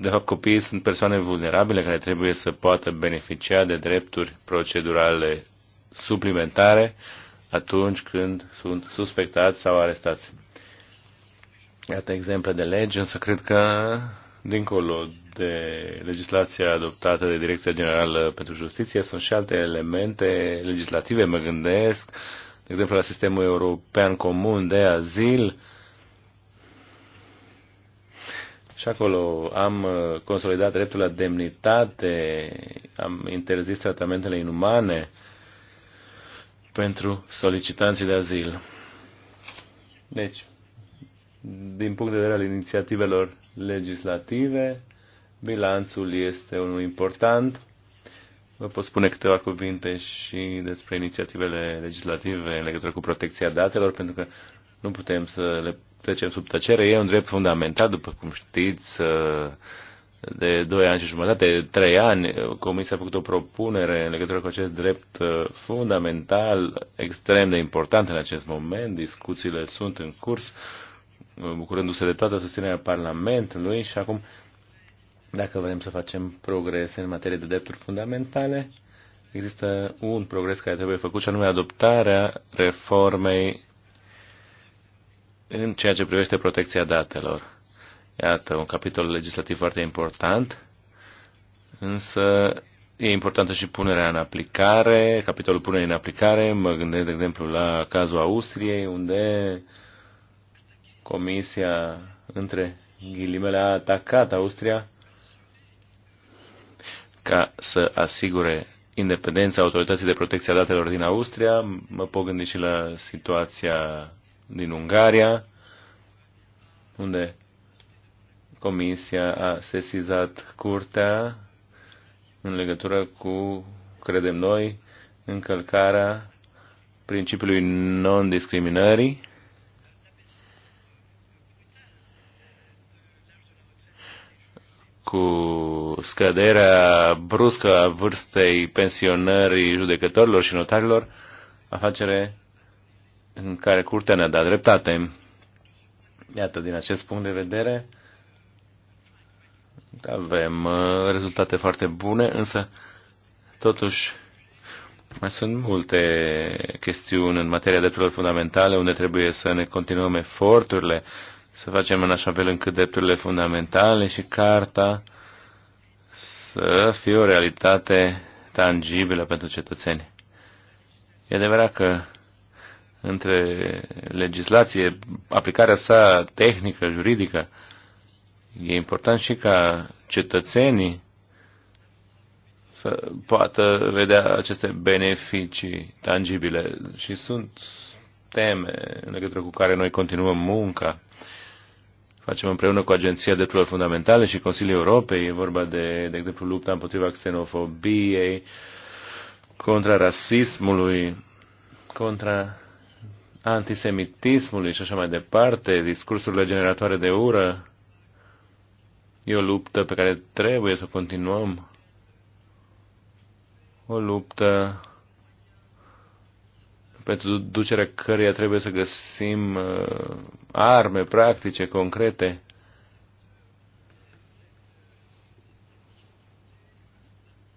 de fapt, copiii sunt persoane vulnerabile care trebuie să poată beneficia de drepturi procedurale suplimentare atunci când sunt suspectați sau arestați. Iată exemple de legi, însă cred că dincolo de legislația adoptată de Direcția Generală pentru Justiție, sunt și alte elemente legislative, mă gândesc, de exemplu la sistemul european comun de azil, și acolo am consolidat dreptul la demnitate, am interzis tratamentele inumane pentru solicitanții de azil. Deci, din punct de vedere al inițiativelor legislative, bilanțul este unul important. Vă pot spune câteva cuvinte și despre inițiativele legislative în legătură cu protecția datelor, pentru că nu putem să le trecem sub tăcere. E un drept fundamental, după cum știți, de 2 ani și jumătate, 3 ani, Comisia a făcut o propunere în legătură cu acest drept uh, fundamental, extrem de important în acest moment. Discuțiile sunt în curs bucurându-se de toată susținerea Parlamentului și acum, dacă vrem să facem progrese în materie de drepturi fundamentale, există un progres care trebuie făcut și anume adoptarea reformei în ceea ce privește protecția datelor. Iată, un capitol legislativ foarte important, însă e importantă și punerea în aplicare, capitolul punerii în aplicare, mă gândesc, de exemplu, la cazul Austriei, unde Comisia, între ghilimele, a atacat Austria ca să asigure independența autorității de protecție a datelor din Austria. Mă pot gândi și la situația din Ungaria, unde Comisia a sesizat curtea în legătură cu, credem noi, încălcarea principiului non-discriminării cu scăderea bruscă a vârstei pensionării judecătorilor și notarilor, afacere în care curtea ne-a dat dreptate. Iată, din acest punct de vedere, avem uh, rezultate foarte bune, însă, totuși, mai sunt multe chestiuni în materia drepturilor fundamentale unde trebuie să ne continuăm eforturile să facem în așa fel încât drepturile fundamentale și carta să fie o realitate tangibilă pentru cetățeni. E adevărat că între legislație, aplicarea sa tehnică, juridică, e important și ca cetățenii să poată vedea aceste beneficii tangibile și sunt teme în legătură cu care noi continuăm munca facem împreună cu Agenția Drepturilor Fundamentale și Consiliul Europei. E vorba de, de exemplu, lupta împotriva xenofobiei, contra rasismului, contra antisemitismului și așa mai departe, discursurile generatoare de ură. E o luptă pe care trebuie să o continuăm. O luptă pentru ducerea căreia trebuie să găsim uh, arme practice, concrete.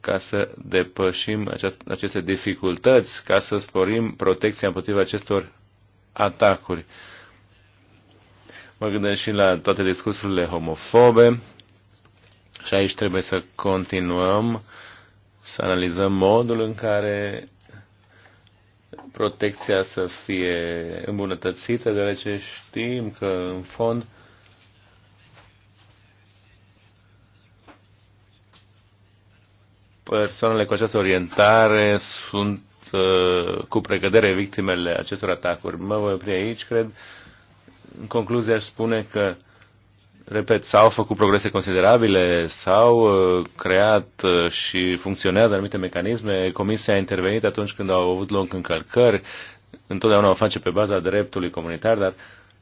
ca să depășim aceste dificultăți, ca să sporim protecția împotriva acestor atacuri. Mă gândesc și la toate discursurile homofobe și aici trebuie să continuăm să analizăm modul în care protecția să fie îmbunătățită, deoarece știm că, în fond, persoanele cu această orientare sunt uh, cu precădere victimele acestor atacuri. Mă voi opri aici, cred. În concluzie, aș spune că repet, s-au făcut progrese considerabile, s-au uh, creat uh, și funcționează anumite mecanisme, Comisia a intervenit atunci când au avut loc încălcări, întotdeauna o face pe baza dreptului comunitar, dar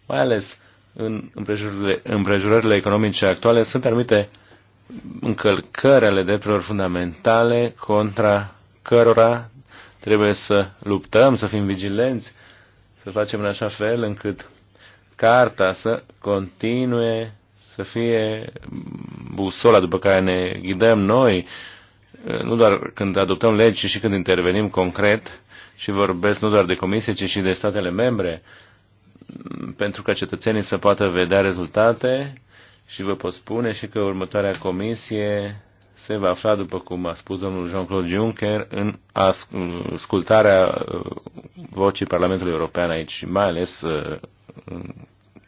mai ales în împrejurările, împrejurările economice actuale sunt anumite încălcări ale drepturilor fundamentale contra cărora trebuie să luptăm, să fim vigilenți, să facem în așa fel încât carta să continue să fie busola după care ne ghidăm noi, nu doar când adoptăm legi, ci și când intervenim concret și vorbesc nu doar de comisie, ci și de statele membre, pentru ca cetățenii să poată vedea rezultate și vă pot spune și că următoarea comisie se va afla, după cum a spus domnul Jean-Claude Juncker, în ascultarea uh, vocii Parlamentului European aici, mai ales uh,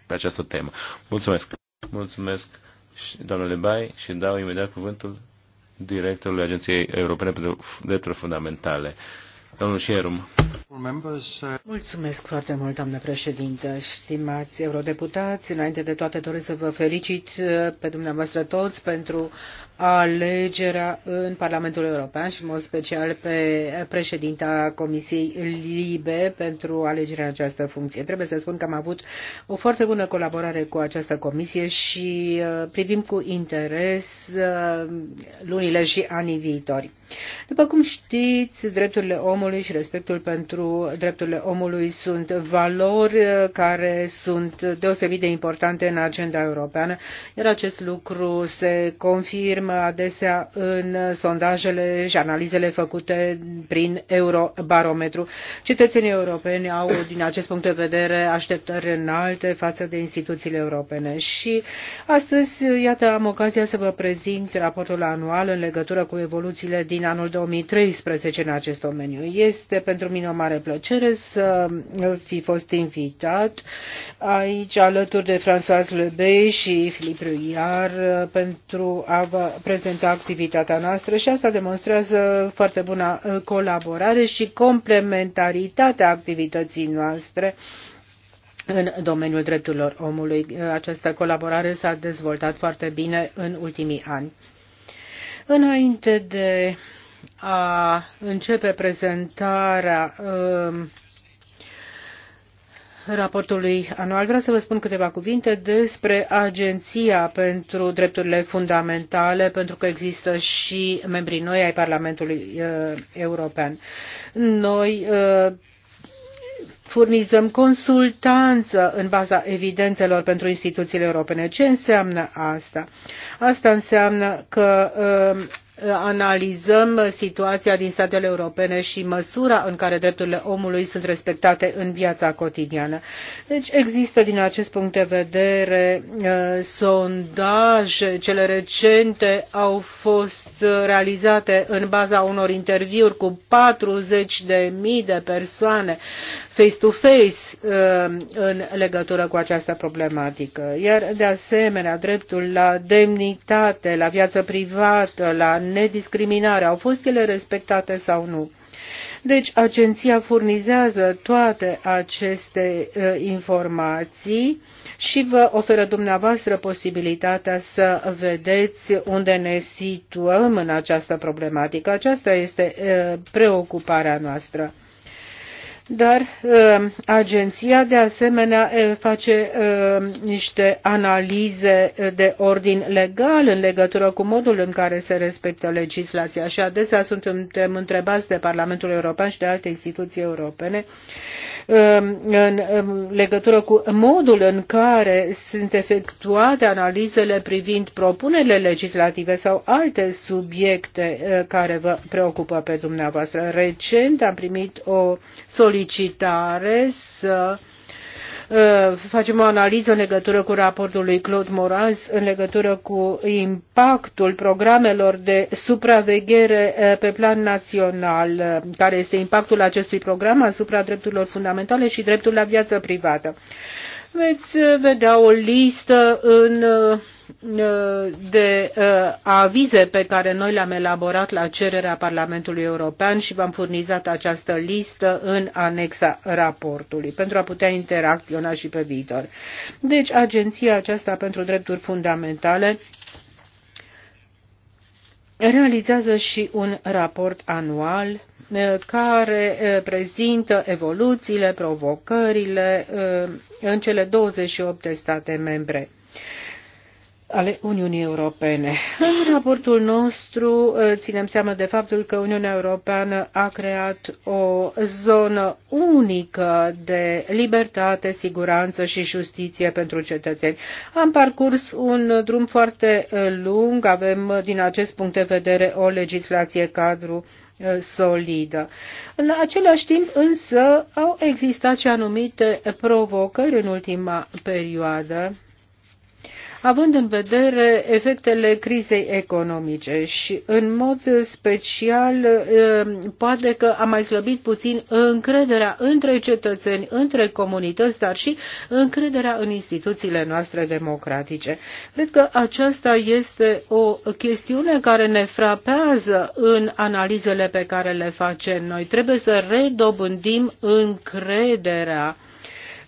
pe această temă. Mulțumesc! Mulțumesc, domnule Bai, și dau imediat cuvântul directorului Agenției Europene pentru Drepturi Fundamentale. Domnul Șerum. Mulțumesc foarte mult, doamnă președintă, stimați eurodeputați. Înainte de toate doresc să vă felicit uh, pe dumneavoastră toți pentru alegerea în Parlamentul European și, în mod special, pe președinta Comisiei Libe pentru alegerea în această funcție. Trebuie să spun că am avut o foarte bună colaborare cu această comisie și uh, privim cu interes uh, lunile și anii viitori. După cum știți, drepturile omului și respectul pentru drepturile omului sunt valori uh, care sunt deosebit de importante în agenda europeană, iar acest lucru se confirmă adesea în sondajele și analizele făcute prin Eurobarometru. Cetățenii europeni au, din acest punct de vedere, așteptări înalte față de instituțiile europene. Și astăzi, iată, am ocazia să vă prezint raportul anual în legătură cu evoluțiile din anul 2013 în acest domeniu. Este pentru mine o mare plăcere să fi fost invitat aici alături de François Lebe și Filip Ruiar pentru a vă prezenta activitatea noastră și asta demonstrează foarte bună uh, colaborare și complementaritatea activității noastre în domeniul drepturilor omului. Uh, această colaborare s-a dezvoltat foarte bine în ultimii ani. Înainte de a începe prezentarea uh, raportului anual, vreau să vă spun câteva cuvinte despre Agenția pentru Drepturile Fundamentale, pentru că există și membrii noi ai Parlamentului uh, European. Noi uh, furnizăm consultanță în baza evidențelor pentru instituțiile europene. Ce înseamnă asta? Asta înseamnă că uh, analizăm situația din statele europene și măsura în care drepturile omului sunt respectate în viața cotidiană. Deci există din acest punct de vedere uh, sondaje, cele recente au fost uh, realizate în baza unor interviuri cu 40.000 de mii de persoane face-to-face um, în legătură cu această problematică. Iar, de asemenea, dreptul la demnitate, la viață privată, la nediscriminare, au fost ele respectate sau nu? Deci, agenția furnizează toate aceste uh, informații și vă oferă dumneavoastră posibilitatea să vedeți unde ne situăm în această problematică. Aceasta este uh, preocuparea noastră dar uh, agenția de asemenea uh, face uh, niște analize de ordin legal în legătură cu modul în care se respectă legislația și adesea suntem întrebați de Parlamentul European și de alte instituții europene în legătură cu modul în care sunt efectuate analizele privind propunerile legislative sau alte subiecte eh, care vă preocupă pe dumneavoastră. Recent am primit o solicitare să Uh, facem o analiză în legătură cu raportul lui Claude Moraz, în legătură cu impactul programelor de supraveghere uh, pe plan național, uh, care este impactul acestui program asupra drepturilor fundamentale și dreptul la viață privată veți uh, vedea o listă în, uh, uh, de avize pe care noi le-am elaborat la cererea Parlamentului European și v-am furnizat această listă în anexa raportului pentru a putea interacționa și pe viitor. Deci, Agenția aceasta pentru drepturi fundamentale realizează și un raport anual Eh, care eh, prezintă evoluțiile, provocările eh, în cele 28 de state membre ale Uniunii Europene. În raportul nostru ținem seama de faptul că Uniunea Europeană a creat o zonă unică de libertate, siguranță și justiție pentru cetățeni. Am parcurs un drum foarte lung, avem din acest punct de vedere o legislație cadru Uh, solidă. În același timp însă au existat și anumite provocări în ultima perioadă având în vedere efectele crizei economice și în mod special eh, poate că a mai slăbit puțin încrederea între cetățeni, între comunități, dar și încrederea în instituțiile noastre democratice. Cred că aceasta este o chestiune care ne frapează în analizele pe care le facem noi. Trebuie să redobândim încrederea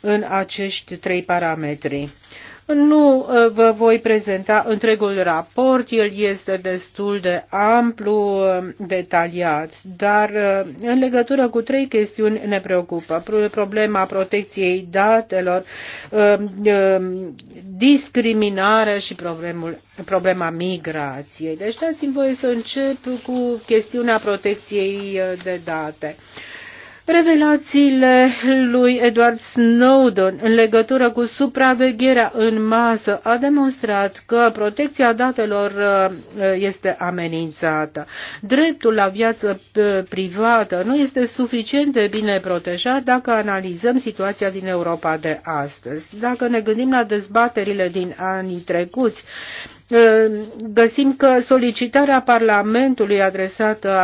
în acești trei parametri. Nu uh, vă voi prezenta întregul raport, el este destul de amplu, uh, detaliat, dar uh, în legătură cu trei chestiuni ne preocupă. Problema protecției datelor, discriminarea și problemul, problema migrației. Deci dați-mi voie să încep cu chestiunea protecției de date. Revelațiile lui Edward Snowden în legătură cu supravegherea în masă a demonstrat că protecția datelor uh, este amenințată. Dreptul la viață uh, privată nu este suficient de bine protejat dacă analizăm situația din Europa de astăzi. Dacă ne gândim la dezbaterile din anii trecuți, găsim că solicitarea Parlamentului adresată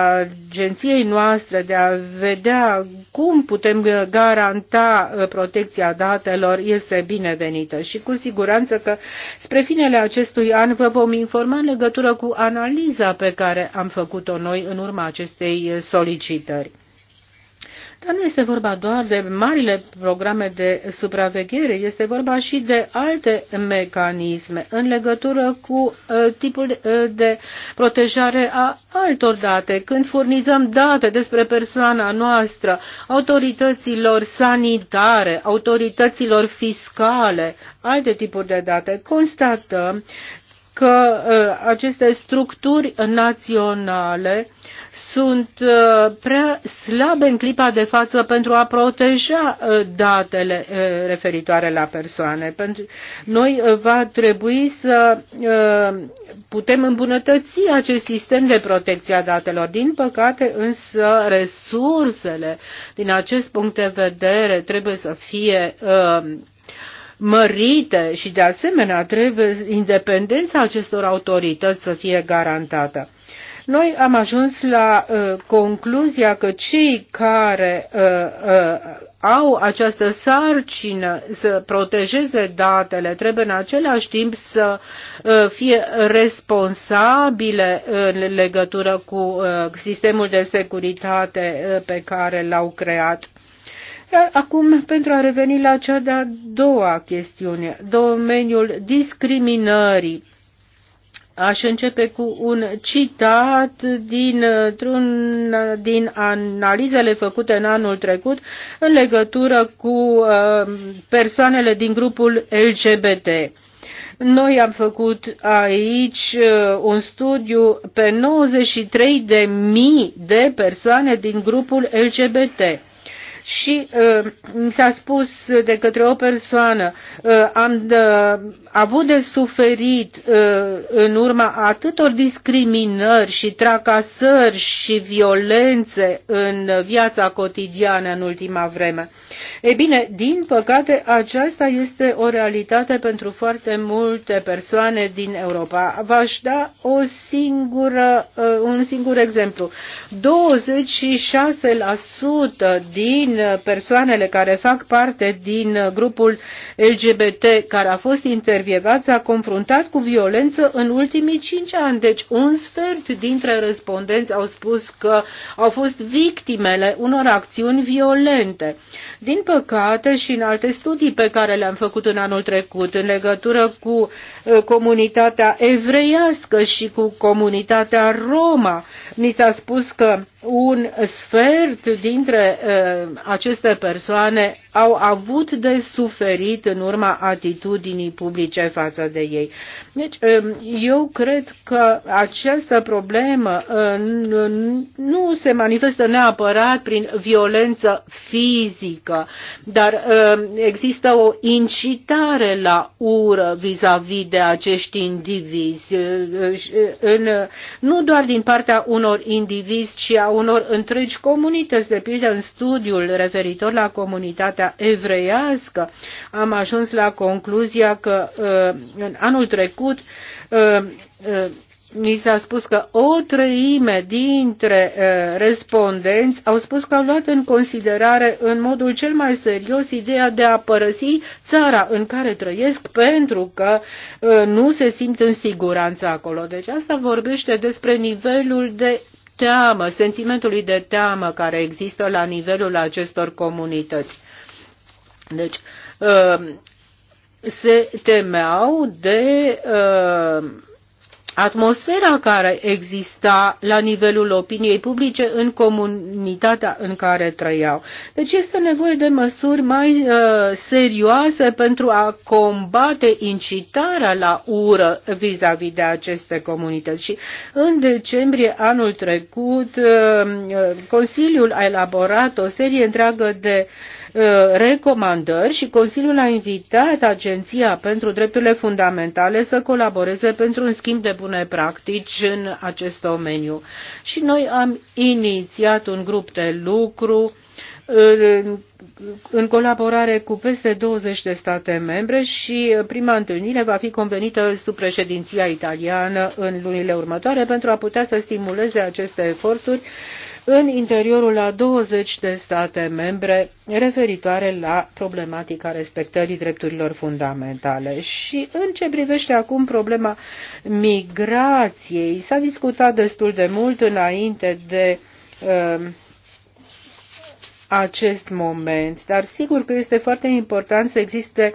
agenției noastre de a vedea cum putem garanta protecția datelor este binevenită și cu siguranță că spre finele acestui an vă vom informa în legătură cu analiza pe care am făcut-o noi în urma acestei solicitări. Dar nu este vorba doar de marile programe de supraveghere, este vorba și de alte mecanisme în legătură cu uh, tipul uh, de protejare a altor date. Când furnizăm date despre persoana noastră, autorităților sanitare, autorităților fiscale, alte tipuri de date, constatăm că uh, aceste structuri naționale sunt uh, prea slabe în clipa de față pentru a proteja uh, datele referitoare la persoane. Pentru noi va trebui să putem îmbunătăți acest sistem de protecție a datelor. Din păcate, însă, resursele din acest punct de vedere trebuie să fie mărite și de asemenea trebuie independența acestor autorități să fie garantată. Noi am ajuns la uh, concluzia că cei care uh, uh, au această sarcină să protejeze datele trebuie în același timp să uh, fie responsabile în legătură cu uh, sistemul de securitate uh, pe care l-au creat acum, pentru a reveni la cea de-a doua chestiune, domeniul discriminării. Aș începe cu un citat din, din analizele făcute în anul trecut în legătură cu uh, persoanele din grupul LGBT. Noi am făcut aici uh, un studiu pe 93.000 de mii de persoane din grupul LGBT și uh, mi s-a spus de către o persoană, uh, am uh, avut de suferit uh, în urma atâtor discriminări și tracasări și violențe în viața cotidiană în ultima vreme. Ei bine, din păcate, aceasta este o realitate pentru foarte multe persoane din Europa. V-aș da o singură, uh, un singur exemplu. 26% din persoanele care fac parte din grupul LGBT care a fost intervievat s-a confruntat cu violență în ultimii 5 ani. Deci un sfert dintre respondenți au spus că au fost victimele unor acțiuni violente. Din păcate și în alte studii pe care le-am făcut în anul trecut în legătură cu uh, comunitatea evreiască și cu comunitatea Roma, ni s-a spus că un sfert dintre uh, aceste persoane au avut de suferit în urma atitudinii publice față de ei. Deci, uh, eu cred că această problemă uh, nu se manifestă neapărat prin violență fizică, împotriva, dar uh, există o incitare la ură vis a -vis de acești indivizi, uh, uh, în, nu doar din partea unor indivizi, ci a unor întregi comunități. De pildă, în studiul referitor la comunitatea evreiască, am ajuns la concluzia că în anul trecut ni s-a spus că o treime dintre uh, respondenți au spus că au luat în considerare în modul cel mai serios ideea de a părăsi țara în care trăiesc pentru că uh, nu se simt în siguranță acolo. Deci asta vorbește despre nivelul de teamă, sentimentului de teamă care există la nivelul acestor comunități. Deci, uh, se temeau de uh, atmosfera care exista la nivelul opiniei publice în comunitatea în care trăiau. Deci este nevoie de măsuri mai uh, serioase pentru a combate incitarea la ură vis-a-vis -vis de aceste comunități. Și în decembrie anul trecut, uh, Consiliul a elaborat o serie întreagă de uh, Uh, recomandări și Consiliul a invitat Agenția pentru Drepturile Fundamentale să colaboreze pentru un schimb de bune practici în acest domeniu. Și noi am inițiat un grup de lucru uh, în colaborare cu peste 20 de state membre și prima întâlnire va fi convenită sub președinția italiană în lunile următoare pentru a putea să stimuleze aceste eforturi în interiorul a 20 de state membre referitoare la problematica respectării drepturilor fundamentale. Și în ce privește acum problema migrației, s-a discutat destul de mult înainte de uh, acest moment, dar sigur că este foarte important să existe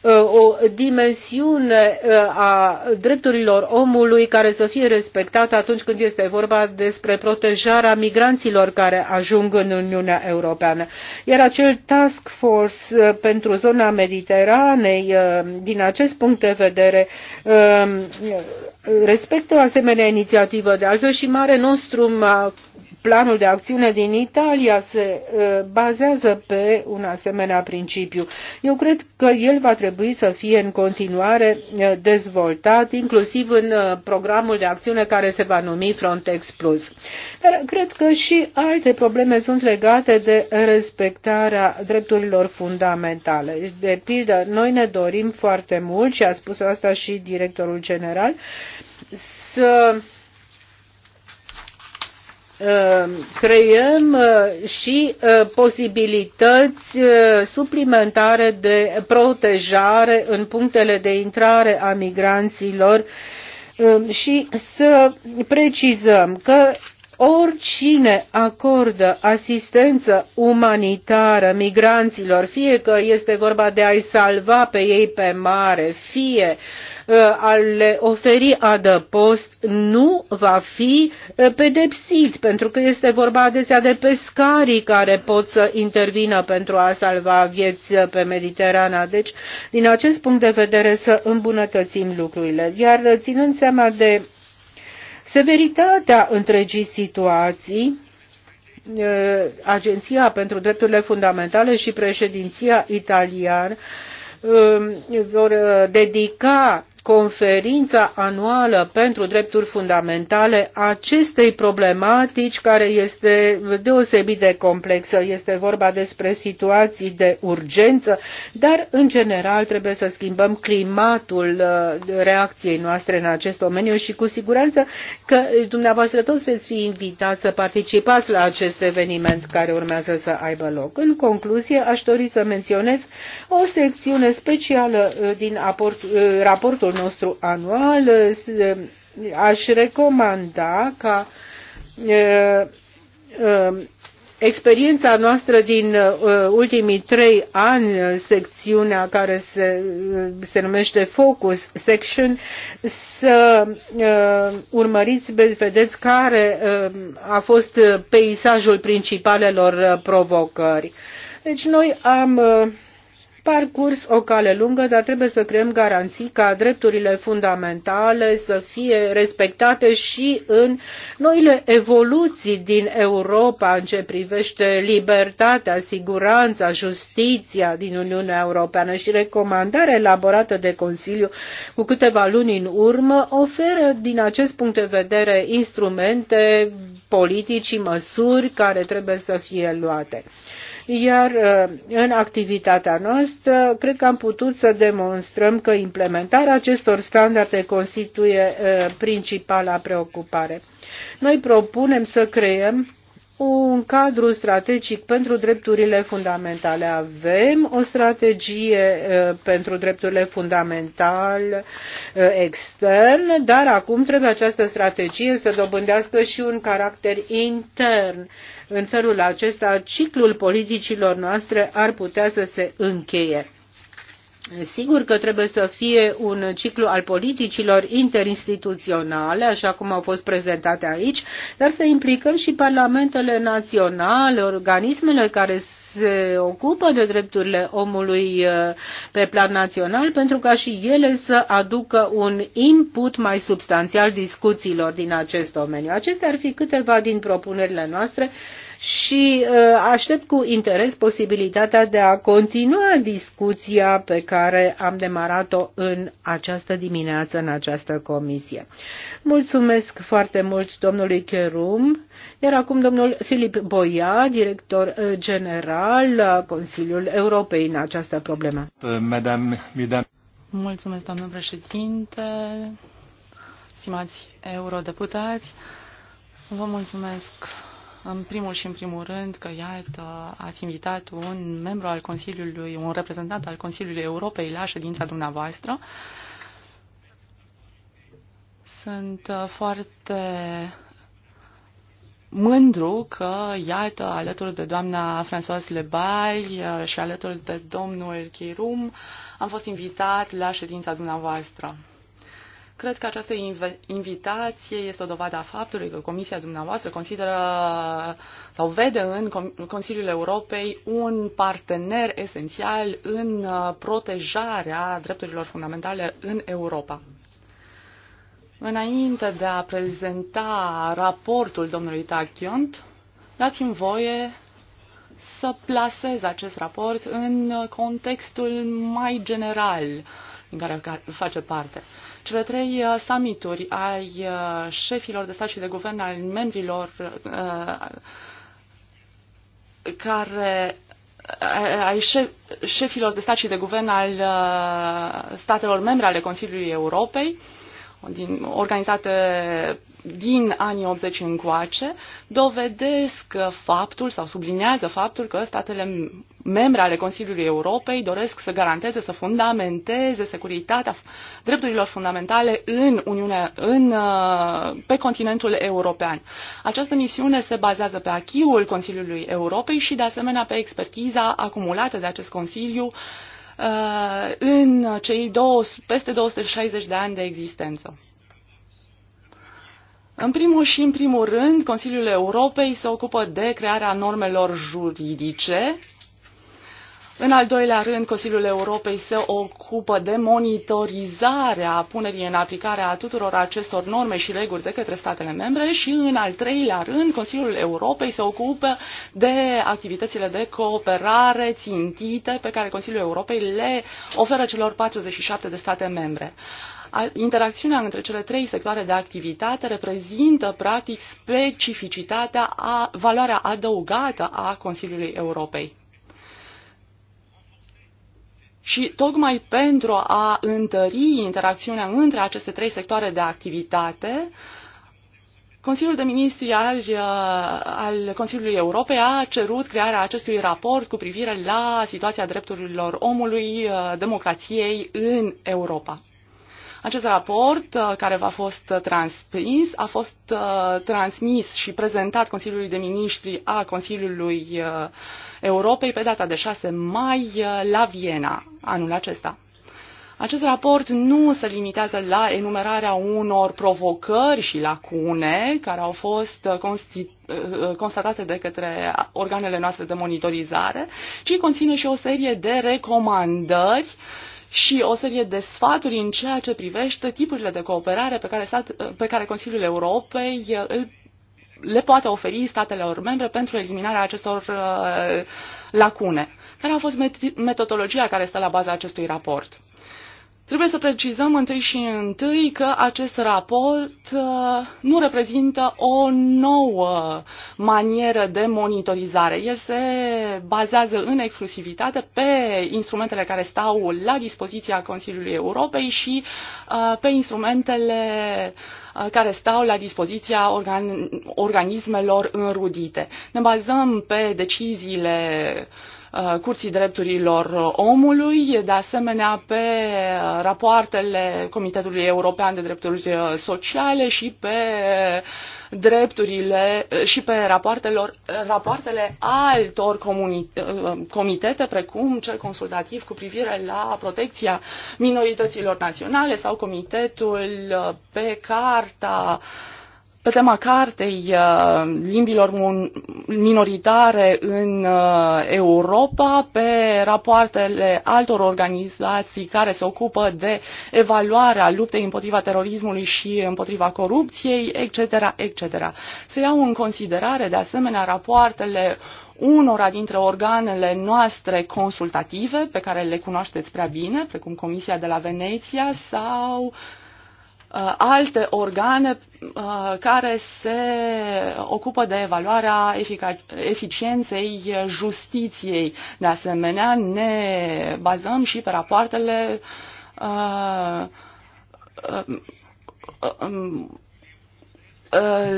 uh, o dimensiune uh, a drepturilor omului care să fie respectată atunci când este vorba despre protejarea migranților care ajung în Uniunea Europeană. Iar acel task force uh, pentru zona Mediteranei, uh, din acest punct de vedere, uh, respectă o asemenea inițiativă. De altfel și Mare Nostrum planul de acțiune din Italia se uh, bazează pe un asemenea principiu. Eu cred că el va trebui să fie în continuare uh, dezvoltat, inclusiv în uh, programul de acțiune care se va numi Frontex Plus. Dar cred că și alte probleme sunt legate de respectarea drepturilor fundamentale. De pildă, noi ne dorim foarte mult, și a spus asta și directorul general, să Uh, creăm uh, și uh, posibilități suplimentare de protejare în punctele de intrare a migranților și să precizăm că oricine acordă asistență umanitară migranților, fie că este vorba de a-i salva pe ei pe mare, fie uh, a le oferi adăpost, nu va fi uh, pedepsit, pentru că este vorba adesea de pescarii care pot să intervină pentru a salva vieți uh, pe Mediterana. Deci, din acest punct de vedere, să îmbunătățim lucrurile. Iar ținând seama de Severitatea întregii situații eh, Agenția pentru Drepturile Fundamentale și președinția italiană eh, vor eh, dedica conferința anuală pentru drepturi fundamentale acestei problematici care este deosebit de complexă. Este vorba despre situații de urgență, dar în general trebuie să schimbăm climatul uh, reacției noastre în acest domeniu și cu siguranță că dumneavoastră toți veți fi invitați să participați la acest eveniment care urmează să aibă loc. În concluzie, aș dori să menționez o secțiune specială uh, din uh, raportul nostru anual, aș recomanda ca experiența noastră din ultimii trei ani, secțiunea care se, se numește Focus Section, să urmăriți, vedeți care a fost peisajul principalelor provocări. Deci noi am uh, parcurs o cale lungă, dar trebuie să creăm garanții ca drepturile fundamentale să fie respectate și în noile evoluții din Europa în ce privește libertatea, siguranța, justiția din Uniunea Europeană și recomandarea elaborată de Consiliu cu câteva luni în urmă oferă din acest punct de vedere instrumente, politici și măsuri care trebuie să fie luate iar uh, în activitatea noastră cred că am putut să demonstrăm că implementarea acestor standarde constituie uh, principala preocupare. Noi propunem să creăm un cadru strategic pentru drepturile fundamentale. Avem o strategie uh, pentru drepturile fundamentale uh, externe, dar acum trebuie această strategie să dobândească și un caracter intern. În felul acesta, ciclul politicilor noastre ar putea să se încheie. Sigur că trebuie să fie un ciclu al politicilor interinstituționale, așa cum au fost prezentate aici, dar să implicăm și parlamentele naționale, organismele care se ocupă de drepturile omului uh, pe plan național, pentru ca și ele să aducă un input mai substanțial discuțiilor din acest domeniu. Acestea ar fi câteva din propunerile noastre și uh, aștept cu interes posibilitatea de a continua discuția pe care am demarat-o în această dimineață, în această comisie. Mulțumesc foarte mult domnului Cherum, iar acum domnul Filip Boia, director uh, general la Consiliul Europei în această problemă. Mulțumesc, doamnă președinte, stimați eurodeputați. Vă mulțumesc în primul și în primul rând că, iată, ați invitat un membru al Consiliului, un reprezentant al Consiliului Europei la ședința dumneavoastră. Sunt uh, foarte mândru că, iată, alături de doamna Françoise Lebai uh, și alături de domnul Chirum, am fost invitat la ședința dumneavoastră. Cred că această invitație este o dovadă a faptului că Comisia dumneavoastră consideră sau vede în Consiliul Europei un partener esențial în uh, protejarea drepturilor fundamentale în Europa. Înainte de a prezenta raportul domnului Tachiont, dați-mi voie să placez acest raport în contextul mai general din care face parte. Cele trei uh, summituri ai uh, șefilor de stat și de guvern, al membrilor uh, care ai șefilor de stat și de guvern al statelor membre ale Consiliului Europei din, organizate din anii 80 încoace dovedesc faptul sau sublinează faptul că statele membre ale Consiliului Europei doresc să garanteze, să fundamenteze securitatea drepturilor fundamentale în Uniunea, în, uh, pe continentul european. Această misiune se bazează pe achiul Consiliului Europei și de asemenea pe expertiza acumulată de acest Consiliu Uh, în cei două, peste 260 de ani de existență. În primul și în primul rând, Consiliul Europei se ocupă de crearea normelor juridice în al doilea rând, Consiliul Europei se ocupă de monitorizarea punerii în aplicare a tuturor acestor norme și reguli de către statele membre și, în al treilea rând, Consiliul Europei se ocupă de activitățile de cooperare țintite pe care Consiliul Europei le oferă celor 47 de state membre interacțiunea între cele trei sectoare de activitate reprezintă practic specificitatea, a, valoarea adăugată a Consiliului Europei. Și tocmai pentru a întări interacțiunea între aceste trei sectoare de activitate, Consiliul de Ministri al, uh, al Consiliului Europei a cerut crearea acestui raport cu privire la situația drepturilor omului, uh, democrației în Europa. Acest raport, uh, care va fost transmis, a fost transmis și prezentat Consiliului de Ministri a Consiliului uh, Europei pe data de 6 mai uh, la Viena anul acesta. Acest raport nu se limitează la enumerarea unor provocări și lacune care au fost uh, uh, constatate de către organele noastre de monitorizare, ci conține și o serie de recomandări și o serie de sfaturi în ceea ce privește tipurile de cooperare pe care, stat, pe care Consiliul Europei îl le poate oferi statelor membre pentru eliminarea acestor uh, lacune. Care a fost metodologia care stă la baza acestui raport? Trebuie să precizăm întâi și întâi că acest raport uh, nu reprezintă o nouă manieră de monitorizare. El se bazează în exclusivitate pe instrumentele care stau la dispoziția Consiliului Europei și uh, pe instrumentele uh, care stau la dispoziția organ- organismelor înrudite. Ne bazăm pe deciziile uh, Uh, Curții Drepturilor Omului, de asemenea pe uh, rapoartele Comitetului European de Drepturi uh, Sociale și pe drepturile și pe rapoartelor, rapoartele altor comitete, precum cel consultativ cu privire la protecția minorităților naționale sau comitetul pe carta uh, pe tema cartei uh, limbilor minoritare în uh, Europa, pe rapoartele altor organizații care se ocupă de evaluarea luptei împotriva terorismului și împotriva corupției, etc., etc. Se iau în considerare, de asemenea, rapoartele unora dintre organele noastre consultative, pe care le cunoașteți prea bine, precum Comisia de la Veneția sau Uh, alte organe uh, care se ocupă de evaluarea eficienței justiției. De asemenea, ne bazăm și pe rapoartele uh, um,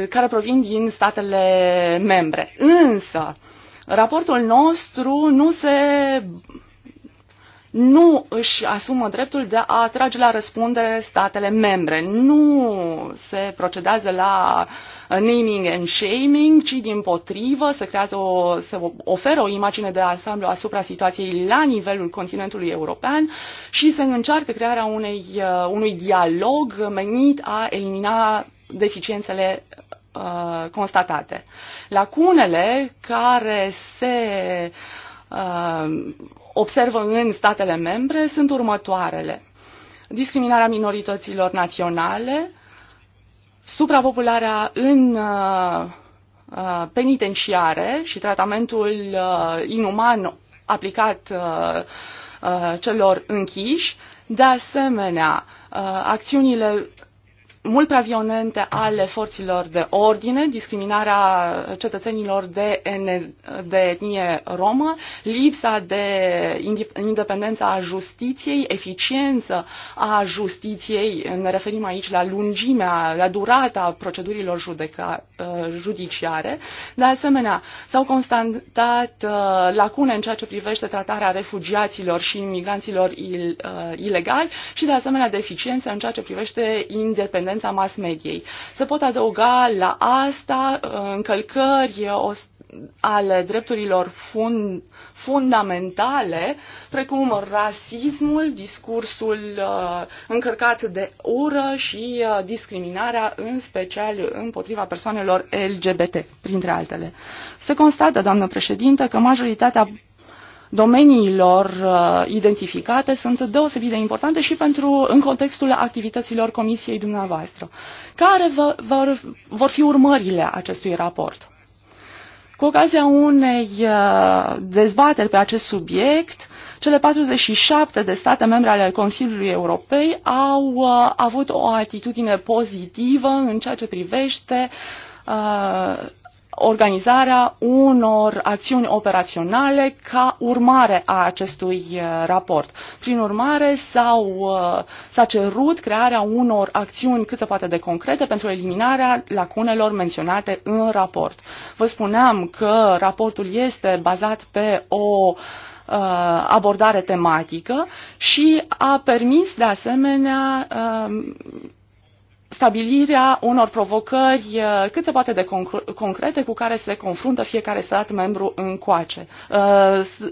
care provin din statele membre. Însă, raportul nostru nu se nu își asumă dreptul de a atrage la răspundere statele membre. Nu se procedează la naming and shaming, ci din potrivă se, creează o, se oferă o imagine de ansamblu asupra situației la nivelul continentului european și se încearcă crearea unei, uh, unui dialog menit a elimina deficiențele uh, constatate. Lacunele care se uh, observă în statele membre sunt următoarele. Discriminarea minorităților naționale, suprapopularea în uh, uh, penitenciare și tratamentul uh, inuman aplicat celor închiși, de asemenea, acțiunile mult prea violente ale forțelor de ordine, discriminarea cetățenilor de, ene, de etnie romă, lipsa de independență a justiției, eficiență a justiției, ne referim aici la lungimea, la durata procedurilor judeca, uh, judiciare. De asemenea, s-au constatat uh, lacune în ceea ce privește tratarea refugiaților și imigranților il, uh, ilegali și, de asemenea, deficiențe în ceea ce privește independența independența mass mediei. Se pot adăuga la asta uh, încălcări uh, ale drepturilor fund, fundamentale, precum rasismul, discursul uh, încărcat de ură și uh, discriminarea, în special împotriva persoanelor LGBT, printre altele. Se constată, doamnă președintă, că majoritatea domeniilor uh, identificate sunt deosebit de importante și pentru, în contextul activităților comisiei dumneavoastră. Care vă, vă, vor fi urmările acestui raport? Cu ocazia unei uh, dezbateri pe acest subiect, cele 47 de state membre ale Consiliului Europei au uh, avut o atitudine pozitivă în ceea ce privește uh, organizarea unor acțiuni operaționale ca urmare a acestui uh, raport. Prin urmare, s-au, uh, s-a cerut crearea unor acțiuni cât se poate de concrete pentru eliminarea lacunelor menționate în raport. Vă spuneam că raportul este bazat pe o uh, abordare tematică și a permis de asemenea stabilirea unor provocări uh, cât se poate de concrete cu care se confruntă fiecare stat membru în coace, uh,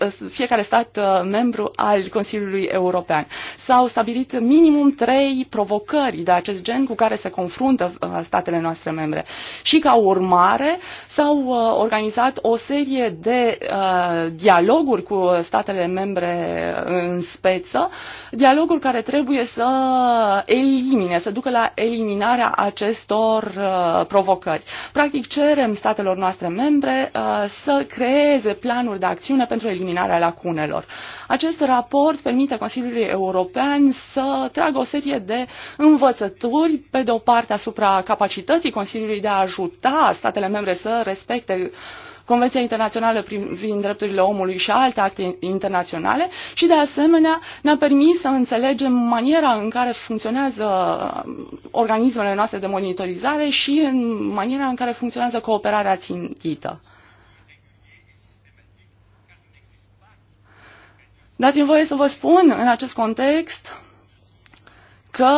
uh, fiecare stat membru al Consiliului European. S-au stabilit minimum trei provocări de acest gen cu care se confruntă statele noastre membre și ca urmare s-au organizat o serie de dialoguri cu statele membre în speță, dialoguri care trebuie să elimine, să ducă la eliminare eliminarea acestor uh, provocări. Practic cerem statelor noastre membre uh, să creeze planuri de acțiune pentru eliminarea lacunelor. Acest raport permite Consiliului European să tragă o serie de învățături, pe de o parte asupra capacității Consiliului de a ajuta statele membre să respecte uh, Convenția Internațională privind drepturile omului și alte acte internaționale și, de asemenea, ne-a permis să înțelegem maniera în care funcționează organismele noastre de monitorizare și în maniera în care funcționează cooperarea țintită. Dați-mi voie să vă spun în acest context că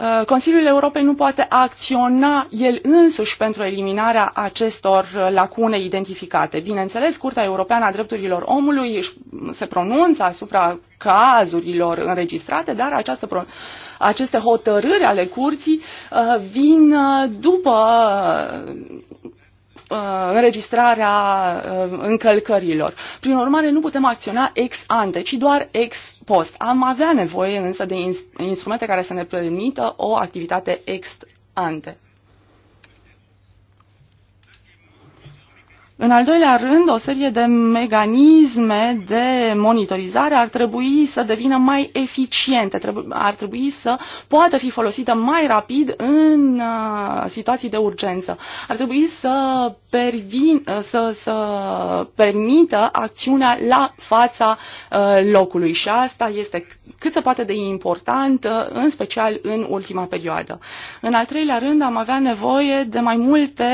Uh, Consiliul Europei nu poate acționa el însuși pentru eliminarea acestor uh, lacune identificate. Bineînțeles, Curtea Europeană a Drepturilor Omului mm, se pronunță asupra cazurilor înregistrate, dar această aceste hotărâri ale curții uh, vin după înregistrarea încălcărilor. Prin urmare, nu putem acționa ex ante, ci doar ex post. Am avea nevoie însă de instrumente care să ne permită o activitate ex ante. În al doilea rând, o serie de mecanisme de monitorizare ar trebui să devină mai eficiente, ar trebui să poată fi folosită mai rapid în uh, situații de urgență. Ar trebui să, pervin, uh, să, să permită acțiunea la fața uh, locului și asta este cât se poate de important, în special în ultima perioadă. În al treilea rând, am avea nevoie de mai multe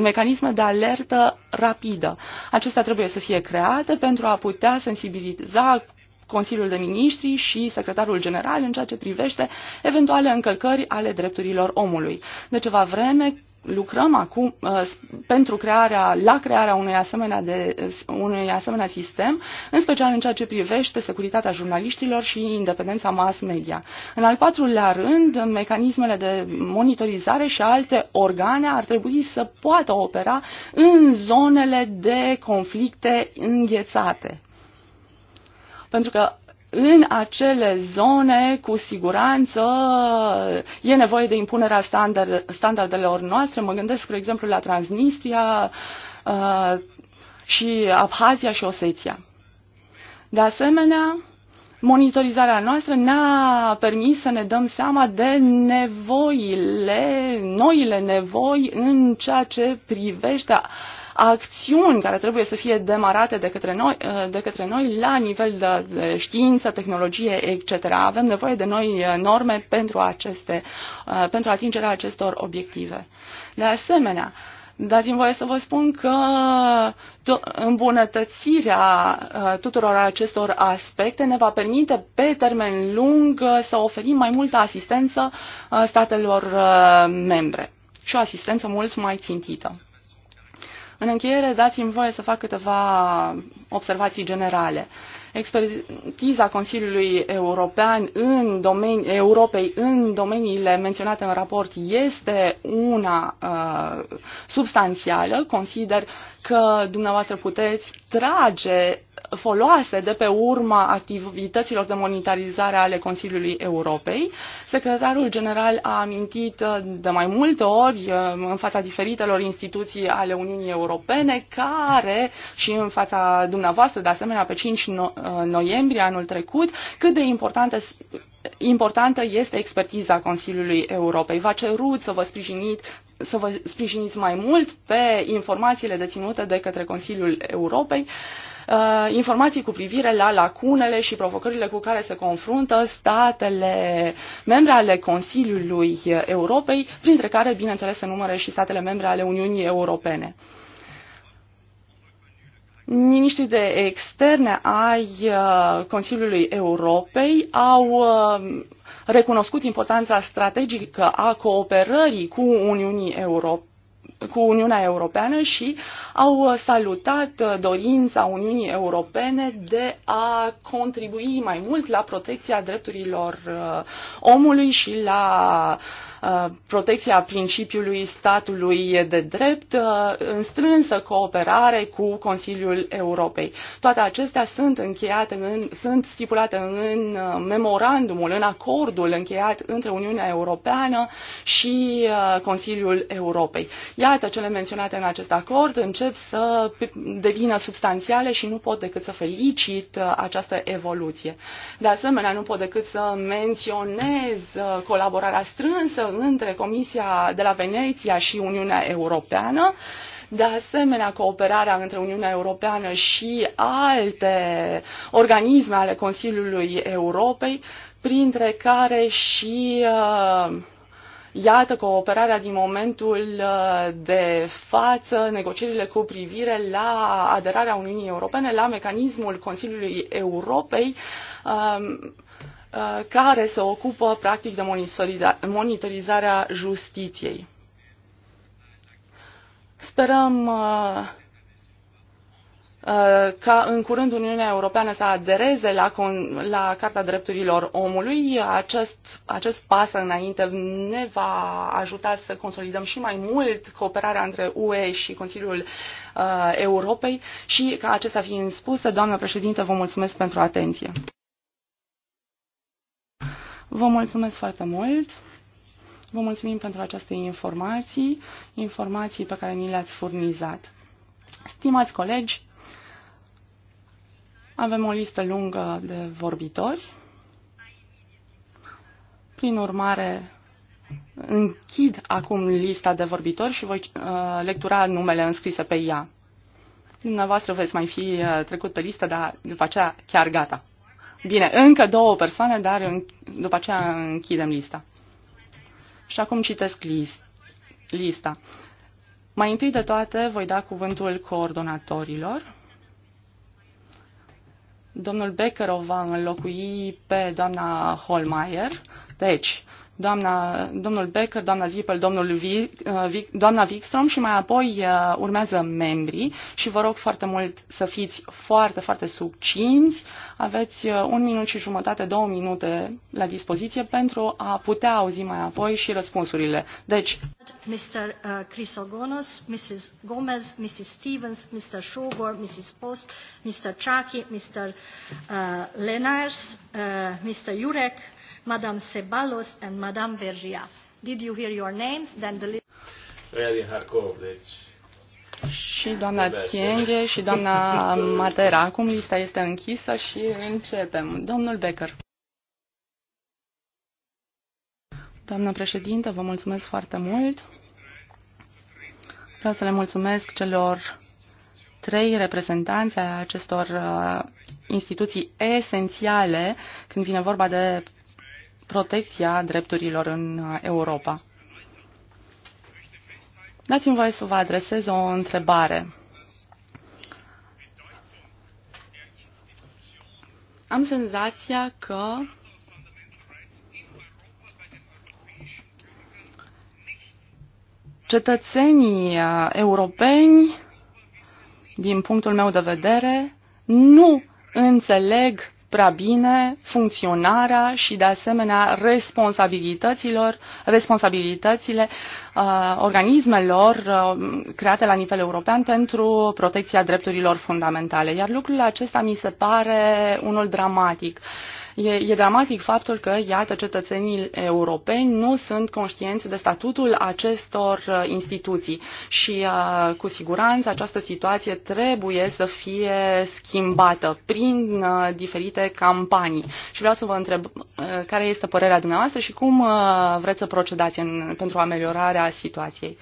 mecanisme de alertă rapidă. Acestea trebuie să fie create pentru a putea sensibiliza Consiliul de Ministri și Secretarul General în ceea ce privește eventuale încălcări ale drepturilor omului. De ceva vreme lucrăm acum uh, pentru crearea, la crearea unui asemenea, de, uh, unui asemenea sistem, în special în ceea ce privește securitatea jurnaliștilor și independența mass media. În al patrulea rând, mecanismele de monitorizare și alte organe ar trebui să poată opera în zonele de conflicte înghețate pentru că în acele zone, cu siguranță, e nevoie de impunerea standard, standardelor noastre. Mă gândesc, de exemplu, la Transnistria uh, și Abhazia și Osetia. De asemenea, monitorizarea noastră ne-a permis să ne dăm seama de nevoile, noile nevoi în ceea ce privește acțiuni care trebuie să fie demarate de către noi, uh, de către noi la nivel de știință, tehnologie, etc. Avem nevoie de noi uh, norme pentru, aceste, uh, pentru atingerea acestor obiective. De asemenea, Dați-mi voie să vă spun că îmbunătățirea tuturor acestor aspecte ne va permite pe termen lung să oferim mai multă asistență statelor membre și o asistență mult mai țintită. În încheiere, dați-mi voie să fac câteva observații generale. Expertiza Consiliului European în domeni, Europei în domeniile menționate în raport este una uh, substanțială. Consider că dumneavoastră puteți trage foloase de pe urma activităților de monitorizare ale Consiliului Europei. Secretarul general a amintit uh, de mai multe ori uh, în fața diferitelor instituții ale Uniunii Europene care și în fața dumneavoastră, de asemenea pe 5 uh, noiembrie anul trecut, cât de importante importantă este expertiza Consiliului Europei. V-a cerut să vă sprijiniți să vă sprijiniți mai mult pe informațiile deținute de către Consiliul Europei uh, Uh, informații cu privire la lacunele și provocările cu care se confruntă statele membre ale Consiliului Europei, printre care, bineînțeles, se numără și statele membre ale Uniunii Europene miniștrii de externe ai uh, Consiliului Europei au uh, recunoscut importanța strategică a cooperării cu Uniunii Europene cu Uniunea Europeană și au uh, salutat uh, dorința Uniunii Europene de a contribui mai mult la protecția drepturilor uh, omului și la uh, Uh, protecția principiului statului de drept uh, în strânsă cooperare cu Consiliul Europei. Toate acestea sunt încheiate, în, sunt stipulate în uh, memorandumul, în acordul încheiat între Uniunea Europeană și Consiliul Europei. Iată cele menționate în acest acord încep să devină substanțiale și nu pot decât să felicit această evoluție. De asemenea, nu pot decât să menționez colaborarea strânsă între Comisia de la Veneția și Uniunea Europeană. De asemenea, cooperarea între Uniunea Europeană și alte organisme ale Consiliului Europei, printre care și uh, Iată cooperarea din momentul uh, de față, negocierile cu privire la aderarea Uniunii Europene la mecanismul Consiliului Europei um, Uh, care se ocupă practic de monitorizarea justiției. Sperăm uh, uh, ca în curând Uniunea Europeană să adereze la, la Carta Drepturilor Omului. Acest, acest pas înainte ne va ajuta să consolidăm și mai mult cooperarea între UE și Consiliul uh, Europei și ca acesta fiind spusă, doamnă președinte, vă mulțumesc pentru atenție. Vă mulțumesc foarte mult! Vă mulțumim pentru aceste informații, informații pe care ni le-ați furnizat. Stimați colegi, avem o listă lungă de vorbitori. Prin urmare, închid acum lista de vorbitori și voi uh, lectura numele înscrise pe ea. Dumneavoastră veți mai fi uh, trecut pe listă, dar după aceea chiar gata. Bine, încă două persoane, dar în, după aceea închidem lista. Și acum citesc list, lista. Mai întâi de toate voi da cuvântul coordonatorilor. Domnul Becker o va înlocui pe doamna Holmeier. Deci, doamna, domnul Becker, doamna Zippel, domnul Vi, uh, doamna Wikstrom și mai apoi uh, urmează membrii și vă rog foarte mult să fiți foarte, foarte succinți. Aveți uh, un minut și jumătate, două minute la dispoziție pentru a putea auzi mai apoi și răspunsurile. Deci... Mr. Chrysogonos, Mrs. Gomez, Mrs. Stevens, Mr. Shogor, Mrs. Post, Mr. Chaki, Mr. Uh, Lenars, uh, Mr. Jurek, Madame Sebalos and Madame Vergia. Did you hear your names? Then the Ea Harkov, deci. Și doamna Tienge și doamna Matera. Acum lista este închisă și începem. Domnul Becker. Doamna președintă, vă mulțumesc foarte mult. Vreau să le mulțumesc celor trei reprezentanți ai acestor uh, instituții esențiale când vine vorba de protecția drepturilor în Europa. Dați-mi voie să vă adresez o întrebare. Am senzația că cetățenii europeni, din punctul meu de vedere, nu înțeleg prea bine funcționarea și, de asemenea, responsabilităților, responsabilitățile uh, organismelor uh, create la nivel european pentru protecția drepturilor fundamentale. Iar lucrul acesta mi se pare unul dramatic. Uh, E, e dramatic faptul că, iată, cetățenii europeni nu sunt conștienți de statutul acestor uh, instituții și, uh, cu siguranță, această situație trebuie să fie schimbată prin uh, diferite campanii. Și vreau să vă întreb care este părerea dumneavoastră și cum vreți să procedați în, pentru ameliorarea situației.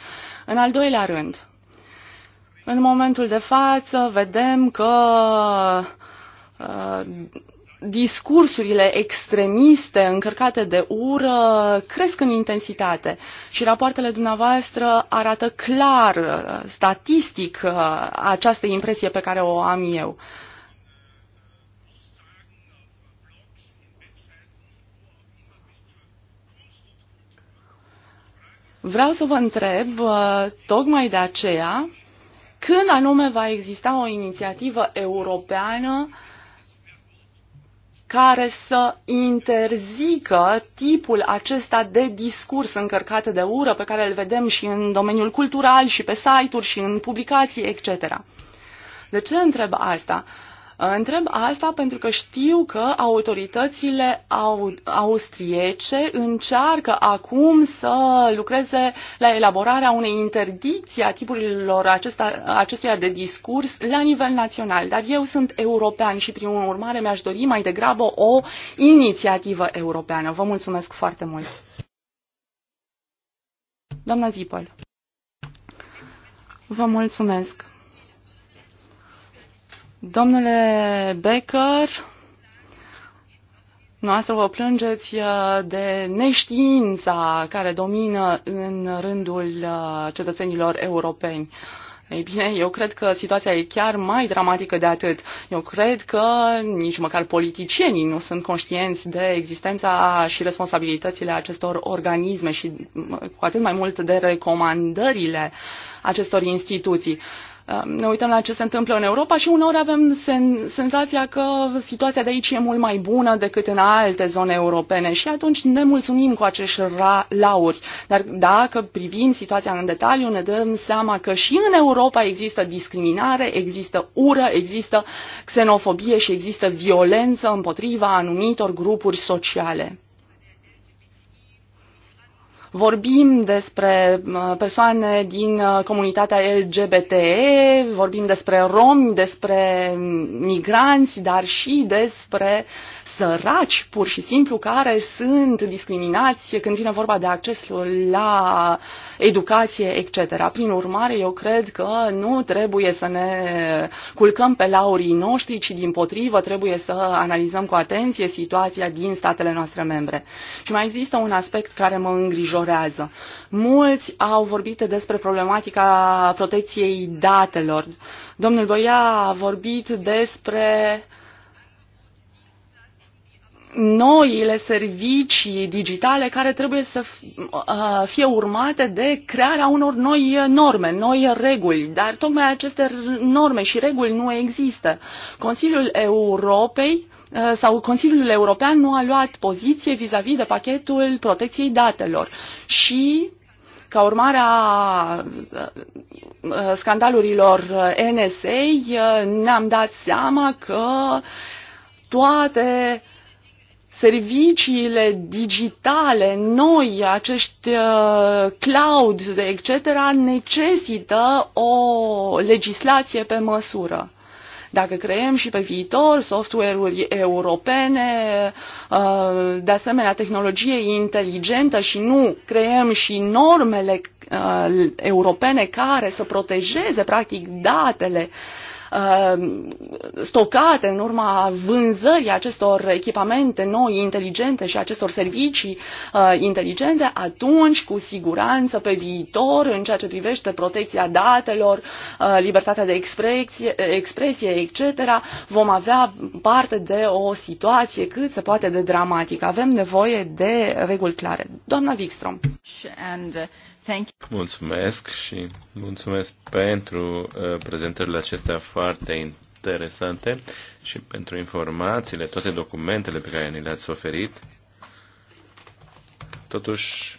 În al doilea rând, în momentul de față vedem că discursurile extremiste încărcate de ură cresc în intensitate și rapoartele dumneavoastră arată clar, uh, statistic, uh, această impresie pe care o am eu. Vreau să vă întreb, uh, tocmai de aceea, când anume va exista o inițiativă europeană uh, care să interzică tipul acesta de discurs încărcat de ură pe care îl vedem și în domeniul cultural și pe site-uri și în publicații, etc. De ce întreb asta? Întreb asta pentru că știu că autoritățile au, austriece încearcă acum să lucreze la elaborarea unei interdicții a tipurilor acesta, acestuia de discurs la nivel național. Dar eu sunt european și, prin urmare, mi-aș dori mai degrabă o inițiativă europeană. Vă mulțumesc foarte mult! Doamna Zipăl, vă mulțumesc! Domnule Becker, noastră vă plângeți uh, de neștiința care domină în rândul uh, cetățenilor europeni. Ei bine, eu cred că situația e chiar mai dramatică de atât. Eu cred că nici măcar politicienii nu sunt conștienți de existența și responsabilitățile acestor organisme și cu atât mai mult de recomandările acestor instituții. Uh, ne uităm la ce se întâmplă în Europa și uneori avem sen- senzația că situația de aici e mult mai bună decât în alte zone europene și atunci ne mulțumim cu acești lauri. Dar dacă privim situația în detaliu, ne dăm seama că și în Europa există discriminare, există ură, există xenofobie și există violență împotriva anumitor grupuri sociale. Vorbim despre uh, persoane din uh, comunitatea LGBTE, vorbim despre romi, despre mm, migranți, dar și despre uh, săraci, pur și simplu, care sunt discriminați când vine vorba de accesul la educație, etc. Prin urmare, eu cred că nu trebuie să ne culcăm pe laurii noștri, ci din potrivă trebuie să analizăm cu atenție situația din statele noastre membre. Și mai există un aspect care mă îngrijorează. Mulți au vorbit despre problematica protecției datelor. Domnul Boia a vorbit despre noile servicii digitale care trebuie să fie urmate de crearea unor noi uh, norme, noi reguli, dar tocmai aceste norme și reguli nu există. Consiliul Europei uh, sau Consiliul European nu a luat poziție vis-a-vis -vis de pachetul protecției datelor și ca urmare a uh, scandalurilor NSA ne-am dat seama că toate uh, serviciile digitale noi, acești uh, cloud, etc., necesită o legislație pe măsură. Dacă creăm și pe viitor software-uri europene, uh, de asemenea tehnologie inteligentă și nu creăm și normele uh, europene care să protejeze practic datele Uh, stocate în urma vânzării acestor echipamente noi, inteligente și acestor servicii uh, inteligente, atunci, cu siguranță, pe viitor, în ceea ce privește protecția datelor, uh, libertatea de expresie, etc., vom avea parte de o situație cât se poate de dramatică. Avem nevoie de reguli clare. Doamna Wikstrom. And, uh... Thank you. Mulțumesc și mulțumesc pentru uh, prezentările acestea foarte interesante și pentru informațiile, toate documentele pe care ni le-ați oferit. Totuși,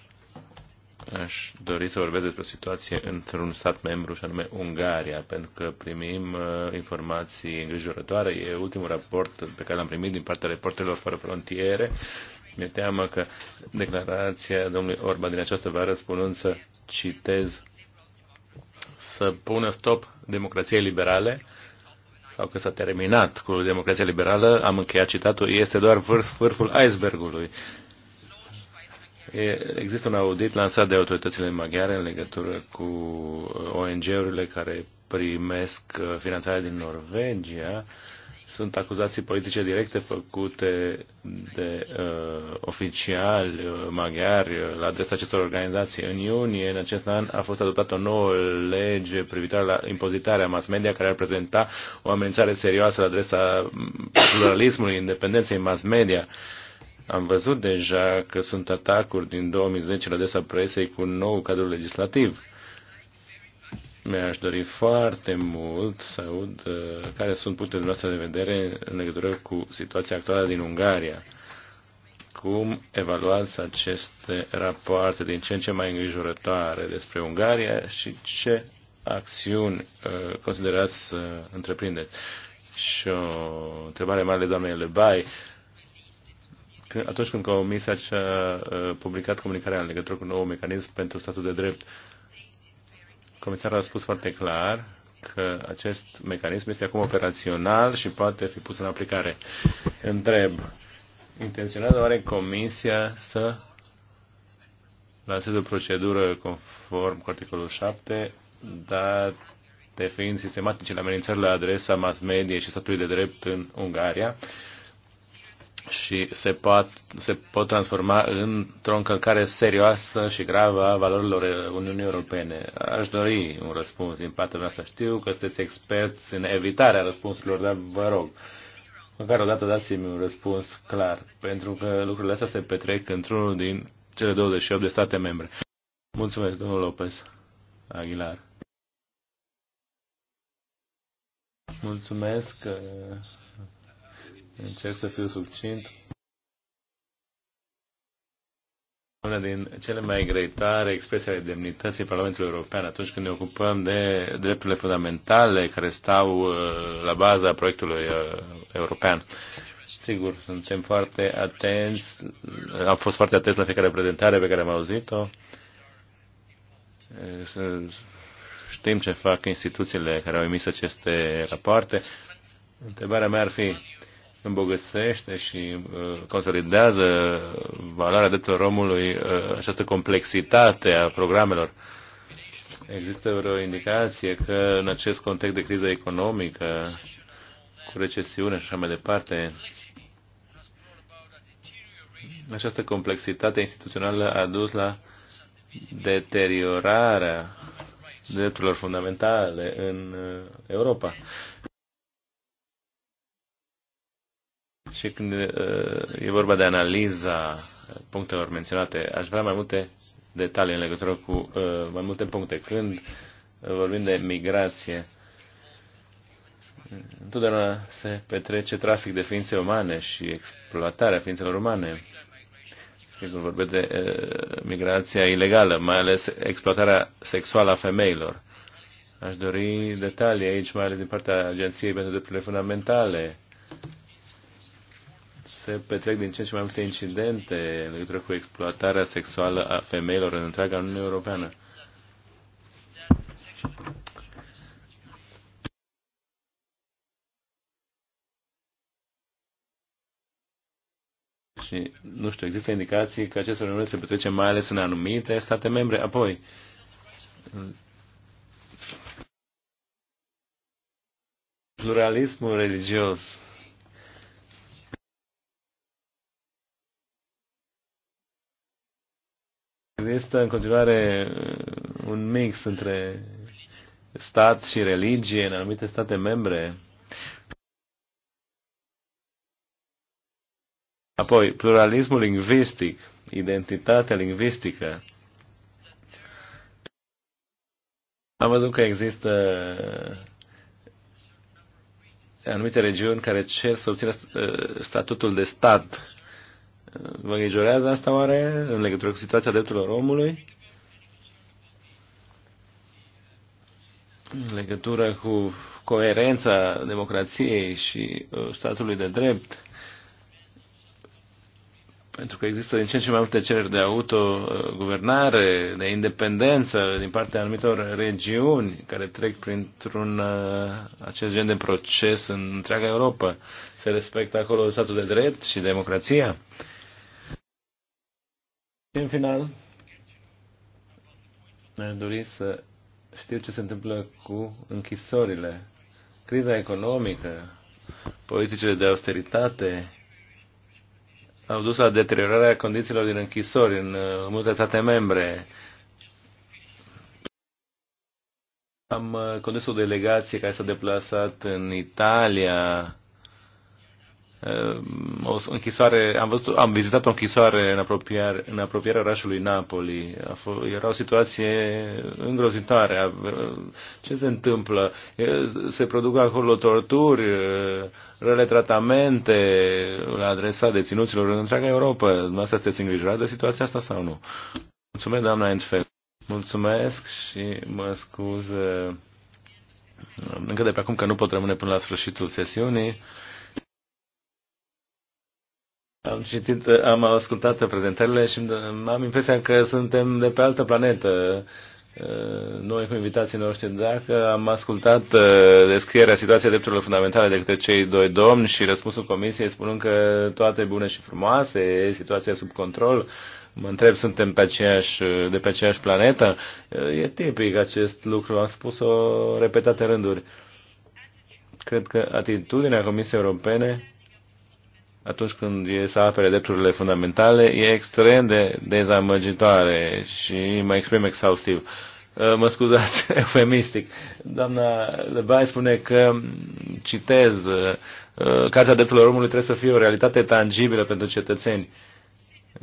aș dori să vorbesc despre o situație într-un stat membru, și anume Ungaria, pentru că primim uh, informații îngrijorătoare. E ultimul raport pe care l-am primit din partea Reporterilor Fără Frontiere mi-e teamă că declarația domnului Orba din această vară spunând să citez să pună stop democrației liberale sau că s-a terminat cu democrația liberală, am încheiat citatul, este doar vârf, vârful icebergului. Există un audit lansat de autoritățile maghiare în legătură cu ONG-urile care primesc uh, finanțarea din Norvegia sunt acuzații politice directe făcute de uh, oficiali uh, maghiari uh, la adresa acestor organizații. În iunie, în acest an, a fost adoptată o nouă lege privitoare la impozitarea mass media care ar prezenta o amenințare serioasă la adresa pluralismului, independenței mass media. Am văzut deja că sunt atacuri din 2010 la adresa presei cu un nou cadru legislativ mi-aș dori foarte mult să aud uh, care sunt punctele noastre de vedere în legătură cu situația actuală din Ungaria. Cum evaluați aceste rapoarte din ce în ce mai îngrijorătoare despre Ungaria și ce acțiuni uh, considerați să întreprindeți? Și o întrebare mare doamnei Lebai. Atunci când Comisia a uh, publicat comunicarea în legătură cu un nou mecanism pentru statul de drept, comisar a spus foarte clar că acest mecanism este acum operațional și poate fi pus în aplicare. Întreb, intenționează oare Comisia să lanseze o procedură conform cu articolul 7, dar de fiind sistematice la amenințări la adresa mass media și statului de drept în Ungaria, și se, poat, se pot transforma într-o încălcare serioasă și gravă a valorilor Uniunii Europene. Aș dori un răspuns din partea noastră. Știu că sunteți experți în evitarea răspunsurilor, dar vă rog, măcar odată dați-mi un răspuns clar, pentru că lucrurile astea se petrec într-unul din cele 28 de state membre. Mulțumesc, domnul Lopez Aguilar. Mulțumesc. Încerc să fiu succint. Una din cele mai greitare expresii ale demnității Parlamentului European atunci când ne ocupăm de drepturile fundamentale care stau uh, la baza proiectului uh, european. Sigur, suntem foarte atenți, am fost foarte atenți la fiecare prezentare pe care am auzit-o. Știm ce fac instituțiile care au emis aceste rapoarte. Întrebarea mea ar fi, îmbogățește și uh, consolidează valoarea drepturilor omului uh, această complexitate a programelor. Există vreo indicație că în acest context de criză economică, cu recesiune și așa mai departe, această complexitate instituțională a dus la deteriorarea drepturilor fundamentale în uh, Europa. Și când uh, e vorba de analiza punctelor menționate, aș vrea mai multe detalii în legătură cu uh, mai multe puncte. Când uh, vorbim de migrație, întotdeauna se petrece trafic de ființe umane și exploatarea ființelor umane. Sigur, vorbesc de uh, migrația ilegală, mai ales exploatarea sexuală a femeilor. Aș dori detalii aici, mai ales din partea Agenției pentru Drepturile Fundamentale, se petrec din ce în ce mai multe incidente în legătură cu exploatarea sexuală a femeilor în întreaga Uniune Europeană. Și, nu știu, există indicații că acest fenomen se petrece mai ales în anumite state membre. Apoi, pluralismul religios. Există în continuare uh, un mix între stat și religie în anumite state membre. Apoi, pluralismul lingvistic, identitatea lingvistică. Am văzut că există uh, anumite regiuni care cer să obțină uh, statutul de stat Vă îngrijorează asta oare în legătură cu situația drepturilor omului? În legătură cu coerența democrației și uh, statului de drept? Pentru că există din ce în ce mai multe cereri de autoguvernare, de independență din partea anumitor regiuni care trec printr-un uh, acest gen de proces în întreaga Europa. Se respectă acolo statul de drept și democrația? În final, aș dori să știu ce se întâmplă cu închisorile, criza economică, politicile de austeritate au dus la deteriorarea condițiilor din închisori în uh, multe state membre. Am uh, condus o delegație care s-a deplasat în Italia, Ehm, o închisoare, am, văzut, am vizitat o închisoare în, apropiar, în apropierea orașului Napoli. A f- era o situație îngrozitoare. Ce se întâmplă? Se produc acolo torturi, rele tratamente la adresa deținuților în întreaga Europa. Dumneavoastră sunteți îngrijorat de situația asta sau nu? Mulțumesc, doamna Entfeld. Mulțumesc și mă scuz încă de pe acum că nu pot rămâne până la sfârșitul sesiunii. Am citit, am ascultat prezentările și am impresia că suntem de pe altă planetă. Uh, noi cu invitații noștri, dacă am ascultat uh, descrierea situației drepturilor fundamentale de către cei doi domni și răspunsul comisiei spunând că toate bune și frumoase, situația sub control, mă întreb, suntem pe aceeași, de pe aceeași planetă? Uh, e tipic acest lucru, am spus-o repetate rânduri. Cred că atitudinea Comisiei Europene atunci când e să apere drepturile fundamentale, e extrem de dezamăgitoare și mă exprim exhaustiv. Uh, mă scuzați, eufemistic. Doamna Lebai spune că, citez, uh, Cartea Drepturilor Omului trebuie să fie o realitate tangibilă pentru cetățeni.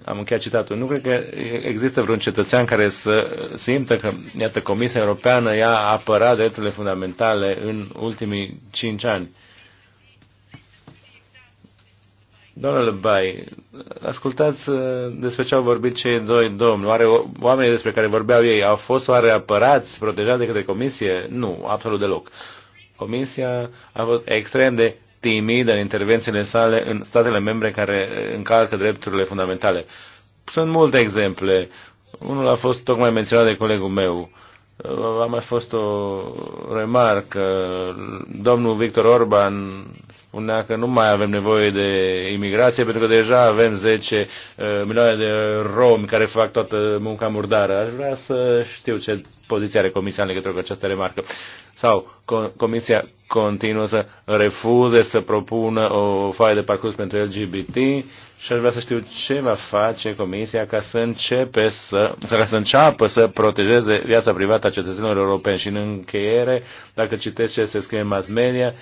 Am încheiat citatul. Nu cred că există vreun cetățean care să simtă că, iată, Comisia Europeană i-a apărat drepturile fundamentale în ultimii cinci ani Domnule Bai, ascultați uh, despre ce au vorbit cei doi domni. Oare oamenii despre care vorbeau ei au fost oare apărați, protejați de către comisie? Nu, absolut deloc. Comisia a fost extrem de timidă în intervențiile sale în statele membre care încalcă drepturile fundamentale. Sunt multe exemple. Unul a fost tocmai menționat de colegul meu. Uh, a mai fost o remarcă. Domnul Victor Orban spunea că nu mai avem nevoie de imigrație pentru că deja avem 10 uh, milioane de romi care fac toată munca murdară. Aș vrea să știu ce poziție are Comisia în legătură cu această remarcă. Sau Comisia continuă să refuze să propună o foaie de parcurs pentru LGBT și aș vrea să știu ce va face Comisia ca să, începe să, ca să înceapă să protejeze viața privată a cetățenilor europeni. Și în încheiere, dacă citești ce se scrie în mass media,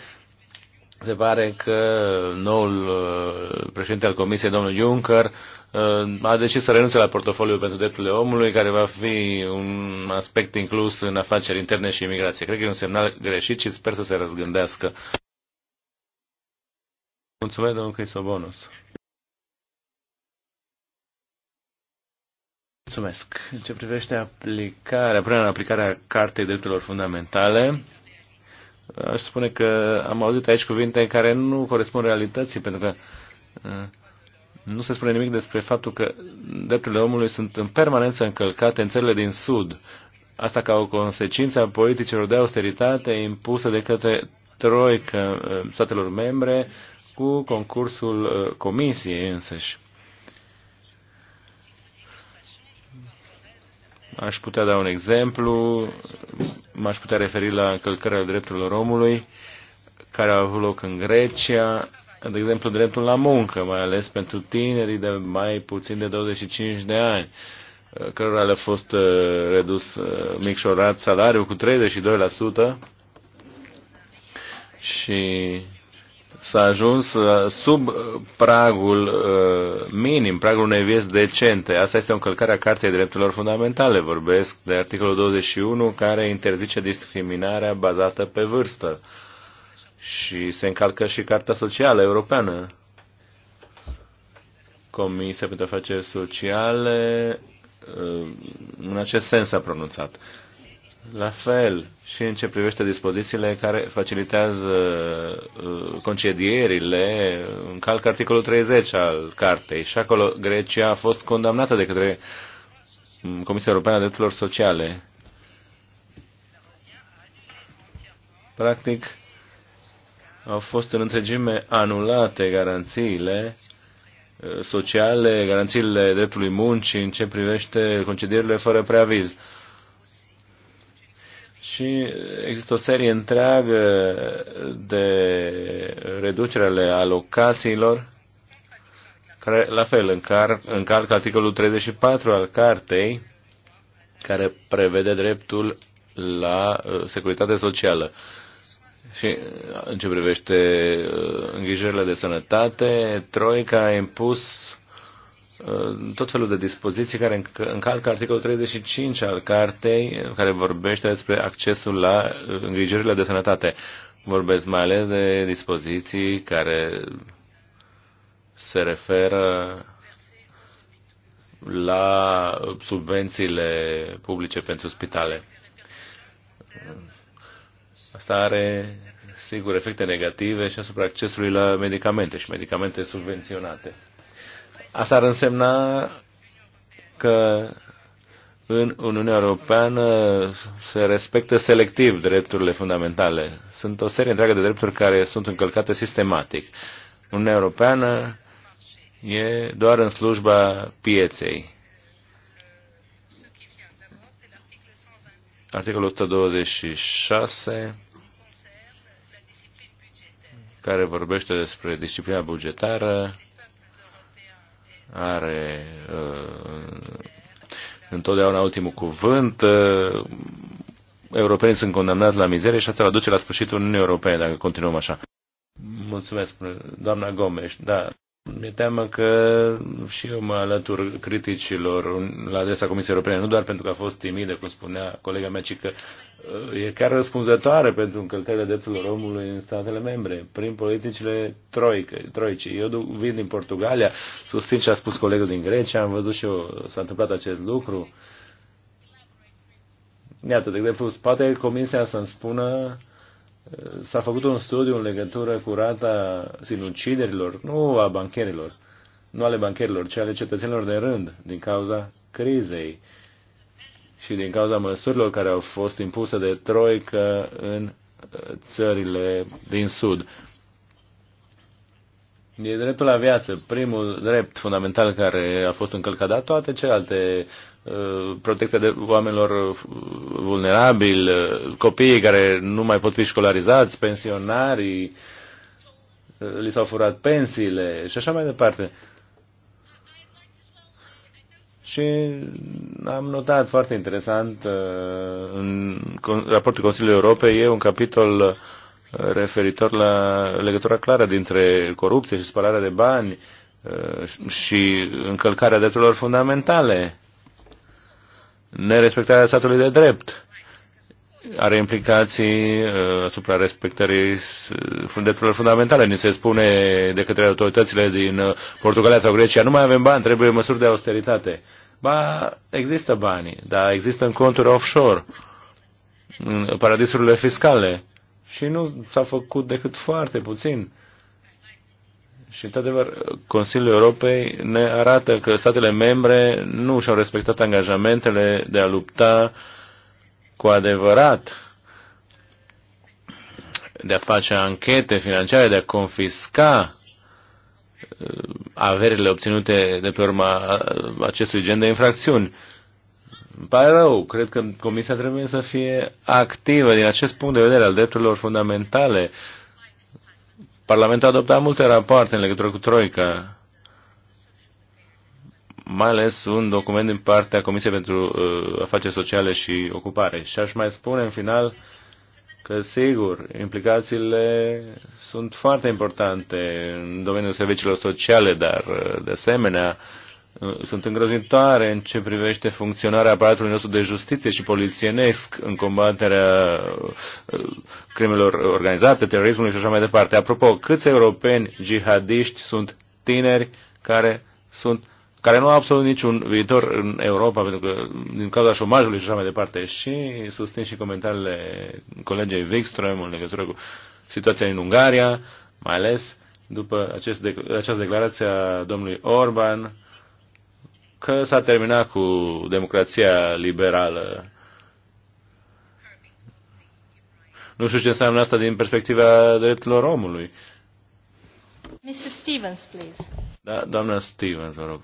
se pare că noul uh, președinte al Comisiei, domnul Juncker, uh, a decis să renunțe la portofoliul pentru drepturile omului, care va fi un aspect inclus în afaceri interne și imigrație. Cred că e un semnal greșit și sper să se răzgândească. Mulțumesc, domnul Crisobonus. Mulțumesc. În ce privește aplicarea, punerea în aplicarea Cartei Drepturilor Fundamentale, aș spune că am auzit aici cuvinte care nu corespund realității, pentru că uh, nu se spune nimic despre faptul că drepturile omului sunt în permanență încălcate în țările din Sud. Asta ca o consecință a politicilor de austeritate impusă de către troică uh, statelor membre cu concursul uh, comisiei însăși. Aș putea da un exemplu, m-aș putea referi la încălcarea drepturilor omului care au avut loc în Grecia, de exemplu dreptul la muncă, mai ales pentru tinerii de mai puțin de 25 de ani, cărora le-a fost uh, redus, uh, micșorat salariul cu 32%, și s-a ajuns uh, sub uh, pragul uh, minim, pragul unei vieți decente. Asta este o încălcare a Cartei Drepturilor Fundamentale. Vorbesc de articolul 21 care interzice discriminarea bazată pe vârstă. Și se încalcă și Carta Socială Europeană. Comisia pentru Afaceri Sociale în acest sens a pronunțat. La fel și în ce privește dispozițiile care facilitează uh, concedierile, încalcă articolul 30 al cartei și acolo Grecia a fost condamnată de către mm, Comisia Europeană a Drepturilor Sociale. Practic, au fost în întregime anulate garanțiile uh, sociale, garanțiile dreptului muncii în ce privește concedierile fără preaviz și există o serie întreagă de reducere ale alocațiilor care, la fel, încar, încalcă articolul 34 al cartei, care prevede dreptul la uh, securitate socială. Și uh, în ce privește uh, îngrijirile de sănătate, Troica a impus Uh, tot felul de dispoziții care încalcă articolul 35 al cartei, care vorbește despre accesul la uh, îngrijirile de sănătate. Vorbesc mai ales de dispoziții care se referă la subvențiile publice pentru spitale. Asta are, sigur, efecte negative și asupra accesului la medicamente și medicamente subvenționate. Asta ar însemna că în Uniunea Europeană se respectă selectiv drepturile fundamentale. Sunt o serie întreagă de drepturi care sunt încălcate sistematic. Uniunea Europeană e doar în slujba pieței. Articolul 126 care vorbește despre disciplina bugetară are uh, întotdeauna ultimul cuvânt. Uh, europenii sunt condamnați la mizerie și asta va duce la sfârșitul Uniunii Europene, dacă continuăm așa. Mulțumesc, doamna Gomes. Da, mi-e teamă că și eu mă alătur criticilor la adresa Comisiei Europene, nu doar pentru că a fost timidă, cum spunea colega mea, ci că uh, e chiar răspunzătoare pentru încălcările drepturilor omului în statele membre, prin politicile troică, troice. Eu vin din Portugalia, susțin ce a spus colegul din Grecia, am văzut și eu, s-a întâmplat acest lucru. Iată, de exemplu, poate Comisia să-mi spună uh, s-a făcut un studiu în legătură cu rata sinuciderilor, nu a bancherilor, nu ale bancherilor, ci ale cetățenilor de rând, din cauza crizei și din cauza măsurilor care au fost impuse de troică în uh, țările din Sud. E dreptul la viață, primul drept fundamental care a fost încălcat, dar toate celelalte Uh, protecția de oamenilor vulnerabili, uh, copiii care nu mai pot fi școlarizați, pensionarii, uh, li s-au furat pensiile și așa mai departe. Și am notat foarte interesant în raportul Consiliului Europei e un capitol referitor la legătura clară dintre corupție și spălarea de bani și încălcarea drepturilor fundamentale nerespectarea statului de drept are implicații uh, asupra respectării uh, drepturilor fundamentale. Ni se spune de către autoritățile din uh, Portugalia sau Grecia, nu mai avem bani, trebuie măsuri de austeritate. Ba, există bani, dar există în conturi offshore, în paradisurile fiscale. Și nu s-a făcut decât foarte puțin și, într-adevăr, Consiliul Europei ne arată că statele membre nu și-au respectat angajamentele de a lupta cu adevărat, de a face anchete financiare, de a confisca uh, averile obținute de pe urma uh, acestui gen de infracțiuni. Îmi pare rău, cred că Comisia trebuie să fie activă din acest punct de vedere al drepturilor fundamentale Parlamentul a adoptat multe rapoarte în legătură cu Troica, mai ales un document din partea Comisiei pentru uh, Afaceri Sociale și Ocupare. Și aș mai spune în final că, sigur, implicațiile sunt foarte importante în domeniul serviciilor sociale, dar, uh, de asemenea, uh, Uh, sunt îngrozitoare în ce privește funcționarea aparatului nostru de justiție și polițienesc în combaterea uh, crimelor organizate, terorismului și așa mai departe. Apropo, câți europeni jihadiști sunt tineri care sunt care nu au absolut niciun viitor în Europa, pentru că din cauza șomajului și așa mai departe. Și susțin și comentariile colegei Wikström în legătură cu situația în Ungaria, mai ales după acest, această declarație a domnului Orban, că s-a terminat cu democrația liberală. Nu știu ce înseamnă asta din perspectiva drepturilor omului. Mrs. Stevens, please. Da, doamna Stevens, vă rog.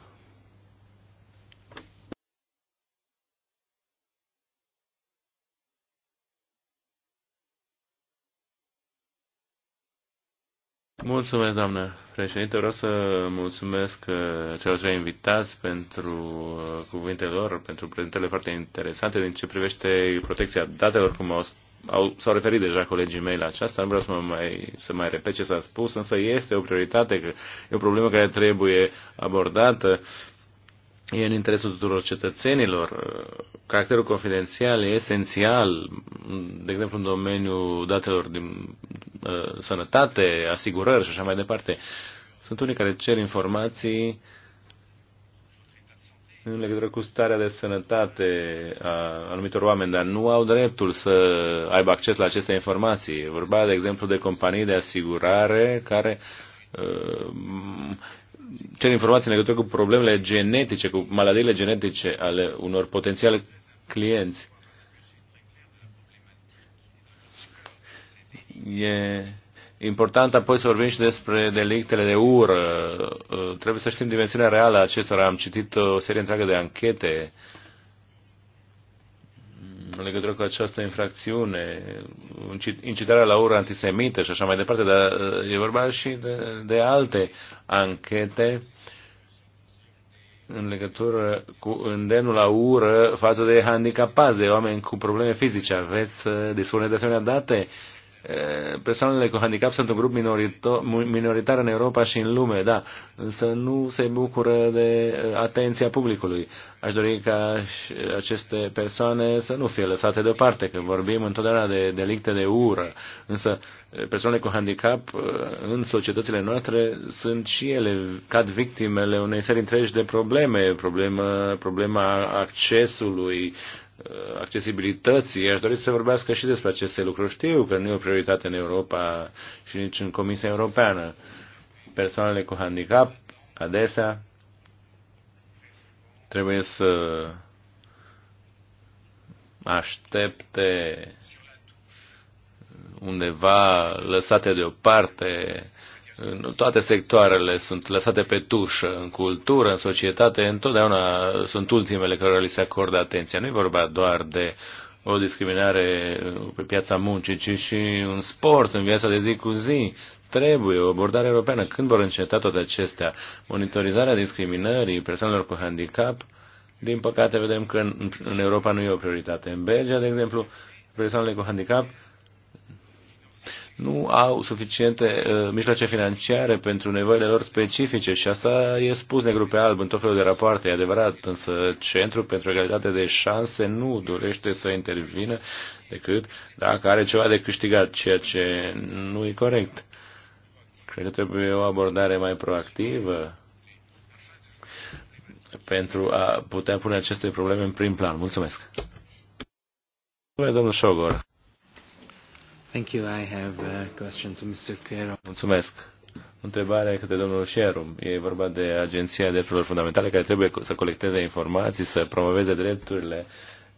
Mulțumesc, doamnă președinte. Vreau să mulțumesc uh, celor trei invitați pentru uh, cuvintele lor, pentru prezentele foarte interesante din ce privește protecția datelor, cum au au, s-au referit deja colegii mei la aceasta, nu vreau să, mă mai, să mai repet ce s-a spus, însă este o prioritate, că e o problemă care trebuie abordată e în interesul tuturor cetățenilor. Caracterul confidențial e esențial, de exemplu, în domeniul datelor din uh, sănătate, asigurări și așa mai departe. Sunt unii care cer informații în legătură cu starea de sănătate a anumitor oameni, dar nu au dreptul să aibă acces la aceste informații. Vorba, de exemplu, de companii de asigurare care uh, cer informații în legătură cu problemele genetice, cu maladiile genetice ale unor potențiale clienți. E important apoi să vorbim și despre delictele de ură. Trebuie să știm dimensiunea reală a acestora. Am citit o serie întreagă de anchete în legătură cu această infracțiune, incitarea la ură antisemită și așa mai departe, dar uh, e vorba și de, de alte anchete în legătură cu îndemnul la ură față de handicapați, de oameni cu probleme fizice. Aveți uh, dispune de asemenea date persoanele cu handicap sunt un grup minoritar în Europa și în lume, da, însă nu se bucură de uh, atenția publicului. Aș dori ca aceste persoane să nu fie lăsate deoparte, că vorbim întotdeauna de delicte de ură, însă uh, persoanele cu handicap uh, în societățile noastre sunt și ele, cad victimele unei serii întregi de probleme, problema, problema accesului Uh, accesibilității. Aș dori să vorbească și despre aceste lucruri. Știu că nu e o prioritate în Europa și nici în Comisia Europeană. Persoanele cu handicap, adesea, trebuie să aștepte undeva lăsate deoparte toate sectoarele sunt lăsate pe tușă, în cultură, în societate, întotdeauna sunt ultimele care li se acordă atenția. Nu e vorba doar de o discriminare pe piața muncii, ci și un sport, în viața de zi cu zi. Trebuie o abordare europeană. Când vor înceta toate acestea? Monitorizarea discriminării persoanelor cu handicap, din păcate vedem că în, în Europa nu e o prioritate. În Belgia, de exemplu, persoanele cu handicap nu au suficiente uh, mijloace financiare pentru nevoile lor specifice și asta e spus negru pe alb în tot felul de rapoarte, e adevărat, însă Centrul pentru Egalitate de Șanse nu dorește să intervină decât dacă are ceva de câștigat, ceea ce nu e corect. Cred că trebuie o abordare mai proactivă pentru a putea pune aceste probleme în prim plan. Mulțumesc! Mulțumesc, domnul Șogor! Thank you. I have a question to Mr. Quero. Mulțumesc. Întrebarea către domnul Sherum. E vorba de Agenția Drepturilor Fundamentale care trebuie să colecteze informații, să promoveze drepturile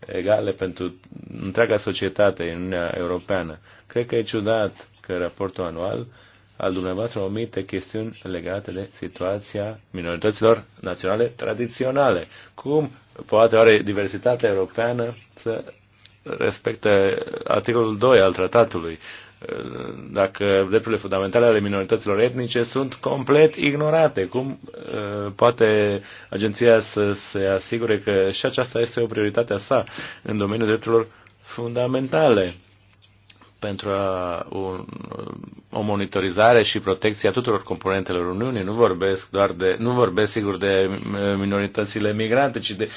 egale pentru întreaga societate în Uniunea Europeană. Cred că e ciudat că raportul anual al dumneavoastră omite chestiuni legate de situația minorităților naționale tradiționale. Cum poate oare diversitatea europeană să respectă articolul 2 al tratatului, dacă drepturile fundamentale ale minorităților etnice sunt complet ignorate. Cum uh, poate agenția să se asigure că și aceasta este o prioritate a sa în domeniul drepturilor fundamentale? pentru a, un, o monitorizare și protecție a tuturor componentelor Uniunii. Nu vorbesc doar de, nu vorbesc sigur de eh, minoritățile migrante, ci de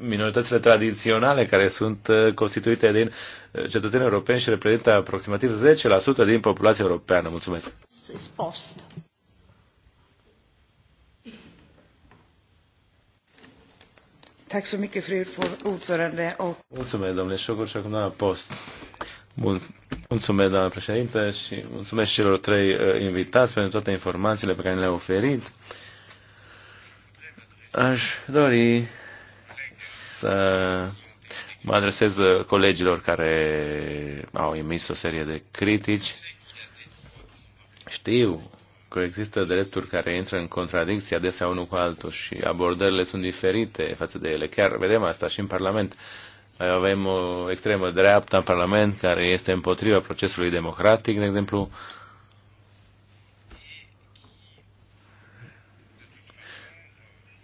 minoritățile tradiționale care sunt eh, constituite din eh, cetățeni europeni și reprezintă aproximativ 10% din populația europeană. Mulțumesc. Post. Mulțumesc, domnule Șocur, și acum doamna Post. Mulțumesc, doamnă președintă, și mulțumesc celor trei uh, invitați pentru toate informațiile pe care le-au oferit. Aș dori să mă adresez uh, colegilor care au emis o serie de critici. Știu că există drepturi care intră în contradicție adesea unul cu altul și abordările sunt diferite față de ele. Chiar vedem asta și în Parlament. Uh, avem o extremă dreaptă în Parlament care este împotriva procesului democratic, de exemplu.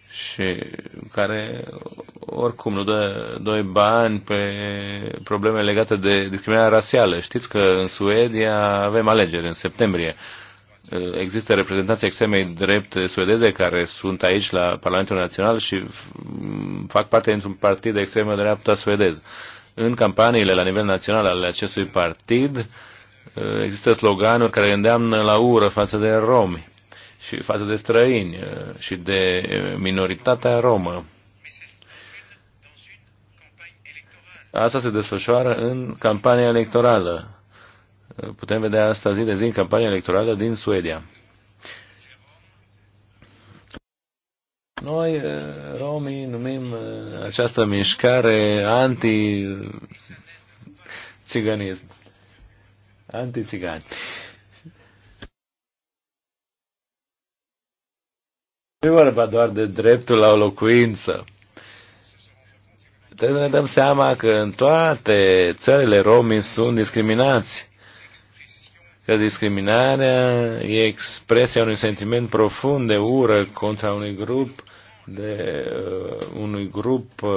Și care oricum nu dă doi bani pe probleme legate de discriminarea rasială. Știți că în Suedia avem alegeri în septembrie. Uh, Uh, există reprezentanții extremei Drept suedeze care sunt aici la Parlamentul Național și fac parte dintr-un partid de extremă dreaptă suedez. În campaniile la nivel național ale acestui partid uh, există sloganuri care îndeamnă la ură față de romi și față de străini uh, și de minoritatea romă. Asta se desfășoară în campania electorală Putem vedea asta zi de zi în campania electorală din Suedia. Noi, eh, romii, numim eh, această mișcare anti-țiganism. Anti-țigani. Nu e vorba doar de dreptul la o locuință. Trebuie să ne dăm seama că în toate țările romii sunt discriminați că discriminarea e expresia unui sentiment profund de ură contra unui grup de uh, unui grup uh,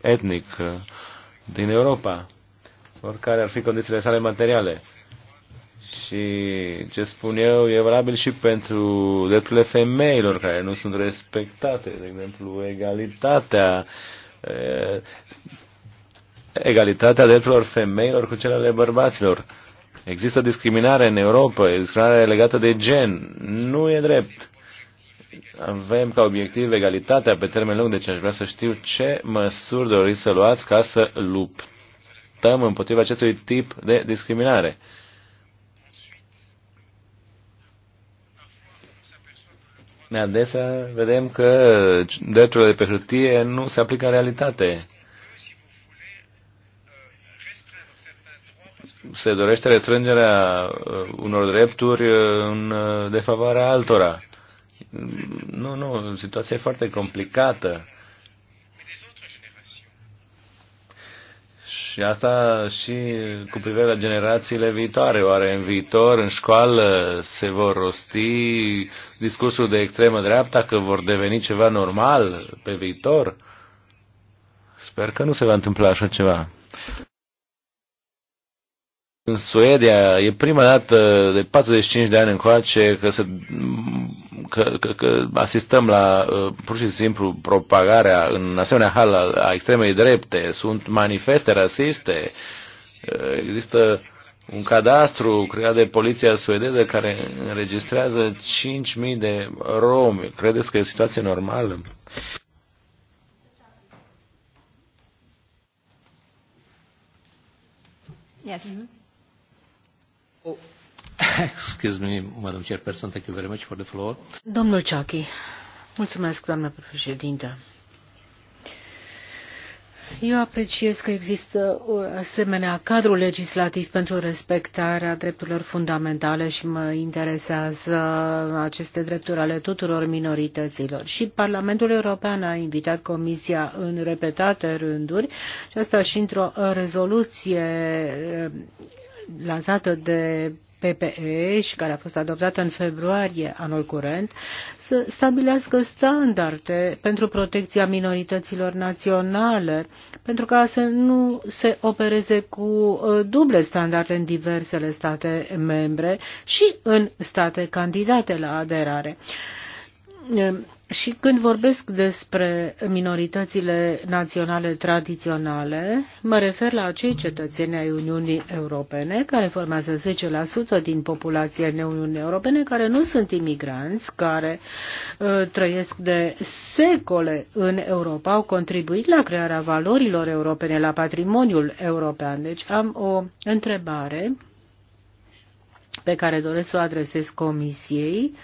etnic uh, din Europa, oricare ar fi condițiile sale materiale. Și ce spun eu e valabil și pentru drepturile femeilor care nu sunt respectate, de exemplu egalitatea, uh, egalitatea drepturilor femeilor cu cele ale bărbaților. Există discriminare în Europa, discriminare legată de gen. Nu e drept. Avem ca obiectiv egalitatea pe termen lung, deci aș vrea să știu ce măsuri doriți să luați ca să luptăm împotriva acestui tip de discriminare. adesea vedem că drepturile de pe hârtie nu se aplică în realitate. se dorește restrângerea uh, unor drepturi uh, în uh, defavoarea altora. Nu, nu, situația e foarte complicată. Și asta și cu privire la generațiile viitoare. Oare în viitor, în școală, se vor rosti discursuri de extremă dreapta că vor deveni ceva normal pe viitor? Sper că nu se va întâmpla așa ceva. În Suedia e prima dată de 45 de ani încoace că, se, că, că, că asistăm la uh, pur și simplu propagarea în asemenea hal a extremei drepte. Sunt manifeste rasiste, uh, există un cadastru creat de poliția suedeză care înregistrează 5.000 de romi. Credeți că e o situație normală? Yes. Mm-hmm. Excuse me, Madam Chairperson, thank you very much for the floor. Domnul Ciachi, mulțumesc, doamnă președintă. Eu apreciez că există o asemenea cadru legislativ pentru respectarea drepturilor fundamentale și mă interesează aceste drepturi ale tuturor minorităților. Și Parlamentul European a invitat Comisia în repetate rânduri și asta și într-o rezoluție lansată de PPE și care a fost adoptată în februarie anul curent, să stabilească standarde pentru protecția minorităților naționale, pentru ca să nu se opereze cu uh, duble standarde în diversele state membre și în state candidate la aderare. Ehm, și când vorbesc despre minoritățile naționale tradiționale, mă refer la acei cetățeni ai Uniunii Europene, care formează 10% din populația Uniunii Europene, care nu sunt imigranți, care uh, trăiesc de secole în Europa, au contribuit la crearea valorilor europene, la patrimoniul european. Deci am o întrebare pe care doresc să o adresez Comisiei. Uh,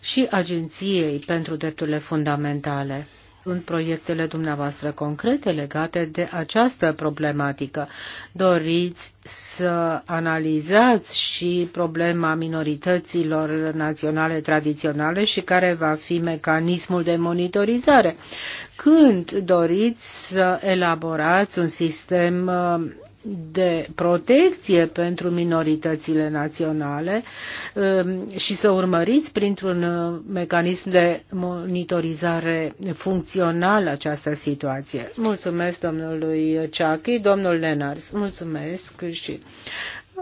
și Agenției pentru Drepturile Fundamentale în proiectele dumneavoastră concrete legate de această problematică. Doriți să analizați și problema minorităților naționale tradiționale și care va fi mecanismul de monitorizare. Când doriți să elaborați un sistem uh, de protecție pentru minoritățile naționale um, și să urmăriți printr-un uh, mecanism de monitorizare funcțional această situație. Mulțumesc domnului Ceachi, domnul Lenars, mulțumesc și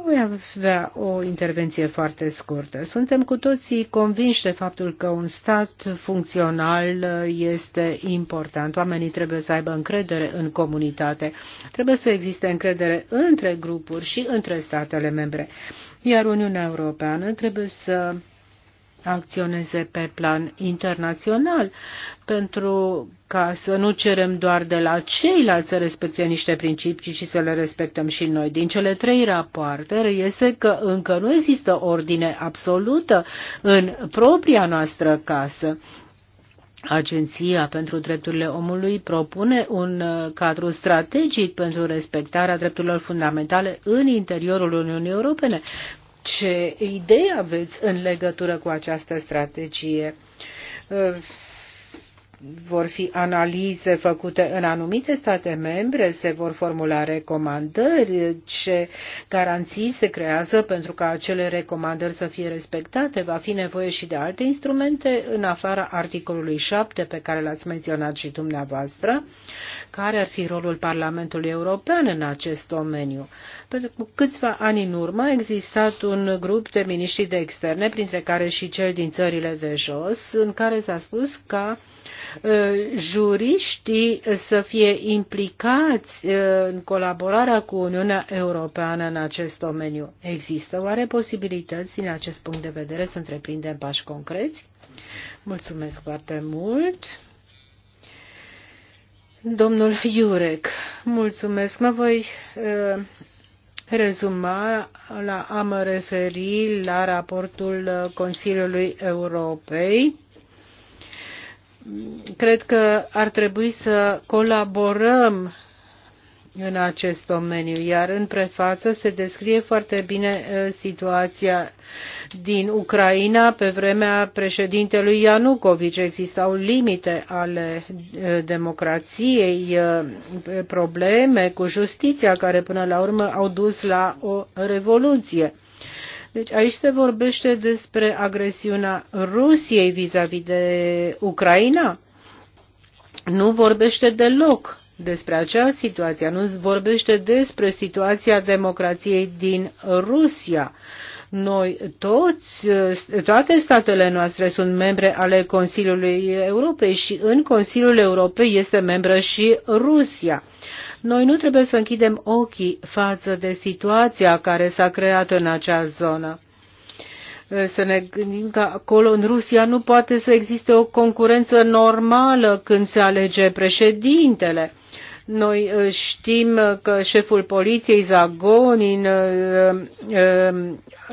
voi avea o intervenție foarte scurtă. Suntem cu toții convinși de faptul că un stat funcțional este important. Oamenii trebuie să aibă încredere în comunitate, trebuie să existe încredere între grupuri și între statele membre. Iar Uniunea Europeană trebuie să acționeze pe plan internațional, pentru ca să nu cerem doar de la ceilalți să respecte niște principii, ci să le respectăm și noi. Din cele trei rapoarte iese că încă nu există ordine absolută în propria noastră casă. Agenția pentru Drepturile Omului propune un uh, cadru strategic pentru respectarea drepturilor fundamentale în interiorul Uniunii Europene, ce idei aveți în legătură cu această strategie? vor fi analize făcute în anumite state membre, se vor formula recomandări, ce garanții se creează pentru ca acele recomandări să fie respectate. Va fi nevoie și de alte instrumente în afara articolului 7 pe care l-ați menționat și dumneavoastră. Care ar fi rolul Parlamentului European în acest domeniu? Pentru că câțiva ani în urmă a existat un grup de miniștri de externe, printre care și cel din țările de jos, în care s-a spus că Uh, juriștii să fie implicați uh, în colaborarea cu Uniunea Europeană în acest domeniu. Există oare posibilități din acest punct de vedere să întreprindem pași concreți? Mulțumesc foarte mult! Domnul Iurec, mulțumesc. Mă voi uh, rezuma, la, am referi la raportul Consiliului Europei cred că ar trebui să colaborăm în acest domeniu, iar în prefață se descrie foarte bine uh, situația din Ucraina pe vremea președintelui Ianucovici. Existau limite ale uh, democrației, uh, probleme cu justiția care până la urmă au dus la o revoluție. Deci aici se vorbește despre agresiunea Rusiei vis-a-vis -vis de Ucraina. Nu vorbește deloc despre acea situație, nu vorbește despre situația democrației din Rusia. Noi toți, toate statele noastre sunt membre ale Consiliului Europei și în Consiliul Europei este membră și Rusia. Noi nu trebuie să închidem ochii față de situația care s-a creat în acea zonă să ne gândim că acolo în Rusia nu poate să existe o concurență normală când se alege președintele. Noi uh, știm uh, că șeful poliției Zagonin uh, um,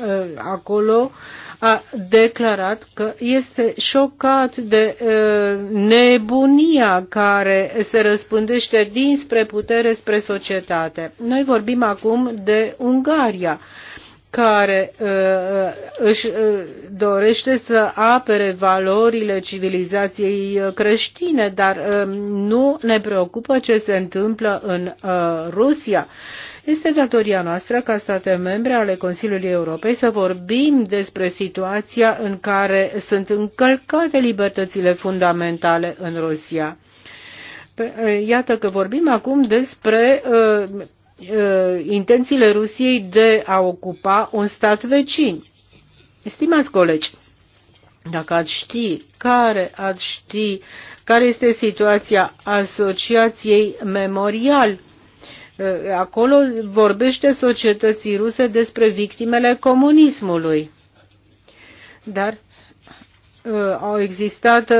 um, acolo a declarat că este șocat de nebunia care se răspândește dinspre putere spre societate. Noi vorbim acum de Ungaria care uh, uh, își uh, dorește să apere valorile civilizației uh, creștine, dar uh, nu ne preocupă ce se întâmplă în uh, Rusia. Este datoria noastră ca state membre ale Consiliului Europei să vorbim despre situația în care sunt încălcate libertățile fundamentale în Rusia. Uh, iată că vorbim acum despre uh, Uh, intențiile Rusiei de a ocupa un stat vecin. Estimați colegi, dacă ați ști care ați ști care este situația asociației memorial, uh, acolo vorbește societății ruse despre victimele comunismului. Dar Uh, au existat uh,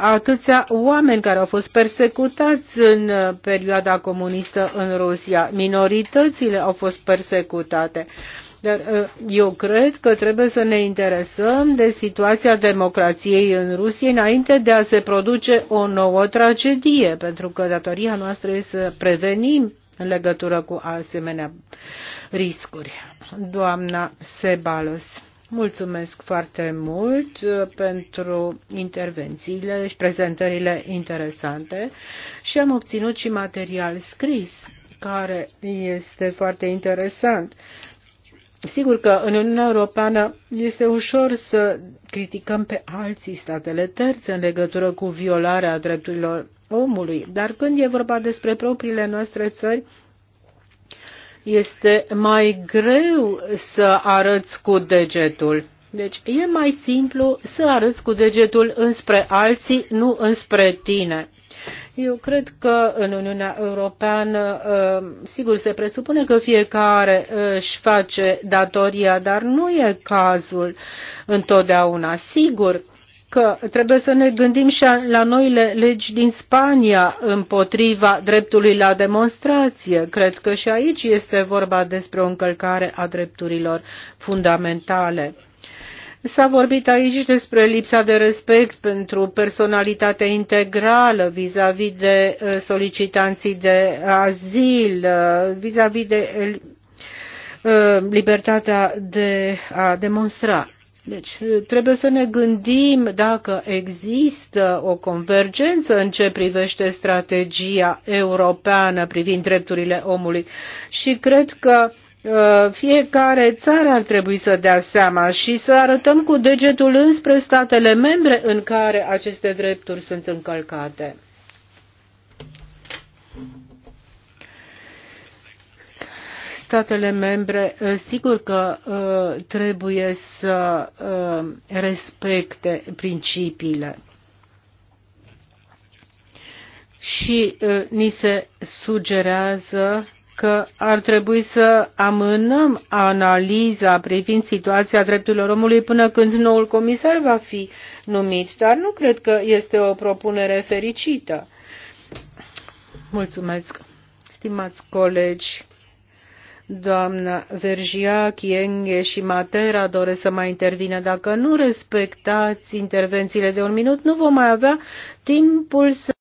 atâția oameni care au fost persecutați în uh, perioada comunistă în Rusia. Minoritățile au fost persecutate. Dar eu cred că trebuie să ne interesăm de situația democrației în Rusia înainte de a se produce o nouă tragedie, pentru că datoria noastră este să prevenim în legătură cu asemenea riscuri. Doamna Sebalos. Mulțumesc foarte mult uh, pentru intervențiile și prezentările interesante și am obținut și material scris care este foarte interesant. Sigur că în Uniunea Europeană este ușor să criticăm pe alții statele terțe în legătură cu violarea drepturilor omului, dar când e vorba despre propriile noastre țări, este mai greu să arăți cu degetul. Deci e mai simplu să arăți cu degetul înspre alții, nu înspre tine. Eu cred că în Uniunea Europeană, uh, sigur, se presupune că fiecare uh, își face datoria, dar nu e cazul întotdeauna. Sigur, că trebuie să ne gândim și la noile legi din Spania împotriva dreptului la demonstrație. Cred că și aici este vorba despre o încălcare a drepturilor fundamentale. S-a vorbit aici despre lipsa de respect pentru personalitatea integrală vis-a-vis -vis de uh, solicitanții de azil, uh, vis-a-vis -vis de uh, libertatea de a demonstra. Deci eh, trebuie să ne gândim dacă există o convergență în ce privește strategia europeană privind drepturile omului și cred că eh, fiecare țară ar trebui să dea seama și să arătăm cu degetul înspre statele membre în care aceste drepturi sunt încălcate statele membre, uh, sigur că uh, trebuie să uh, respecte principiile. Și ni se sugerează că ar trebui să amânăm analiza privind situația drepturilor omului până când noul comisar va fi numit, dar nu cred că este o propunere fericită. Mulțumesc, stimați colegi. Doamna Vergia, Chienghe și Matera doresc să mai intervină. Dacă nu respectați intervențiile de un minut, nu vom mai avea timpul să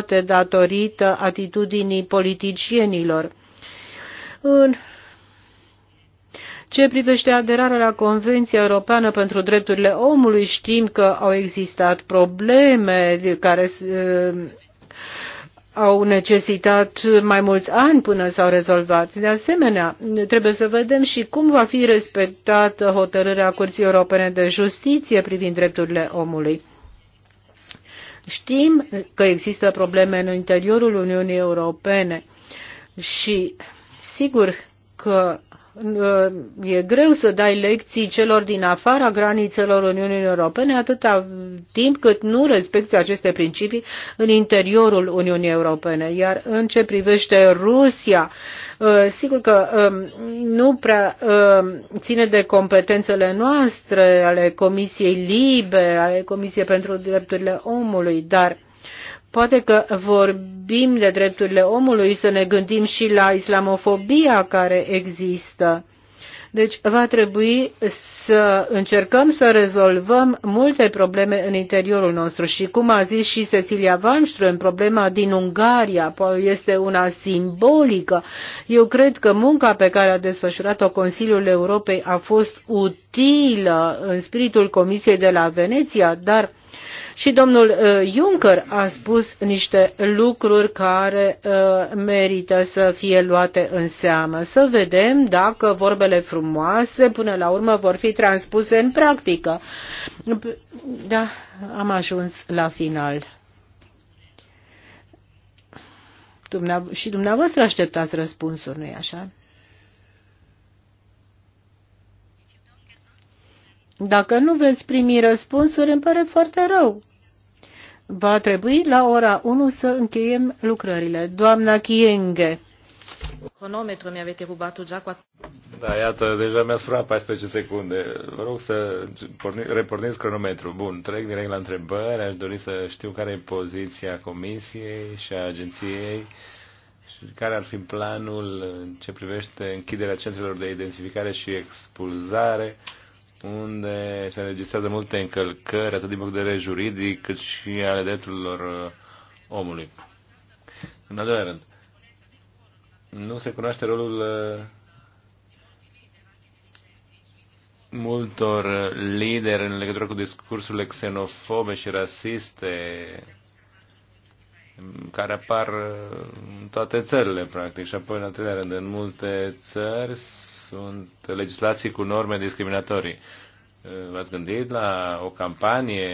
date datorită atitudinii politicienilor. În ce privește aderarea la Convenția Europeană pentru Drepturile Omului, știm că au existat probleme care au necesitat mai mulți ani până s-au rezolvat. De asemenea, trebuie să vedem și cum va fi respectată hotărârea Curții Europene de Justiție privind drepturile omului. Știm că există probleme în interiorul Uniunii Europene și sigur că e greu să dai lecții celor din afara granițelor Uniunii Europene atâta timp cât nu respecti aceste principii în interiorul Uniunii Europene. Iar în ce privește Rusia, uh, sigur că um, nu prea um, ține de competențele noastre ale Comisiei Libe, ale Comisiei pentru Drepturile Omului, dar Poate că vorbim de drepturile omului, să ne gândim și la islamofobia care există. Deci va trebui să încercăm să rezolvăm multe probleme în interiorul nostru și cum a zis și Cecilia Malmström, problema din Ungaria este una simbolică. Eu cred că munca pe care a desfășurat-o Consiliul Europei a fost utilă în spiritul Comisiei de la Veneția, dar și domnul uh, Juncker a spus niște lucruri care uh, merită să fie luate în seamă. Să vedem dacă vorbele frumoase până la urmă vor fi transpuse în practică. Da, am ajuns la final. Dumneav- și dumneavoastră așteptați răspunsuri, nu-i așa? Dacă nu veți primi răspunsuri, îmi pare foarte rău va trebui la ora 1 să încheiem lucrările. Doamna Chienghe. Cronometru mi-avete rubat deja. cu Da, iată, deja mi-a furat 14 secunde. Vă rog să porni, reporniți cronometru. Bun, trec direct la întrebări. Aș dori să știu care e poziția Comisiei și a Agenției și care ar fi planul în ce privește închiderea centrelor de identificare și expulzare unde se înregistrează multe încălcări, atât din punct de vedere juridic, cât și ale drepturilor uh, omului. În al doilea rând, nu se cunoaște rolul uh, multor uh, lideri în legătură cu discursurile xenofobe și rasiste care apar în toate țările, practic, și apoi, în al treilea rând, în multe țări sunt legislații cu norme discriminatorii. V-ați gândit la o campanie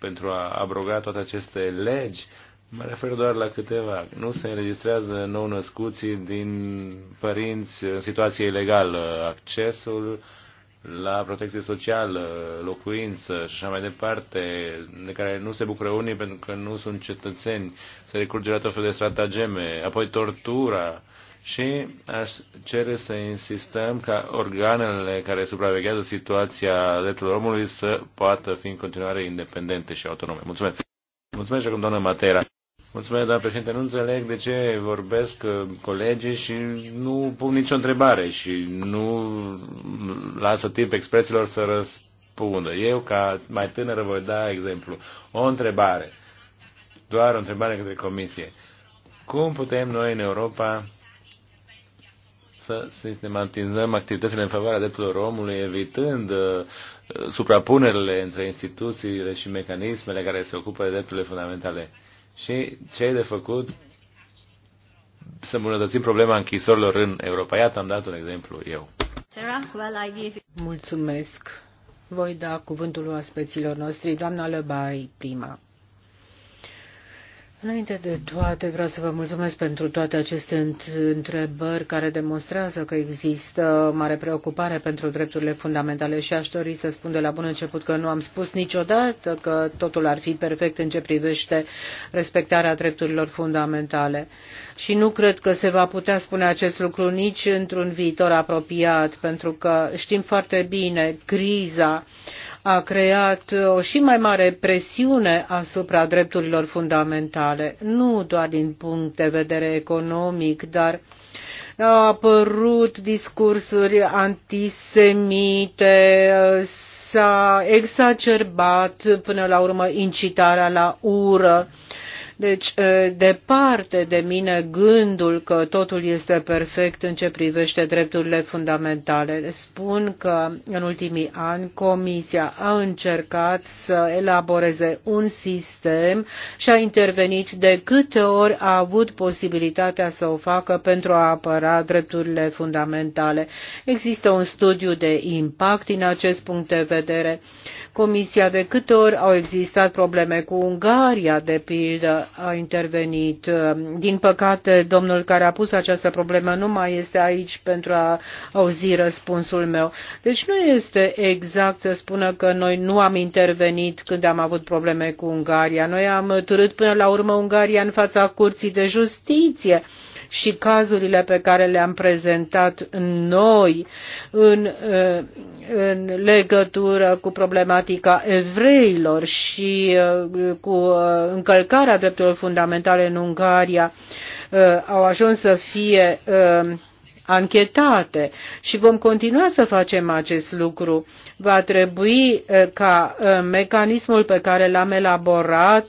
pentru a abroga toate aceste legi? Mă refer doar la câteva. Nu se înregistrează nou-născuții din părinți în situație ilegală. Accesul la protecție socială, locuință și așa mai departe, de care nu se bucură unii pentru că nu sunt cetățeni, se recurge la tot felul de stratageme, apoi tortura, și aș cere să insistăm ca organele care supraveghează situația drepturilor omului să poată fi în continuare independente și autonome. Mulțumesc! Mulțumesc și acum, doamnă Matera! Mulțumesc, doamnă președinte. Nu înțeleg de ce vorbesc uh, colegii și nu pun nicio întrebare și nu lasă timp expresilor să răspundă. Eu, ca mai tânără, voi da exemplu. O întrebare. Doar o întrebare către comisie. Cum putem noi în Europa să sistematizăm activitățile în favoarea drepturilor omului, evitând uh, suprapunerile între instituțiile și mecanismele care se ocupă de drepturile fundamentale. Și ce e de făcut? Să îmbunătățim problema închisorilor în Europa. Iată, am dat un exemplu eu. Mulțumesc. Voi da cuvântul oaspeților noștri, doamna Lăbai, prima. Înainte de toate, vreau să vă mulțumesc pentru toate aceste întrebări care demonstrează că există mare preocupare pentru drepturile fundamentale și aș dori să spun de la bun început că nu am spus niciodată că totul ar fi perfect în ce privește respectarea drepturilor fundamentale. Și nu cred că se va putea spune acest lucru nici într-un viitor apropiat, pentru că știm foarte bine criza a creat uh, o și mai mare presiune asupra drepturilor fundamentale, nu doar din punct de vedere economic, dar au apărut discursuri antisemite, uh, s-a exacerbat până la urmă incitarea la ură deci, departe de mine gândul că totul este perfect în ce privește drepturile fundamentale. Spun că în ultimii ani Comisia a încercat să elaboreze un sistem și a intervenit de câte ori a avut posibilitatea să o facă pentru a apăra drepturile fundamentale. Există un studiu de impact din acest punct de vedere. Comisia de câte ori au existat probleme cu Ungaria, de pildă, a intervenit. Din păcate, domnul care a pus această problemă nu mai este aici pentru a auzi răspunsul meu. Deci nu este exact să spună că noi nu am intervenit când am avut probleme cu Ungaria. Noi am târât până la urmă Ungaria în fața Curții de Justiție și cazurile pe care le-am prezentat noi în, uh, în legătură cu problematica evreilor și uh, cu uh, încălcarea drepturilor fundamentale în Ungaria au ajuns să fie anchetate și vom continua să facem acest lucru. Va trebui ca mecanismul pe care l-am elaborat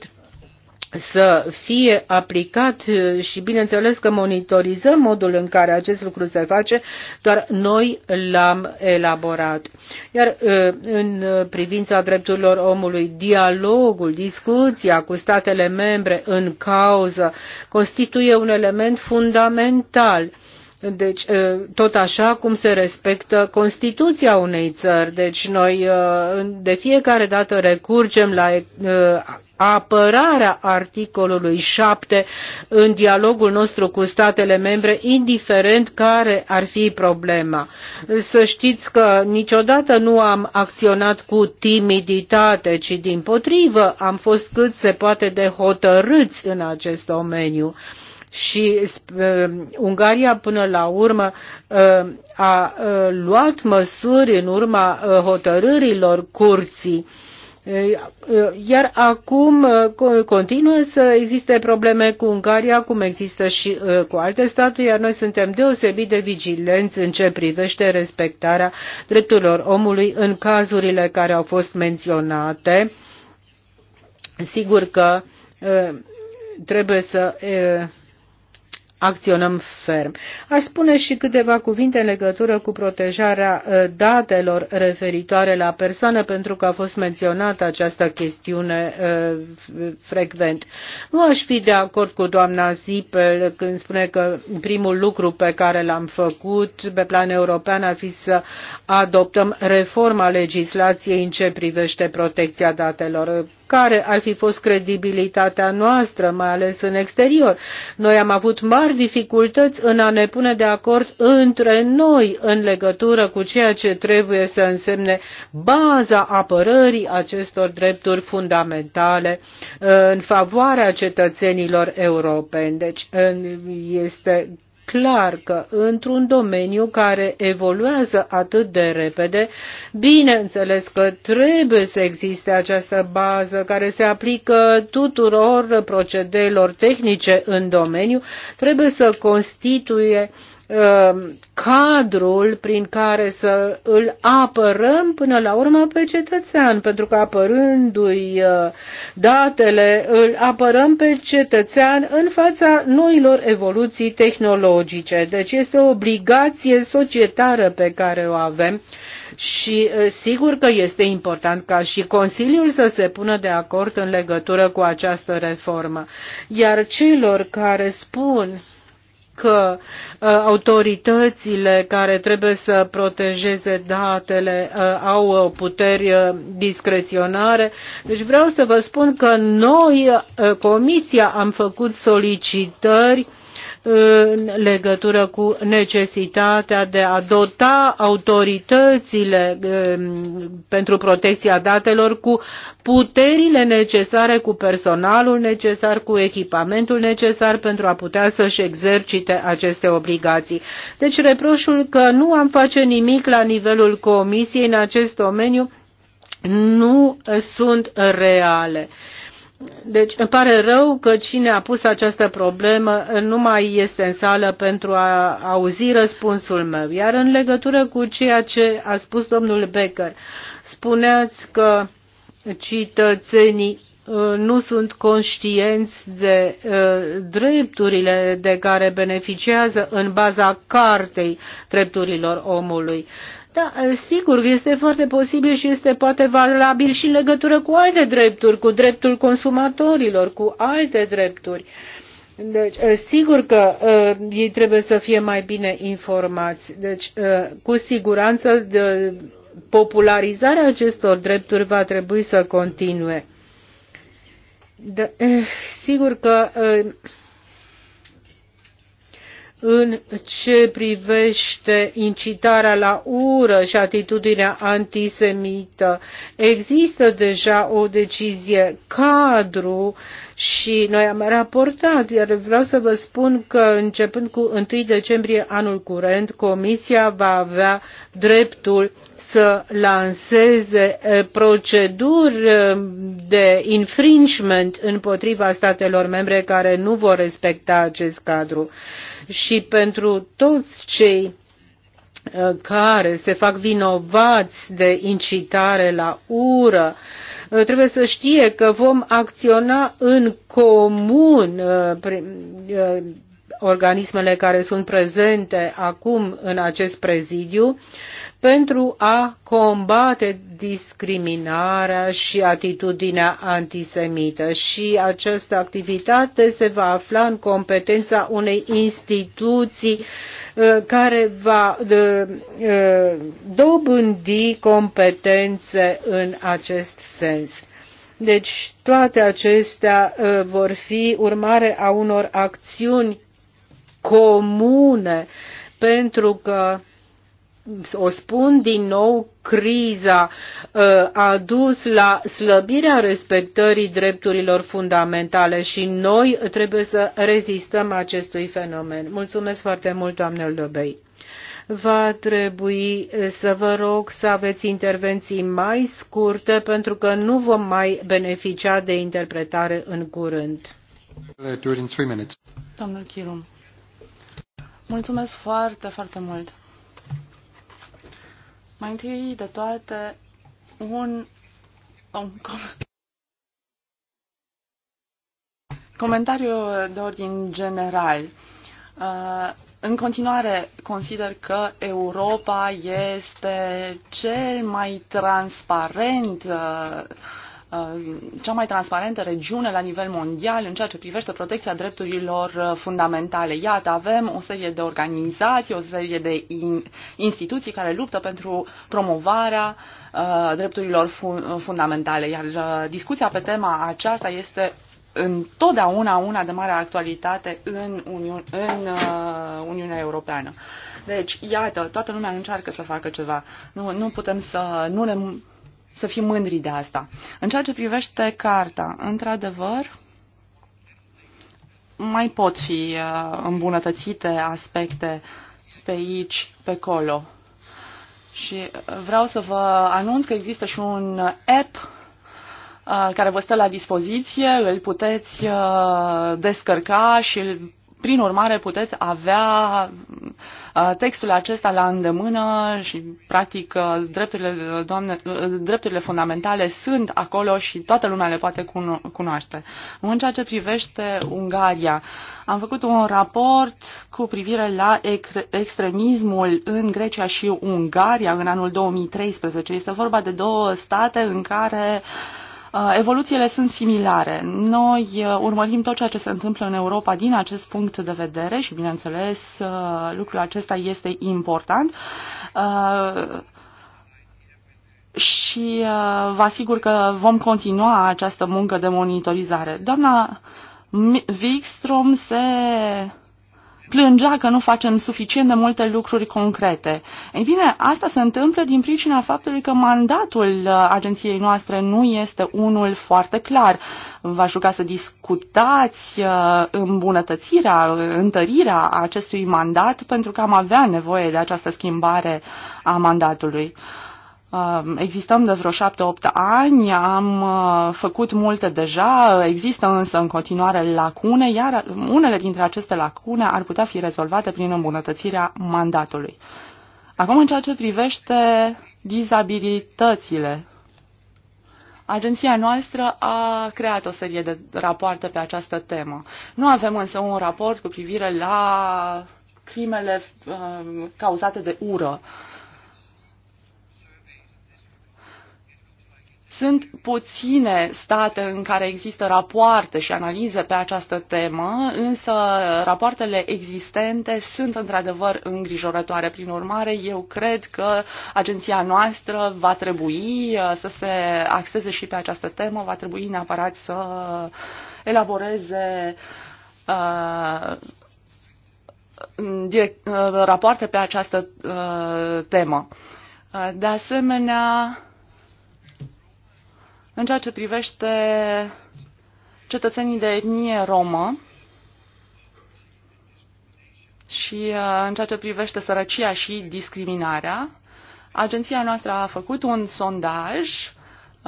să fie aplicat și bineînțeles că monitorizăm modul în care acest lucru se face, doar noi l-am elaborat. Iar uh, în privința drepturilor omului, dialogul, discuția cu statele membre în cauză constituie un element fundamental. Deci, uh, tot așa cum se respectă Constituția unei țări. Deci, noi uh, de fiecare dată recurgem la apărarea articolului 7 în dialogul nostru cu statele membre, indiferent care ar fi problema. Să știți că niciodată nu am acționat cu timiditate, ci din potrivă am fost cât se poate de hotărâți în acest domeniu și uh, Ungaria până la urmă uh, a uh, luat măsuri în urma uh, hotărârilor curții uh, iar acum continuă să existe probleme cu Ungaria, cum există și uh, cu alte state, iar noi suntem deosebit de vigilenți în ce privește respectarea drepturilor omului în cazurile care au fost menționate. Sigur că uh, trebuie să uh, acționăm ferm. Aș spune și câteva cuvinte în legătură cu protejarea uh, datelor referitoare la persoane, pentru că a fost menționată această chestiune uh, frecvent. Nu aș fi de acord cu doamna Zipel când spune că primul lucru pe care l-am făcut pe plan european a fi să adoptăm reforma legislației în ce privește protecția datelor care ar fi fost credibilitatea noastră, mai ales în exterior. Noi am avut mari dificultăți în a ne pune de acord între noi în legătură cu ceea ce trebuie să însemne baza apărării acestor drepturi fundamentale uh, în favoarea cetățenilor europeni. Deci uh, este clar că într-un domeniu care evoluează atât de repede, bineînțeles că trebuie să existe această bază care se aplică tuturor procedeelor tehnice în domeniu, trebuie să constituie uh, Uh, cadrul prin care să îl apărăm până la urmă pe cetățean, pentru că apărându-i uh, datele, îl apărăm pe cetățean în fața noilor evoluții tehnologice. Deci este o obligație societară pe care o avem și uh, sigur că este important ca și Consiliul să se pună de acord în legătură cu această reformă. Iar celor care spun că uh, autoritățile care trebuie să protejeze datele uh, au o uh, puteri discreționare. Deci vreau să vă spun că noi, Comisia, am făcut solicitări în legătură cu necesitatea de a dota autoritățile um, pentru protecția datelor cu puterile necesare, cu personalul necesar, cu echipamentul necesar pentru a putea să-și exercite aceste obligații. Deci reproșul că nu am face nimic la nivelul comisiei în acest domeniu nu sunt reale. Deci îmi pare rău că cine a pus această problemă nu mai este în sală pentru a auzi răspunsul meu. Iar în legătură cu ceea ce a spus domnul Becker, spuneați că cetățenii uh, nu sunt conștienți de uh, drepturile de care beneficiază în baza cartei drepturilor omului. Da, sigur, este foarte posibil și este poate valabil și în legătură cu alte drepturi, cu dreptul consumatorilor, cu alte drepturi. Deci, eh, sigur că uh, ei trebuie să fie mai bine informați. Deci, uh, cu siguranță, de, popularizarea acestor drepturi va trebui să continue. De, da, uh, sigur că uh, în ce privește incitarea la ură și atitudinea antisemită. Există deja o decizie cadru și noi am raportat, iar vreau să vă spun că începând cu 1 decembrie anul curent, Comisia va avea dreptul să lanseze proceduri de infringement împotriva statelor membre care nu vor respecta acest cadru și pentru toți cei uh, care se fac vinovați de incitare la ură. Uh, trebuie să știe că vom acționa în comun uh, organismele care sunt prezente acum în acest prezidiu pentru a combate discriminarea și atitudinea antisemită. Și această activitate se va afla în competența unei instituții uh, care va uh, uh, dobândi competențe în acest sens. Deci toate acestea vor fi urmare a unor acțiuni comune, pentru că o spun din nou, criza ă, a dus la slăbirea respectării drepturilor fundamentale și noi trebuie să rezistăm acestui fenomen. Mulțumesc foarte mult, doamne Lăbei. Va trebui să vă rog să aveți intervenții mai scurte pentru că nu vom mai beneficia de interpretare în curând. Domnul Chirum, Mulțumesc foarte, foarte mult. Mai întâi de toate, un, un comentariu de ordin general. Uh, în continuare, consider că Europa este cel mai transparent uh, Uh, cea mai transparentă regiune la nivel mondial în ceea ce privește protecția drepturilor uh, fundamentale. Iată, avem o serie de organizații, o serie de instituții care luptă pentru promovarea uh, drepturilor fundamentale, iar discuția pe tema aceasta este întotdeauna una de mare actualitate în, Uniune, în uh, Uniunea Europeană. Deci, iată, toată lumea încearcă să facă ceva. Nu, nu putem să nu ne să fim mândri de asta. În ceea ce privește carta, într-adevăr, mai pot fi uh, îmbunătățite aspecte pe aici, pe colo. Și uh, vreau să vă anunț că există și un app uh, care vă stă la dispoziție, îl puteți descărca și îl prin urmare, puteți avea uh, textul acesta la îndemână și, practic, uh, drepturile, uh, doamne, drepturile fundamentale sunt acolo și toată lumea le poate cunoaște. În ceea ce privește Ungaria, am făcut un raport cu privire la extremismul în Grecia și Ungaria în anul 2013. Este vorba de două state în care uh, Uh, evoluțiile sunt similare. Noi uh, urmărim tot ceea ce se întâmplă în Europa din acest punct de vedere și, bineînțeles, uh, lucrul acesta este important și vă asigur că vom continua această muncă de monitorizare. Doamna Wikstrom se plângea că nu facem suficient de multe lucruri concrete. Ei bine, asta se întâmplă din pricina faptului că mandatul uh, agenției noastre nu este unul foarte clar. V-aș ruga să discutați uh, îmbunătățirea, întărirea acestui mandat pentru că am avea nevoie de această schimbare a mandatului. Um, existăm de vreo șapte-opt ani, am uh, făcut multe deja, există însă în continuare lacune, iar unele dintre aceste lacune ar putea fi rezolvate prin îmbunătățirea mandatului. Acum, în ceea ce privește dizabilitățile, agenția noastră a creat o serie de rapoarte pe această temă. Nu avem însă un raport cu privire la crimele uh, cauzate de ură. Uh, Sunt puține state în care există rapoarte și analize pe această temă, însă rapoartele existente sunt într-adevăr îngrijorătoare. Prin urmare, eu cred că agenția noastră va trebui uh, să se axeze și pe această temă, va trebui neapărat să elaboreze uh, direct, uh, rapoarte pe această uh, temă. Uh, de asemenea, în ceea ce privește cetățenii de etnie romă și uh, în ceea ce privește sărăcia și discriminarea, agenția noastră a făcut un sondaj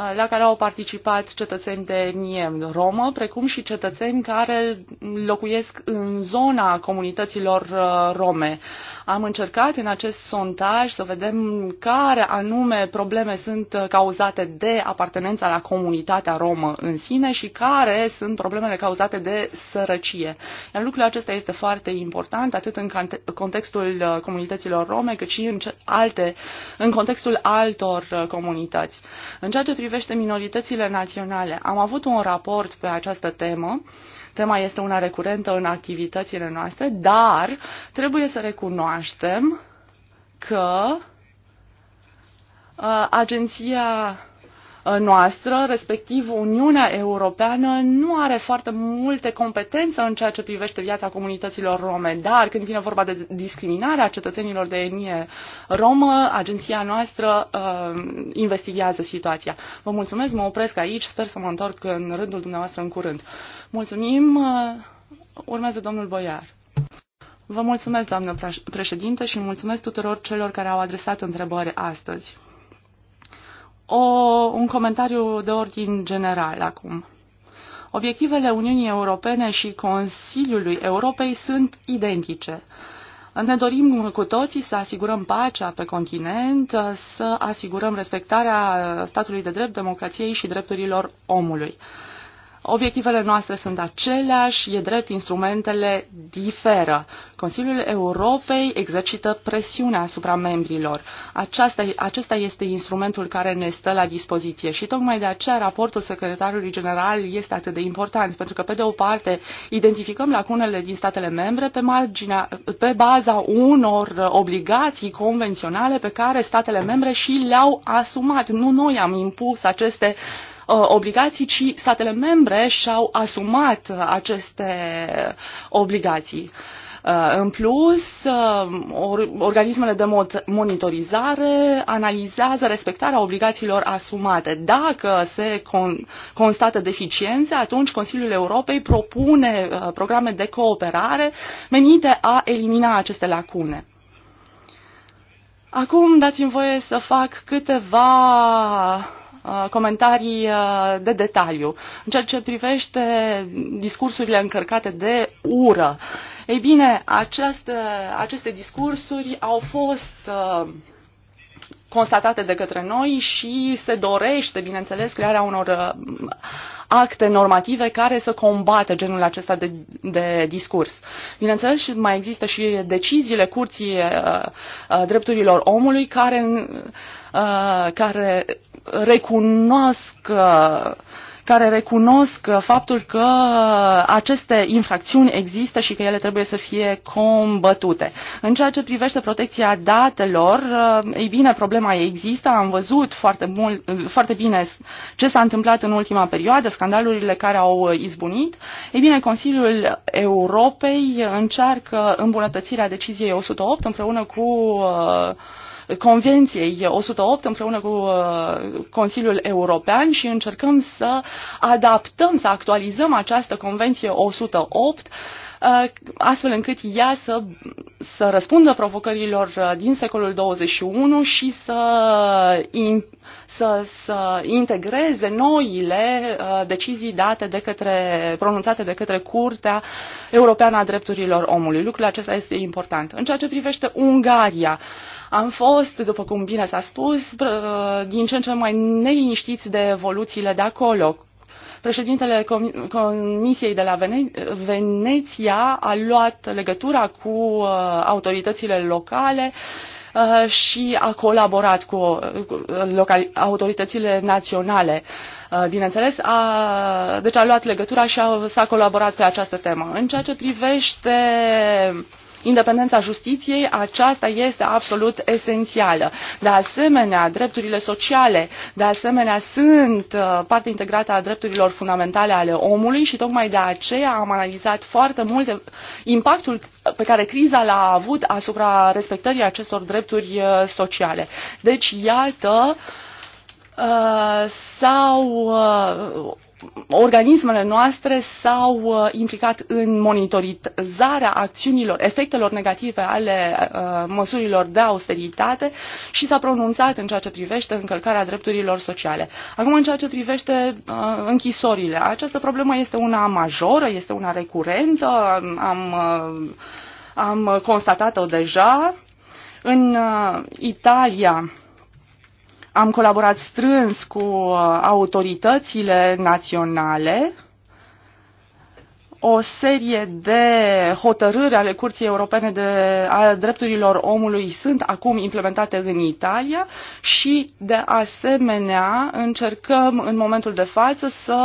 Uh, la care au participat cetățeni de etnie romă, precum și cetățeni care locuiesc în zona comunităților uh, rome. Am încercat în acest sondaj să vedem care anume probleme sunt uh, cauzate de apartenența la comunitatea romă în sine și care sunt problemele cauzate de sărăcie. Iar lucrul acesta este foarte important atât în contextul comunităților rome cât și în, alte, în contextul altor comunități. În ceea ce privește privește minoritățile naționale, am avut un raport pe această temă. Tema este una recurentă în activitățile noastre, dar trebuie să recunoaștem că uh, Agenția Uh, noastră, respectiv Uniunea Europeană, nu are foarte multe competențe în ceea ce privește viața comunităților rome, dar când vine vorba de discriminarea cetățenilor de etnie romă, agenția noastră uh, investigează situația. Vă mulțumesc, mă opresc aici, sper să mă întorc în rândul dumneavoastră în curând. Mulțumim, uh, urmează domnul Boiar. Vă mulțumesc, doamnă președinte, și mulțumesc tuturor celor care au adresat întrebări astăzi o, un comentariu de ordin general acum. Obiectivele Uniunii Europene și Consiliului Europei sunt identice. Ne dorim cu toții să asigurăm pacea pe continent, să asigurăm respectarea statului de drept, democrației și drepturilor omului. Obiectivele noastre sunt aceleași, e drept, instrumentele diferă. Consiliul Europei exercită presiune asupra membrilor. Aceasta, acesta este instrumentul care ne stă la dispoziție și tocmai de aceea raportul secretarului general este atât de important, pentru că pe de o parte identificăm lacunele din statele membre pe, marginea, pe baza unor obligații convenționale pe care statele membre și le-au asumat. Nu noi am impus aceste uh, Uh, obligații, ci statele membre și-au asumat uh, aceste obligații. Uh, în plus, organismele de monitorizare analizează respectarea obligațiilor asumate. Dacă se constată deficiențe, atunci Consiliul Europei propune programe de cooperare menite a elimina aceste lacune. Acum dați-mi voie să fac câteva Uh, comentarii uh, de detaliu. În ceea ce privește discursurile încărcate de ură, ei bine, această, aceste discursuri au fost uh, constatate de către noi și se dorește, bineînțeles, crearea unor uh, acte normative care să combată genul acesta de, de discurs. Bineînțeles, mai există și deciziile Curții uh, uh, Drepturilor Omului care, care recunosc care recunosc uh, faptul că uh, aceste infracțiuni există și că ele trebuie să fie combătute. În ceea ce privește protecția datelor, uh, ei bine, problema există, am văzut foarte, mult, foarte bine ce s-a întâmplat în ultima perioadă, scandalurile care au izbunit. Ei bine, Consiliul Europei încearcă îmbunătățirea deciziei 108 împreună cu uh, Convenției 108 împreună cu uh, Consiliul European și încercăm să adaptăm, să actualizăm această Convenție 108 uh, astfel încât ea să, să răspundă provocărilor uh, din secolul 21 și să, in, să, să integreze noile decizii date de către, pronunțate de către Curtea Europeană a Drepturilor Omului. Lucrul acesta este important. În ceea ce privește Ungaria, am fost, după cum bine s-a spus, din ce în ce mai neliniștiți de evoluțiile de acolo. Președintele Comisiei de la Vene- Veneția a luat legătura cu uh, autoritățile locale uh, și a colaborat cu uh, autoritățile naționale. Bineînțeles, a, deci a luat legătura și a, s-a colaborat pe această temă. În ceea ce privește independența justiției, aceasta este absolut esențială. De asemenea, drepturile sociale, de asemenea, sunt uh, parte integrată a drepturilor fundamentale ale omului și tocmai de aceea am analizat foarte mult impactul pe care criza l-a avut asupra respectării acestor drepturi uh, sociale. Deci, iată, uh, s-au organismele noastre s-au uh, implicat în monitorizarea acțiunilor, efectelor negative ale uh, măsurilor de austeritate și s-a pronunțat în ceea ce privește încălcarea drepturilor sociale. Acum, în ceea ce privește uh, închisorile, această problemă este una majoră, este una recurentă, am, uh, am constatat-o deja. În uh, Italia, am colaborat strâns cu uh, autoritățile naționale. O serie de hotărâri ale Curții Europene de a Drepturilor Omului sunt acum implementate în Italia și, de asemenea, încercăm în momentul de față să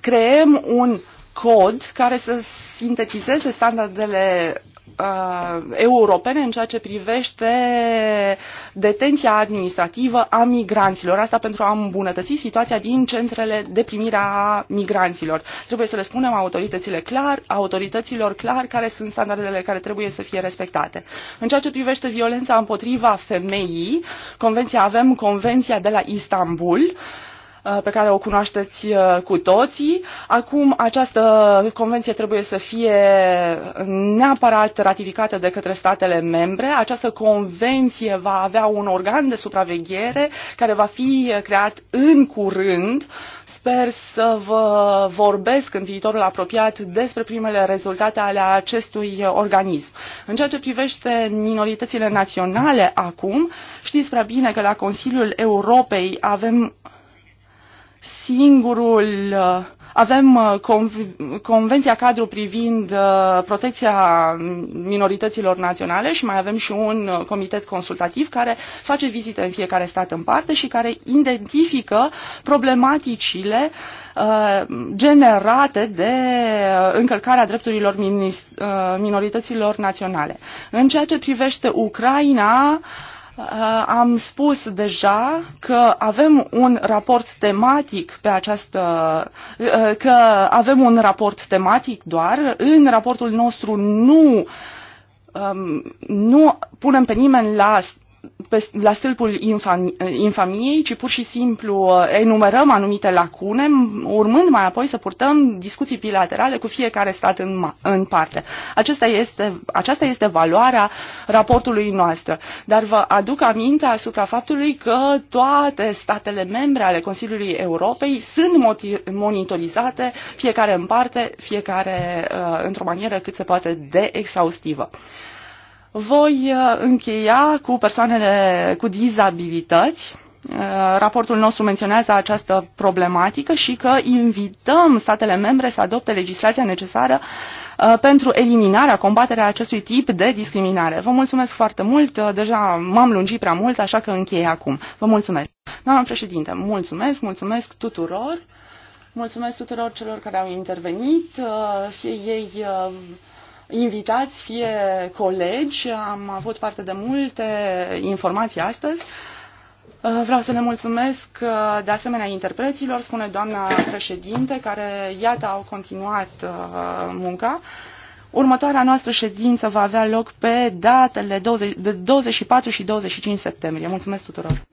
creăm un cod care să sintetizeze standardele uh, europene în ceea ce privește detenția administrativă a migranților. Asta pentru a îmbunătăți situația din centrele de primire a migranților. Trebuie să le spunem autoritățile clar, autorităților clar care sunt standardele care trebuie să fie respectate. În ceea ce privește violența împotriva femeii, convenția avem convenția de la Istanbul, uh, Uh, pe care o cunoașteți uh, cu toții. Acum această convenție trebuie să fie neapărat ratificată de către statele membre. Această convenție va avea un organ de supraveghere care va fi creat în curând. Sper să vă vorbesc în viitorul apropiat despre primele rezultate ale acestui organism. În ceea ce privește minoritățile naționale acum, știți prea bine că la Consiliul Europei avem singurul uh, avem uh, Convenția cadru privind uh, protecția minorităților naționale și mai avem și un comitet consultativ care face vizite în fiecare stat în parte și care identifică problematicile generate de încălcarea drepturilor minorităților naționale. În ceea ce privește Ucraina, Uh, am spus deja că avem un raport tematic pe această, uh, că avem un raport tematic doar. În raportul nostru nu, um, nu punem pe nimeni la pe, la stâlpul infam, infamiei, ci pur și simplu uh, enumerăm anumite lacune, urmând mai apoi să purtăm discuții bilaterale cu fiecare stat în, în parte. Acesta este, aceasta este valoarea raportului noastră. Dar vă aduc aminte asupra faptului că toate statele membre ale Consiliului Europei sunt monitorizate, fiecare în parte, fiecare uh, într-o manieră cât se poate de exhaustivă. Uh, voi uh, încheia cu persoanele cu dizabilități. Uh, raportul nostru menționează această problematică și că invităm statele membre să adopte legislația necesară uh, pentru eliminarea, combaterea acestui tip de discriminare. Vă mulțumesc foarte mult, deja m-am lungit prea mult, așa că închei acum. Vă mulțumesc. Doamna președinte, mulțumesc, mulțumesc tuturor. Mulțumesc tuturor celor care au intervenit, fie ei invitați, fie colegi. Am avut parte de multe informații astăzi. Uh, vreau să le mulțumesc uh, de asemenea interpreților, spune doamna președinte, care iată au continuat uh, munca. Următoarea noastră ședință va avea loc pe datele 20, de 24 și 25 septembrie. Mulțumesc tuturor!